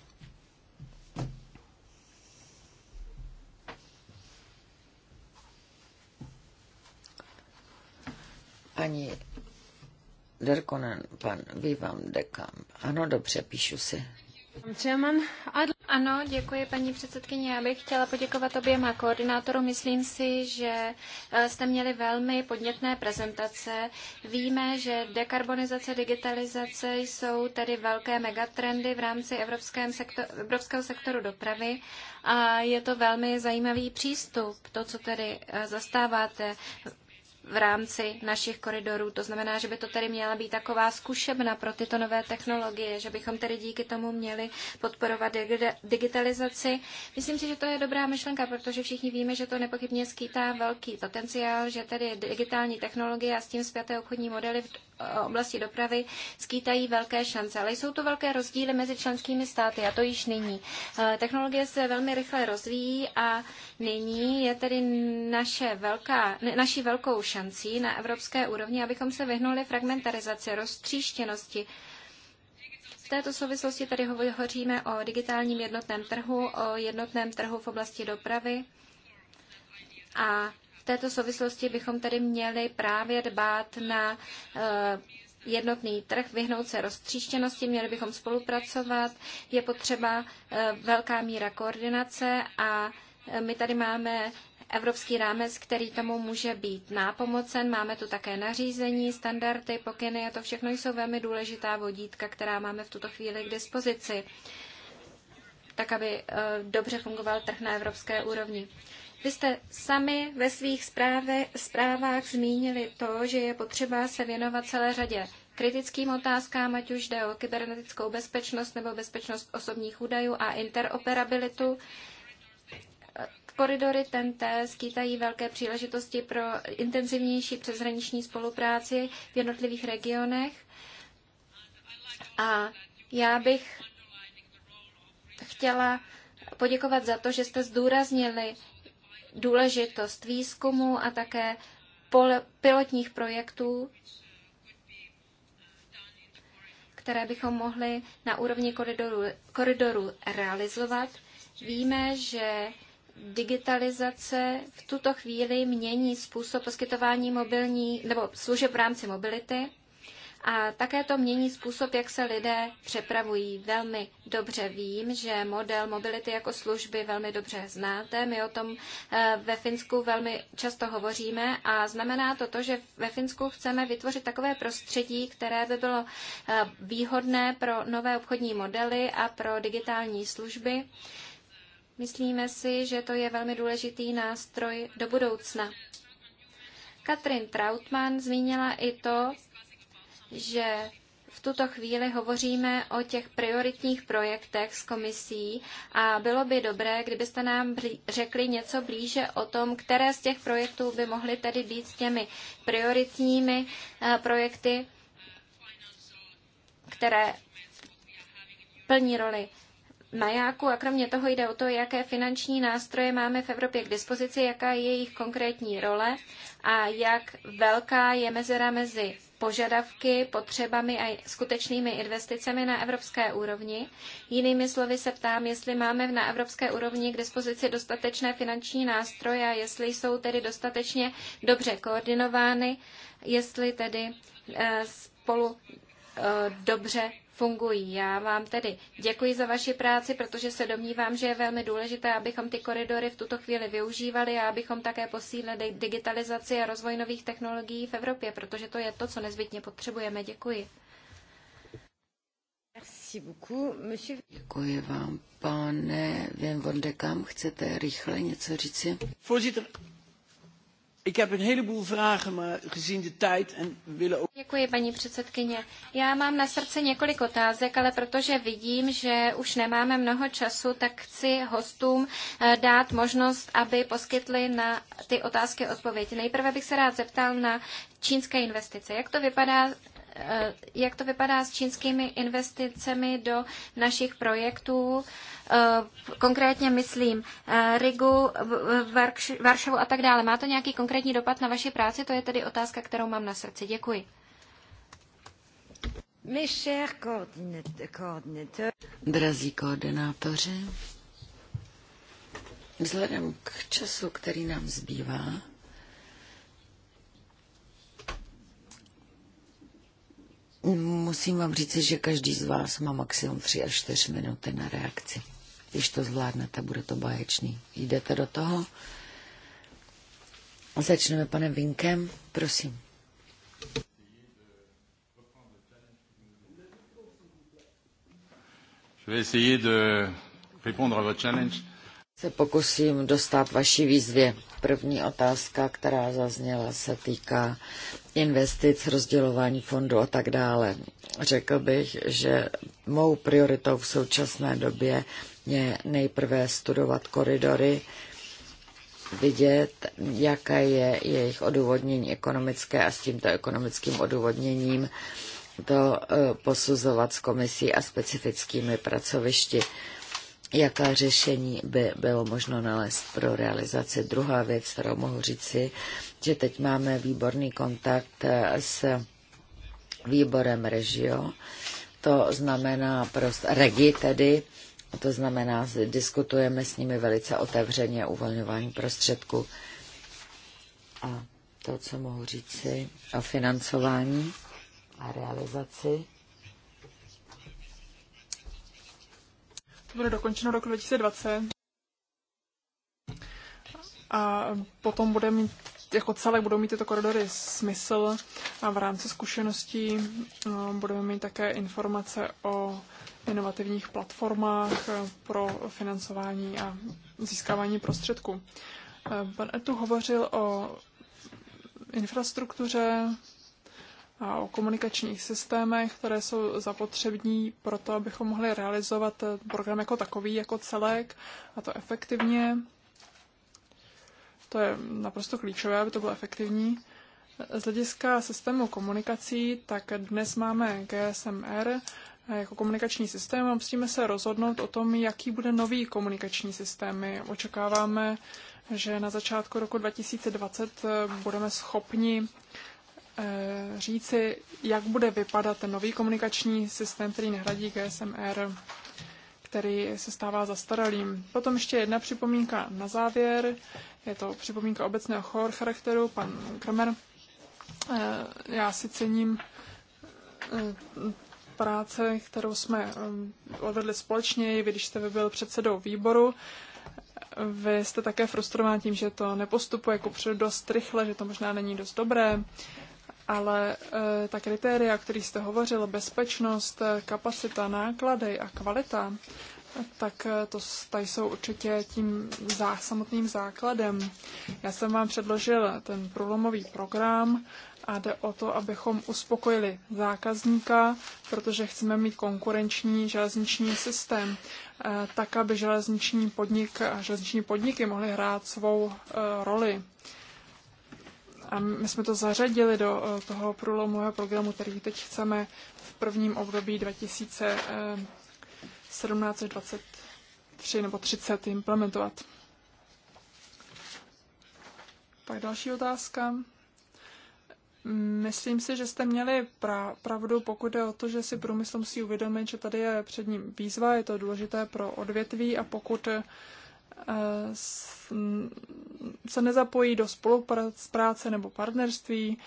Paní Derkonen, pan Vivam de Ano, dobře, píšu si. Ano, děkuji paní předsedkyně. Já bych chtěla poděkovat oběma koordinátorům. Myslím si, že eh, jste měli velmi podnětné prezentace. Víme, že dekarbonizace, digitalizace jsou tady velké megatrendy v rámci sektor, evropského sektoru dopravy a je to velmi zajímavý přístup, to, co tady eh, zastáváte v rámci našich koridorů. To znamená, že by to tedy měla být taková zkušebna pro tyto nové technologie, že bychom tedy díky tomu měli podporovat digitalizaci. Myslím si, že to je dobrá myšlenka, protože všichni víme, že to nepochybně skýtá velký potenciál, že tedy digitální technologie a s tím zpěté obchodní modely v oblasti dopravy skýtají velké šance, ale jsou to velké rozdíly mezi členskými státy a to již nyní. Eh, technologie se velmi rychle rozvíjí a nyní je tedy naše velká, naší velkou šance šancí na evropské úrovni, abychom se vyhnuli fragmentarizaci, roztříštěnosti. V této souvislosti tady hovoříme o digitálním jednotném trhu, o jednotném trhu v oblasti dopravy a v této souvislosti bychom tedy měli právě dbát na eh, jednotný trh, vyhnout se roztříštěnosti, měli bychom spolupracovat, je potřeba eh, velká míra koordinace a eh, my tady máme evropský rámec, který tomu může být nápomocen. Máme tu také nařízení, standardy, pokyny a to všechno jsou velmi důležitá vodítka, která máme v tuto chvíli k dispozici, tak aby eh, dobře fungoval trh na evropské úrovni. Vy jste sami ve svých zprávě, zprávách zmínili to, že je potřeba se věnovat celé řadě kritickým otázkám, ať už jde o kybernetickou bezpečnost nebo bezpečnost osobních údajů a interoperabilitu. Koridory TNT skýtají velké příležitosti pro intenzivnější přeshraniční spolupráci v jednotlivých regionech. A já bych chtěla poděkovat za to, že jste zdůraznili důležitost výzkumu a také pilotních projektů, které bychom mohli na úrovni koridoru, koridoru realizovat. Víme, že digitalizace v tuto chvíli mění způsob poskytování mobilní nebo služeb v rámci mobility a také to mění způsob, jak se lidé přepravují. Velmi dobře vím, že model mobility jako služby velmi dobře znáte. My o tom eh, ve Finsku velmi často hovoříme a znamená to to, že ve Finsku chceme vytvořit takové prostředí, které by bylo eh, výhodné pro nové obchodní modely a pro digitální služby. Myslíme si, že to je velmi důležitý nástroj do budoucna. Katrin Trautmann zmínila i to, že v tuto chvíli hovoříme o těch prioritních projektech s komisí a bylo by dobré, kdybyste nám řekli něco blíže o tom, které z těch projektů by mohly tedy být těmi prioritními eh, projekty, které plní roli majáku a kromě toho jde o to, jaké finanční nástroje máme v Evropě k dispozici, jaká je jejich konkrétní role a jak velká je mezera mezi požadavky, potřebami a skutečnými investicemi na evropské úrovni. Jinými slovy se ptám, jestli máme na evropské úrovni k dispozici dostatečné finanční nástroje a jestli jsou tedy dostatečně dobře koordinovány, jestli tedy eh, spolu eh, dobře fungují. Já vám tedy děkuji za vaši práci, protože se domnívám, že je velmi důležité, abychom ty koridory v tuto chvíli využívali a abychom také posílili digitalizaci a rozvoj nových technologií v Evropě, protože to je to, co nezbytně potřebujeme. Děkuji. Děkuji vám, pane Vem Vondekam. Chcete rychle něco říci? Voorzitter, Děkuji, paní předsedkyně. Já mám na srdci několik otázek, ale protože vidím, že už nemáme mnoho času, tak chci hostům eh, dát možnost, aby poskytli na ty otázky odpověď. Nejprve bych se rád zeptal na čínské investice. Jak to vypadá Eh, jak to vypadá s čínskými investicemi do našich projektů. Eh, konkrétně myslím eh, Rigu, Varšavu a tak dále. Má to nějaký konkrétní dopad na vaši práci? To je tedy otázka, kterou mám na srdci. Děkuji. Drazí koordinátoři, vzhledem k času, který nám zbývá, Musím vám říct, že každý z vás má maximum 3 až 4 minuty na reakci. Když to zvládnete, bude to báječný. Jdete do toho. Začneme panem Vinkem, prosím. Je vais essayer de répondre à votre challenge se pokusím dostat vaší výzvě. První otázka, která zazněla, se týká investic, rozdělování fondu a tak dále. Řekl bych, že mou prioritou v současné době je nejprve studovat koridory, vidět, jaké je jejich odůvodnění ekonomické a s tímto ekonomickým odůvodněním to eh, posuzovat s komisí a specifickými pracovišti jaká řešení by bylo možno nalézt pro realizaci. Druhá věc, kterou mohu říci, že teď máme výborný kontakt s výborem Regio, to znamená prost, Regi tedy, to znamená, diskutujeme s nimi velice otevřeně uvolňování prostředků. A to, co mohu říci o financování a realizaci. to bude dokončeno roku 2020. A potom bude mít, jako celé budou mít tyto koridory smysl a v rámci zkušeností eh, budeme mít také informace o inovativních platformách eh, pro financování a získávání prostředků. Eh, pan Etu hovořil o infrastruktuře, a o komunikačních systémech, které jsou zapotřební pro to, abychom mohli realizovat eh, program jako takový, jako celek, a to efektivně. To je naprosto klíčové, aby to bylo efektivní. Z hlediska systému komunikací, tak dnes máme GSMR jako komunikační systém a musíme se rozhodnout o tom, jaký bude nový komunikační systém. My očekáváme, že na začátku roku 2020 eh, budeme schopni Eh, říci, jak bude vypadat ten nový komunikační systém, který nehradí GSMR, který se stává zastaralým. Potom ještě jedna připomínka na závěr. Je to připomínka obecného charakteru, pan Kramer. Eh, já si cením eh, práce, kterou jsme odvedli společně, i když jste vy byl předsedou výboru. Vy jste také frustrován tím, že to nepostupuje jako dost rychle, že to možná není dost dobré ale eh, ta kritéria, o kterých jste hovořil, bezpečnost, eh, kapacita, náklady a kvalita, tak eh, to tady jsou určitě tím zá, samotným základem. Já jsem vám předložil ten průlomový program a jde o to, abychom uspokojili zákazníka, protože chceme mít konkurenční železniční systém, tak aby železniční podnik a železniční podniky mohly hrát svou roli. A my jsme to zařadili do eh, toho průlomového programu, který teď chceme v prvním období 2017 2023 23 nebo 30 implementovat. Pak další otázka. Myslím si, že jste měli pravdu, pokud je o to, že si průmysl musí uvědomit, že tady je před ním výzva, je to důležité pro odvětví a pokud eh, se nezapojí do spolupráce nebo partnerství.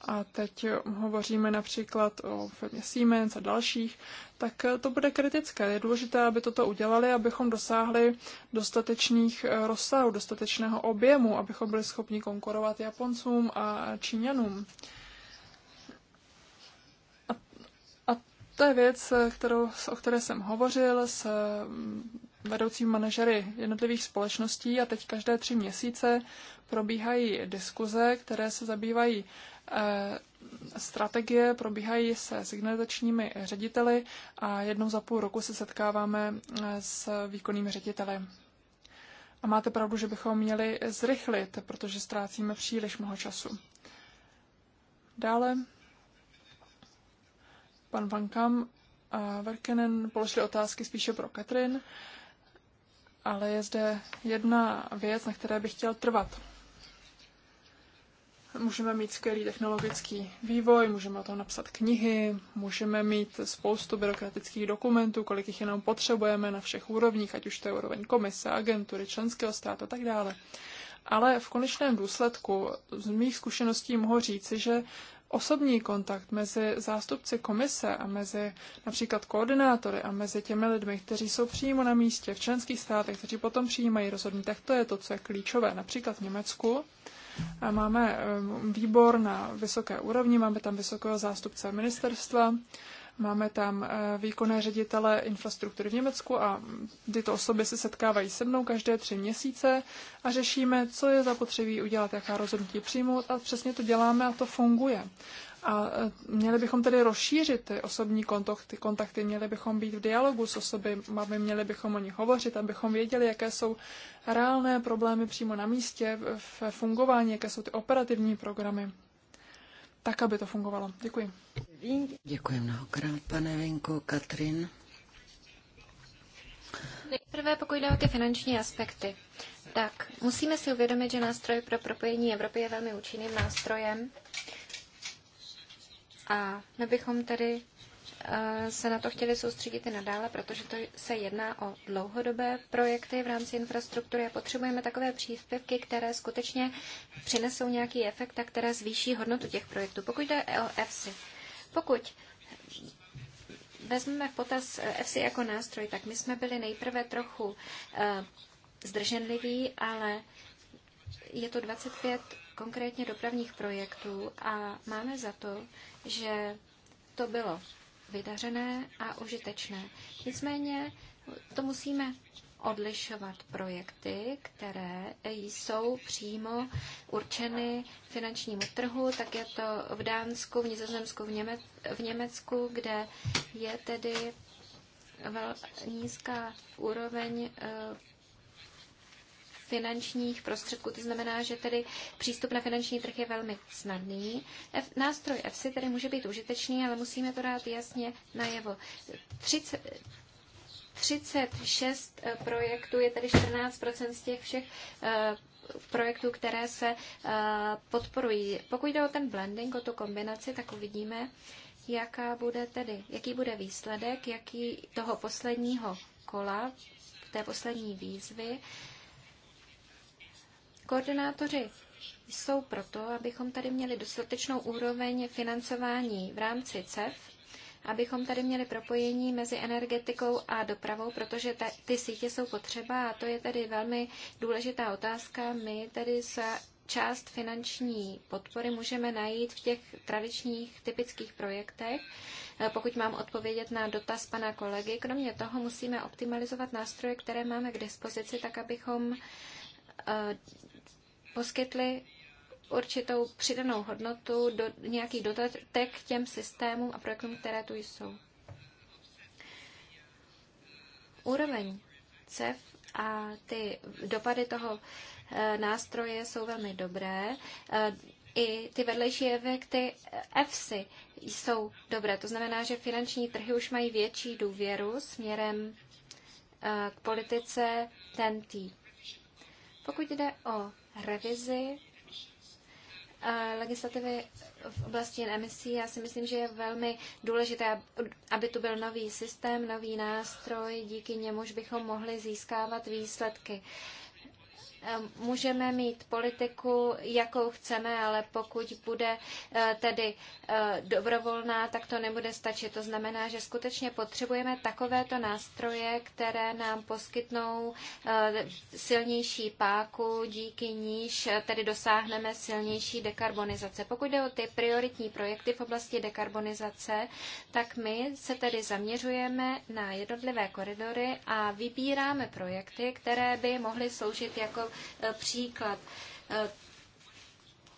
A teď hovoříme například o firmě Siemens a dalších, tak to bude kritické. Je důležité, aby toto udělali, abychom dosáhli dostatečných rozsahů, dostatečného objemu, abychom byli schopni konkurovat Japoncům a Číňanům. A, a to je věc, kterou, o které jsem hovořil s vedoucí manažery jednotlivých společností a teď každé tři měsíce probíhají diskuze, které se zabývají eh, strategie, probíhají se signalizačními řediteli a jednou za půl roku se setkáváme eh, s výkonnými řediteli. A máte pravdu, že bychom měli zrychlit, protože ztrácíme příliš mnoho času. Dále pan Van Kam a Verkenen položili otázky spíše pro Katrin ale je zde jedna věc, na které bych chtěl trvat. Můžeme mít skvělý technologický vývoj, můžeme o tom napsat knihy, můžeme mít spoustu byrokratických dokumentů, kolik jich jenom potřebujeme na všech úrovních, ať už to je úroveň komise, agentury, členského státu a tak dále. Ale v konečném důsledku z mých zkušeností mohu říci, že osobní kontakt mezi zástupci komise a mezi například koordinátory a mezi těmi lidmi, kteří jsou přímo na místě v členských státech, kteří potom přijímají rozhodnutí, tak to je to, co je klíčové. Například v Německu eh, máme eh, výbor na vysoké úrovni, máme tam vysokého zástupce ministerstva Máme tam eh, výkonné ředitele infrastruktury v Německu a tyto osoby se setkávají se mnou každé tři měsíce a řešíme, co je zapotřebí udělat, jaká rozhodnutí přijmout a přesně to děláme a to funguje. A eh, měli bychom tedy rozšířit ty osobní kontakty, kontakty, měli bychom být v dialogu s osoby, máme měli bychom o nich hovořit, abychom věděli, jaké jsou reálné problémy přímo na místě, v fungování, jaké jsou ty operativní programy tak, aby to fungovalo. Děkuji. Děkuji mnohokrát, pane Vinko, Katrin. Nejprve, pokud jde o ty finanční aspekty, tak musíme si uvědomit, že nástroj pro propojení Evropy je velmi účinným nástrojem. A my bychom tedy Eh, se na to chtěli soustředit i nadále, protože to se jedná o dlouhodobé projekty v rámci infrastruktury a potřebujeme takové příspěvky, které skutečně přinesou nějaký efekt a které zvýší hodnotu těch projektů. Pokud jde o EFSI, pokud vezmeme v potaz EFSI eh, jako nástroj, tak my jsme byli nejprve trochu eh, zdrženliví, ale je to 25 konkrétně dopravních projektů a máme za to, že to bylo vydařené a užitečné. Nicméně to musíme odlišovat projekty, které jsou přímo určeny finančnímu trhu, tak je to v Dánsku, v Nizozemsku, v, Němec, v Německu, kde je tedy vel, nízká úroveň eh, finančních prostředků. To znamená, že tedy přístup na finanční trh je velmi snadný. F, nástroj EFSI tedy může být užitečný, ale musíme to dát jasně najevo. 30, 36 eh, projektů je tedy 14 z těch všech eh, projektů, které se eh, podporují. Pokud jde o ten blending, o tu kombinaci, tak uvidíme, jaká bude tedy, jaký bude výsledek, jaký toho posledního kola, té poslední výzvy. Koordinátoři jsou proto, abychom tady měli dostatečnou úroveň financování v rámci CEF, abychom tady měli propojení mezi energetikou a dopravou, protože ta, ty sítě jsou potřeba a to je tedy velmi důležitá otázka. My tedy se část finanční podpory můžeme najít v těch tradičních typických projektech, e, pokud mám odpovědět na dotaz pana kolegy. Kromě toho musíme optimalizovat nástroje, které máme k dispozici, tak abychom e, poskytli určitou přidanou hodnotu, do, nějaký dotek těm systémům a projektům, které tu jsou. Úroveň CEF a ty dopady toho eh, nástroje jsou velmi dobré. Eh, I ty vedlejší efekty EFSI jsou dobré. To znamená, že finanční trhy už mají větší důvěru směrem eh, k politice TNT. E pokud jde o revizi eh, legislativy v oblasti emisí, já si myslím, že je velmi důležité, aby tu byl nový systém, nový nástroj, díky němuž bychom mohli získávat výsledky. Eh, můžeme mít politiku, jakou chceme, ale pokud bude eh, tedy eh, dobrovolná, tak to nebude stačit. To znamená, že skutečně potřebujeme takovéto nástroje, které nám poskytnou silnější páku, díky níž tedy dosáhneme silnější dekarbonizace. Pokud jde o ty prioritní projekty v oblasti dekarbonizace, tak my se tedy zaměřujeme na jednotlivé koridory a vybíráme projekty, které by mohly sloužit jako Eh, příklad. Eh,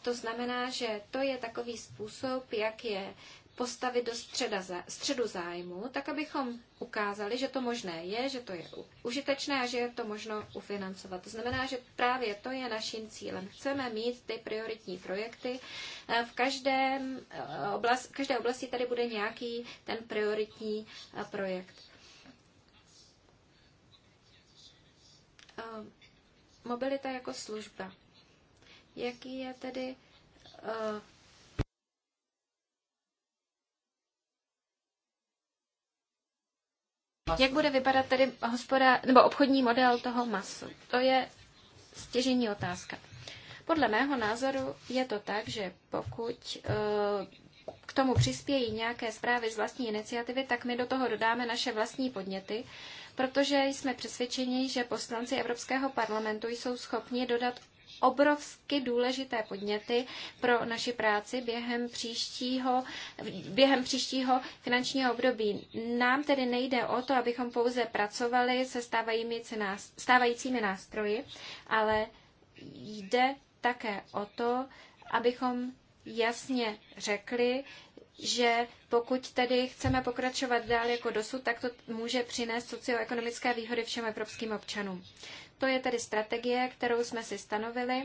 to znamená, že to je takový způsob, jak je postavit do středa, středu zájmu, tak abychom ukázali, že to možné je, že to je užitečné a že je to možno ufinancovat. To znamená, že právě to je naším cílem. Chceme mít ty prioritní projekty. Eh, v každém oblast, každé oblasti tady bude nějaký ten prioritní projekt mobilita jako služba. Jaký je tedy uh, Jak bude vypadat tedy hospoda, nebo obchodní model toho masu? To je stěžení otázka. Podle mého názoru je to tak, že pokud eh, k tomu přispějí nějaké zprávy z vlastní iniciativy, tak my do toho dodáme naše vlastní podněty protože jsme přesvědčeni, že poslanci Evropského parlamentu jsou schopni dodat obrovsky důležité podněty pro naši práci během příštího, během příštího finančního období. Nám tedy nejde o to, abychom pouze pracovali se stávajícími nástroji, ale jde také o to, abychom jasně řekli, že pokud tedy chceme pokračovat dál jako dosud, tak to může přinést socioekonomické výhody všem evropským občanům. To je tedy strategie, kterou jsme si stanovili.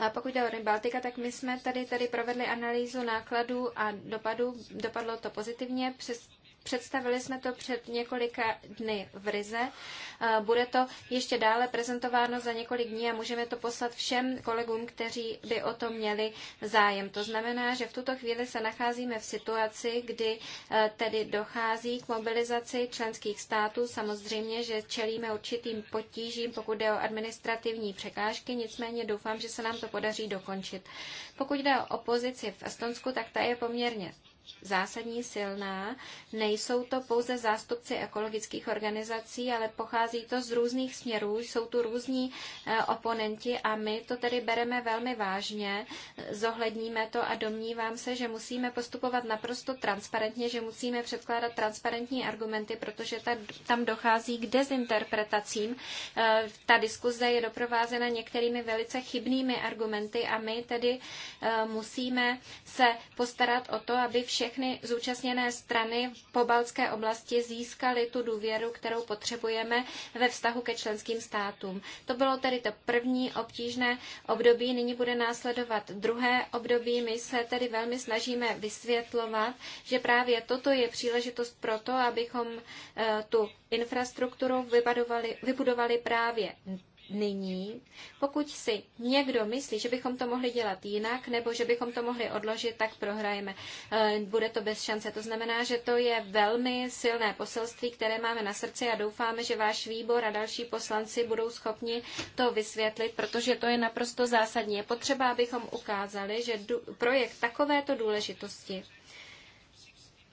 A pokud jde o Rybaltika, tak my jsme tady, tady provedli analýzu nákladů a dopadů. Dopadlo to pozitivně, přes, Představili jsme to před několika dny v Rize. Bude to ještě dále prezentováno za několik dní a můžeme to poslat všem kolegům, kteří by o to měli zájem. To znamená, že v tuto chvíli se nacházíme v situaci, kdy e, tedy dochází k mobilizaci členských států. Samozřejmě, že čelíme určitým potížím, pokud jde o administrativní překážky, nicméně doufám, že se nám to podaří dokončit. Pokud jde o opozici v Estonsku, tak ta je poměrně zásadní, silná. Nejsou to pouze zástupci ekologických organizací, ale pochází to z různých směrů, jsou tu různí eh, oponenti a my to tedy bereme velmi vážně, zohledníme to a domnívám se, že musíme postupovat naprosto transparentně, že musíme předkládat transparentní argumenty, protože ta, tam dochází k dezinterpretacím. Eh, ta diskuze je doprovázena některými velice chybnými argumenty a my tedy eh, musíme se postarat o to, aby všichni všechny zúčastněné strany v pobaltské oblasti získaly tu důvěru, kterou potřebujeme ve vztahu ke členským státům. To bylo tedy to první obtížné období, nyní bude následovat druhé období. My se tedy velmi snažíme vysvětlovat, že právě toto je příležitost pro to, abychom eh, tu infrastrukturu vybudovali právě nyní. Pokud si někdo myslí, že bychom to mohli dělat jinak, nebo že bychom to mohli odložit, tak prohrajeme. Eh, bude to bez šance. To znamená, že to je velmi silné poselství, které máme na srdci a doufáme, že váš výbor a další poslanci budou schopni to vysvětlit, protože to je naprosto zásadní. Je potřeba, abychom ukázali, že projekt takovéto důležitosti,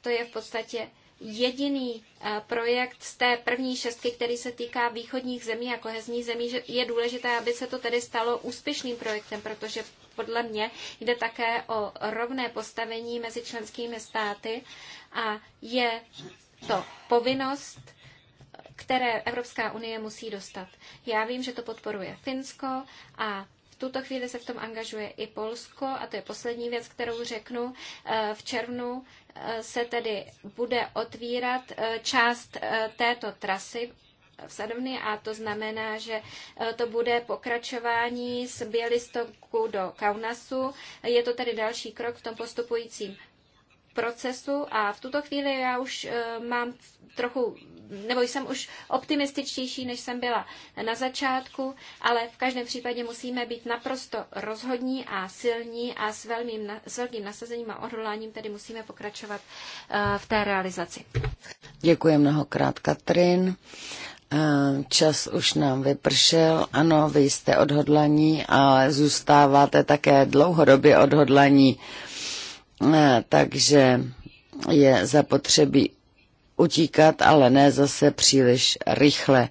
to je v podstatě jediný eh, projekt z té první šestky, který se týká východních zemí a kohezní zemí, že je důležité, aby se to tedy stalo úspěšným projektem, protože podle mě jde také o rovné postavení mezi členskými státy a je to povinnost, které Evropská unie musí dostat. Já vím, že to podporuje Finsko a v tuto chvíli se v tom angažuje i Polsko a to je poslední věc, kterou řeknu. Eh, v červnu se tedy bude otvírat e, část e, této trasy v Sadovny a to znamená, že e, to bude pokračování z Bělistoku do Kaunasu. Je to tedy další krok v tom postupujícím procesu a v tuto chvíli já už eh, mám trochu, nebo jsem už optimističtější, než jsem byla na začátku, ale v každém případě musíme být naprosto rozhodní a silní a s, velmým, s velkým nasazením a odhodláním tedy musíme pokračovat eh, v té realizaci. Děkuji mnohokrát, Katrin. Eh, čas už nám vypršel. Ano, vy jste odhodlaní, ale zůstáváte také dlouhodobě odhodlaní takže je zapotřebí utíkat, ale ne zase příliš rychle,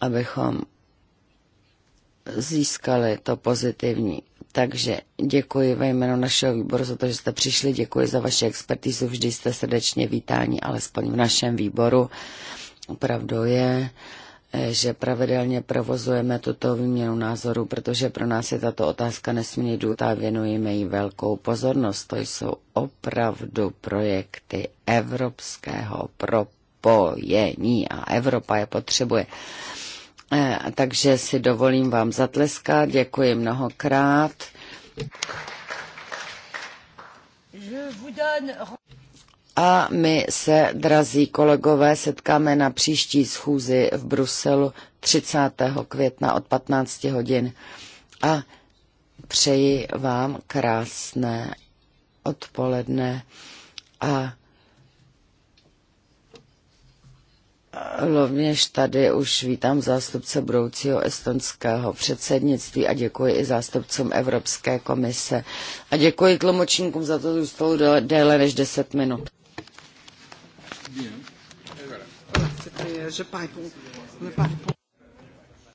abychom získali to pozitivní. Takže děkuji ve jménu našeho výboru za to, že jste přišli, děkuji za vaši expertizu, vždy jste srdečně vítáni, alespoň v našem výboru. Opravdu je, že pravidelně provozujeme tuto výměnu názoru, protože pro nás je tato otázka nesmírně důležitá, věnujeme jí velkou pozornost. To jsou opravdu projekty evropského propojení a Evropa je potřebuje. Eh, takže si dovolím vám zatleskat, děkuji mnohokrát. A my se, drazí kolegové, setkáme na příští schůzi v Bruselu 30. května od 15 hodin. A přeji vám krásné odpoledne a Lovněž tady už vítám zástupce budoucího estonského předsednictví a děkuji i zástupcům Evropské komise. A děkuji tlumočníkům za to, že zůstalo déle než 10 minut. Je Et voilà. Voilà, je pas répondu.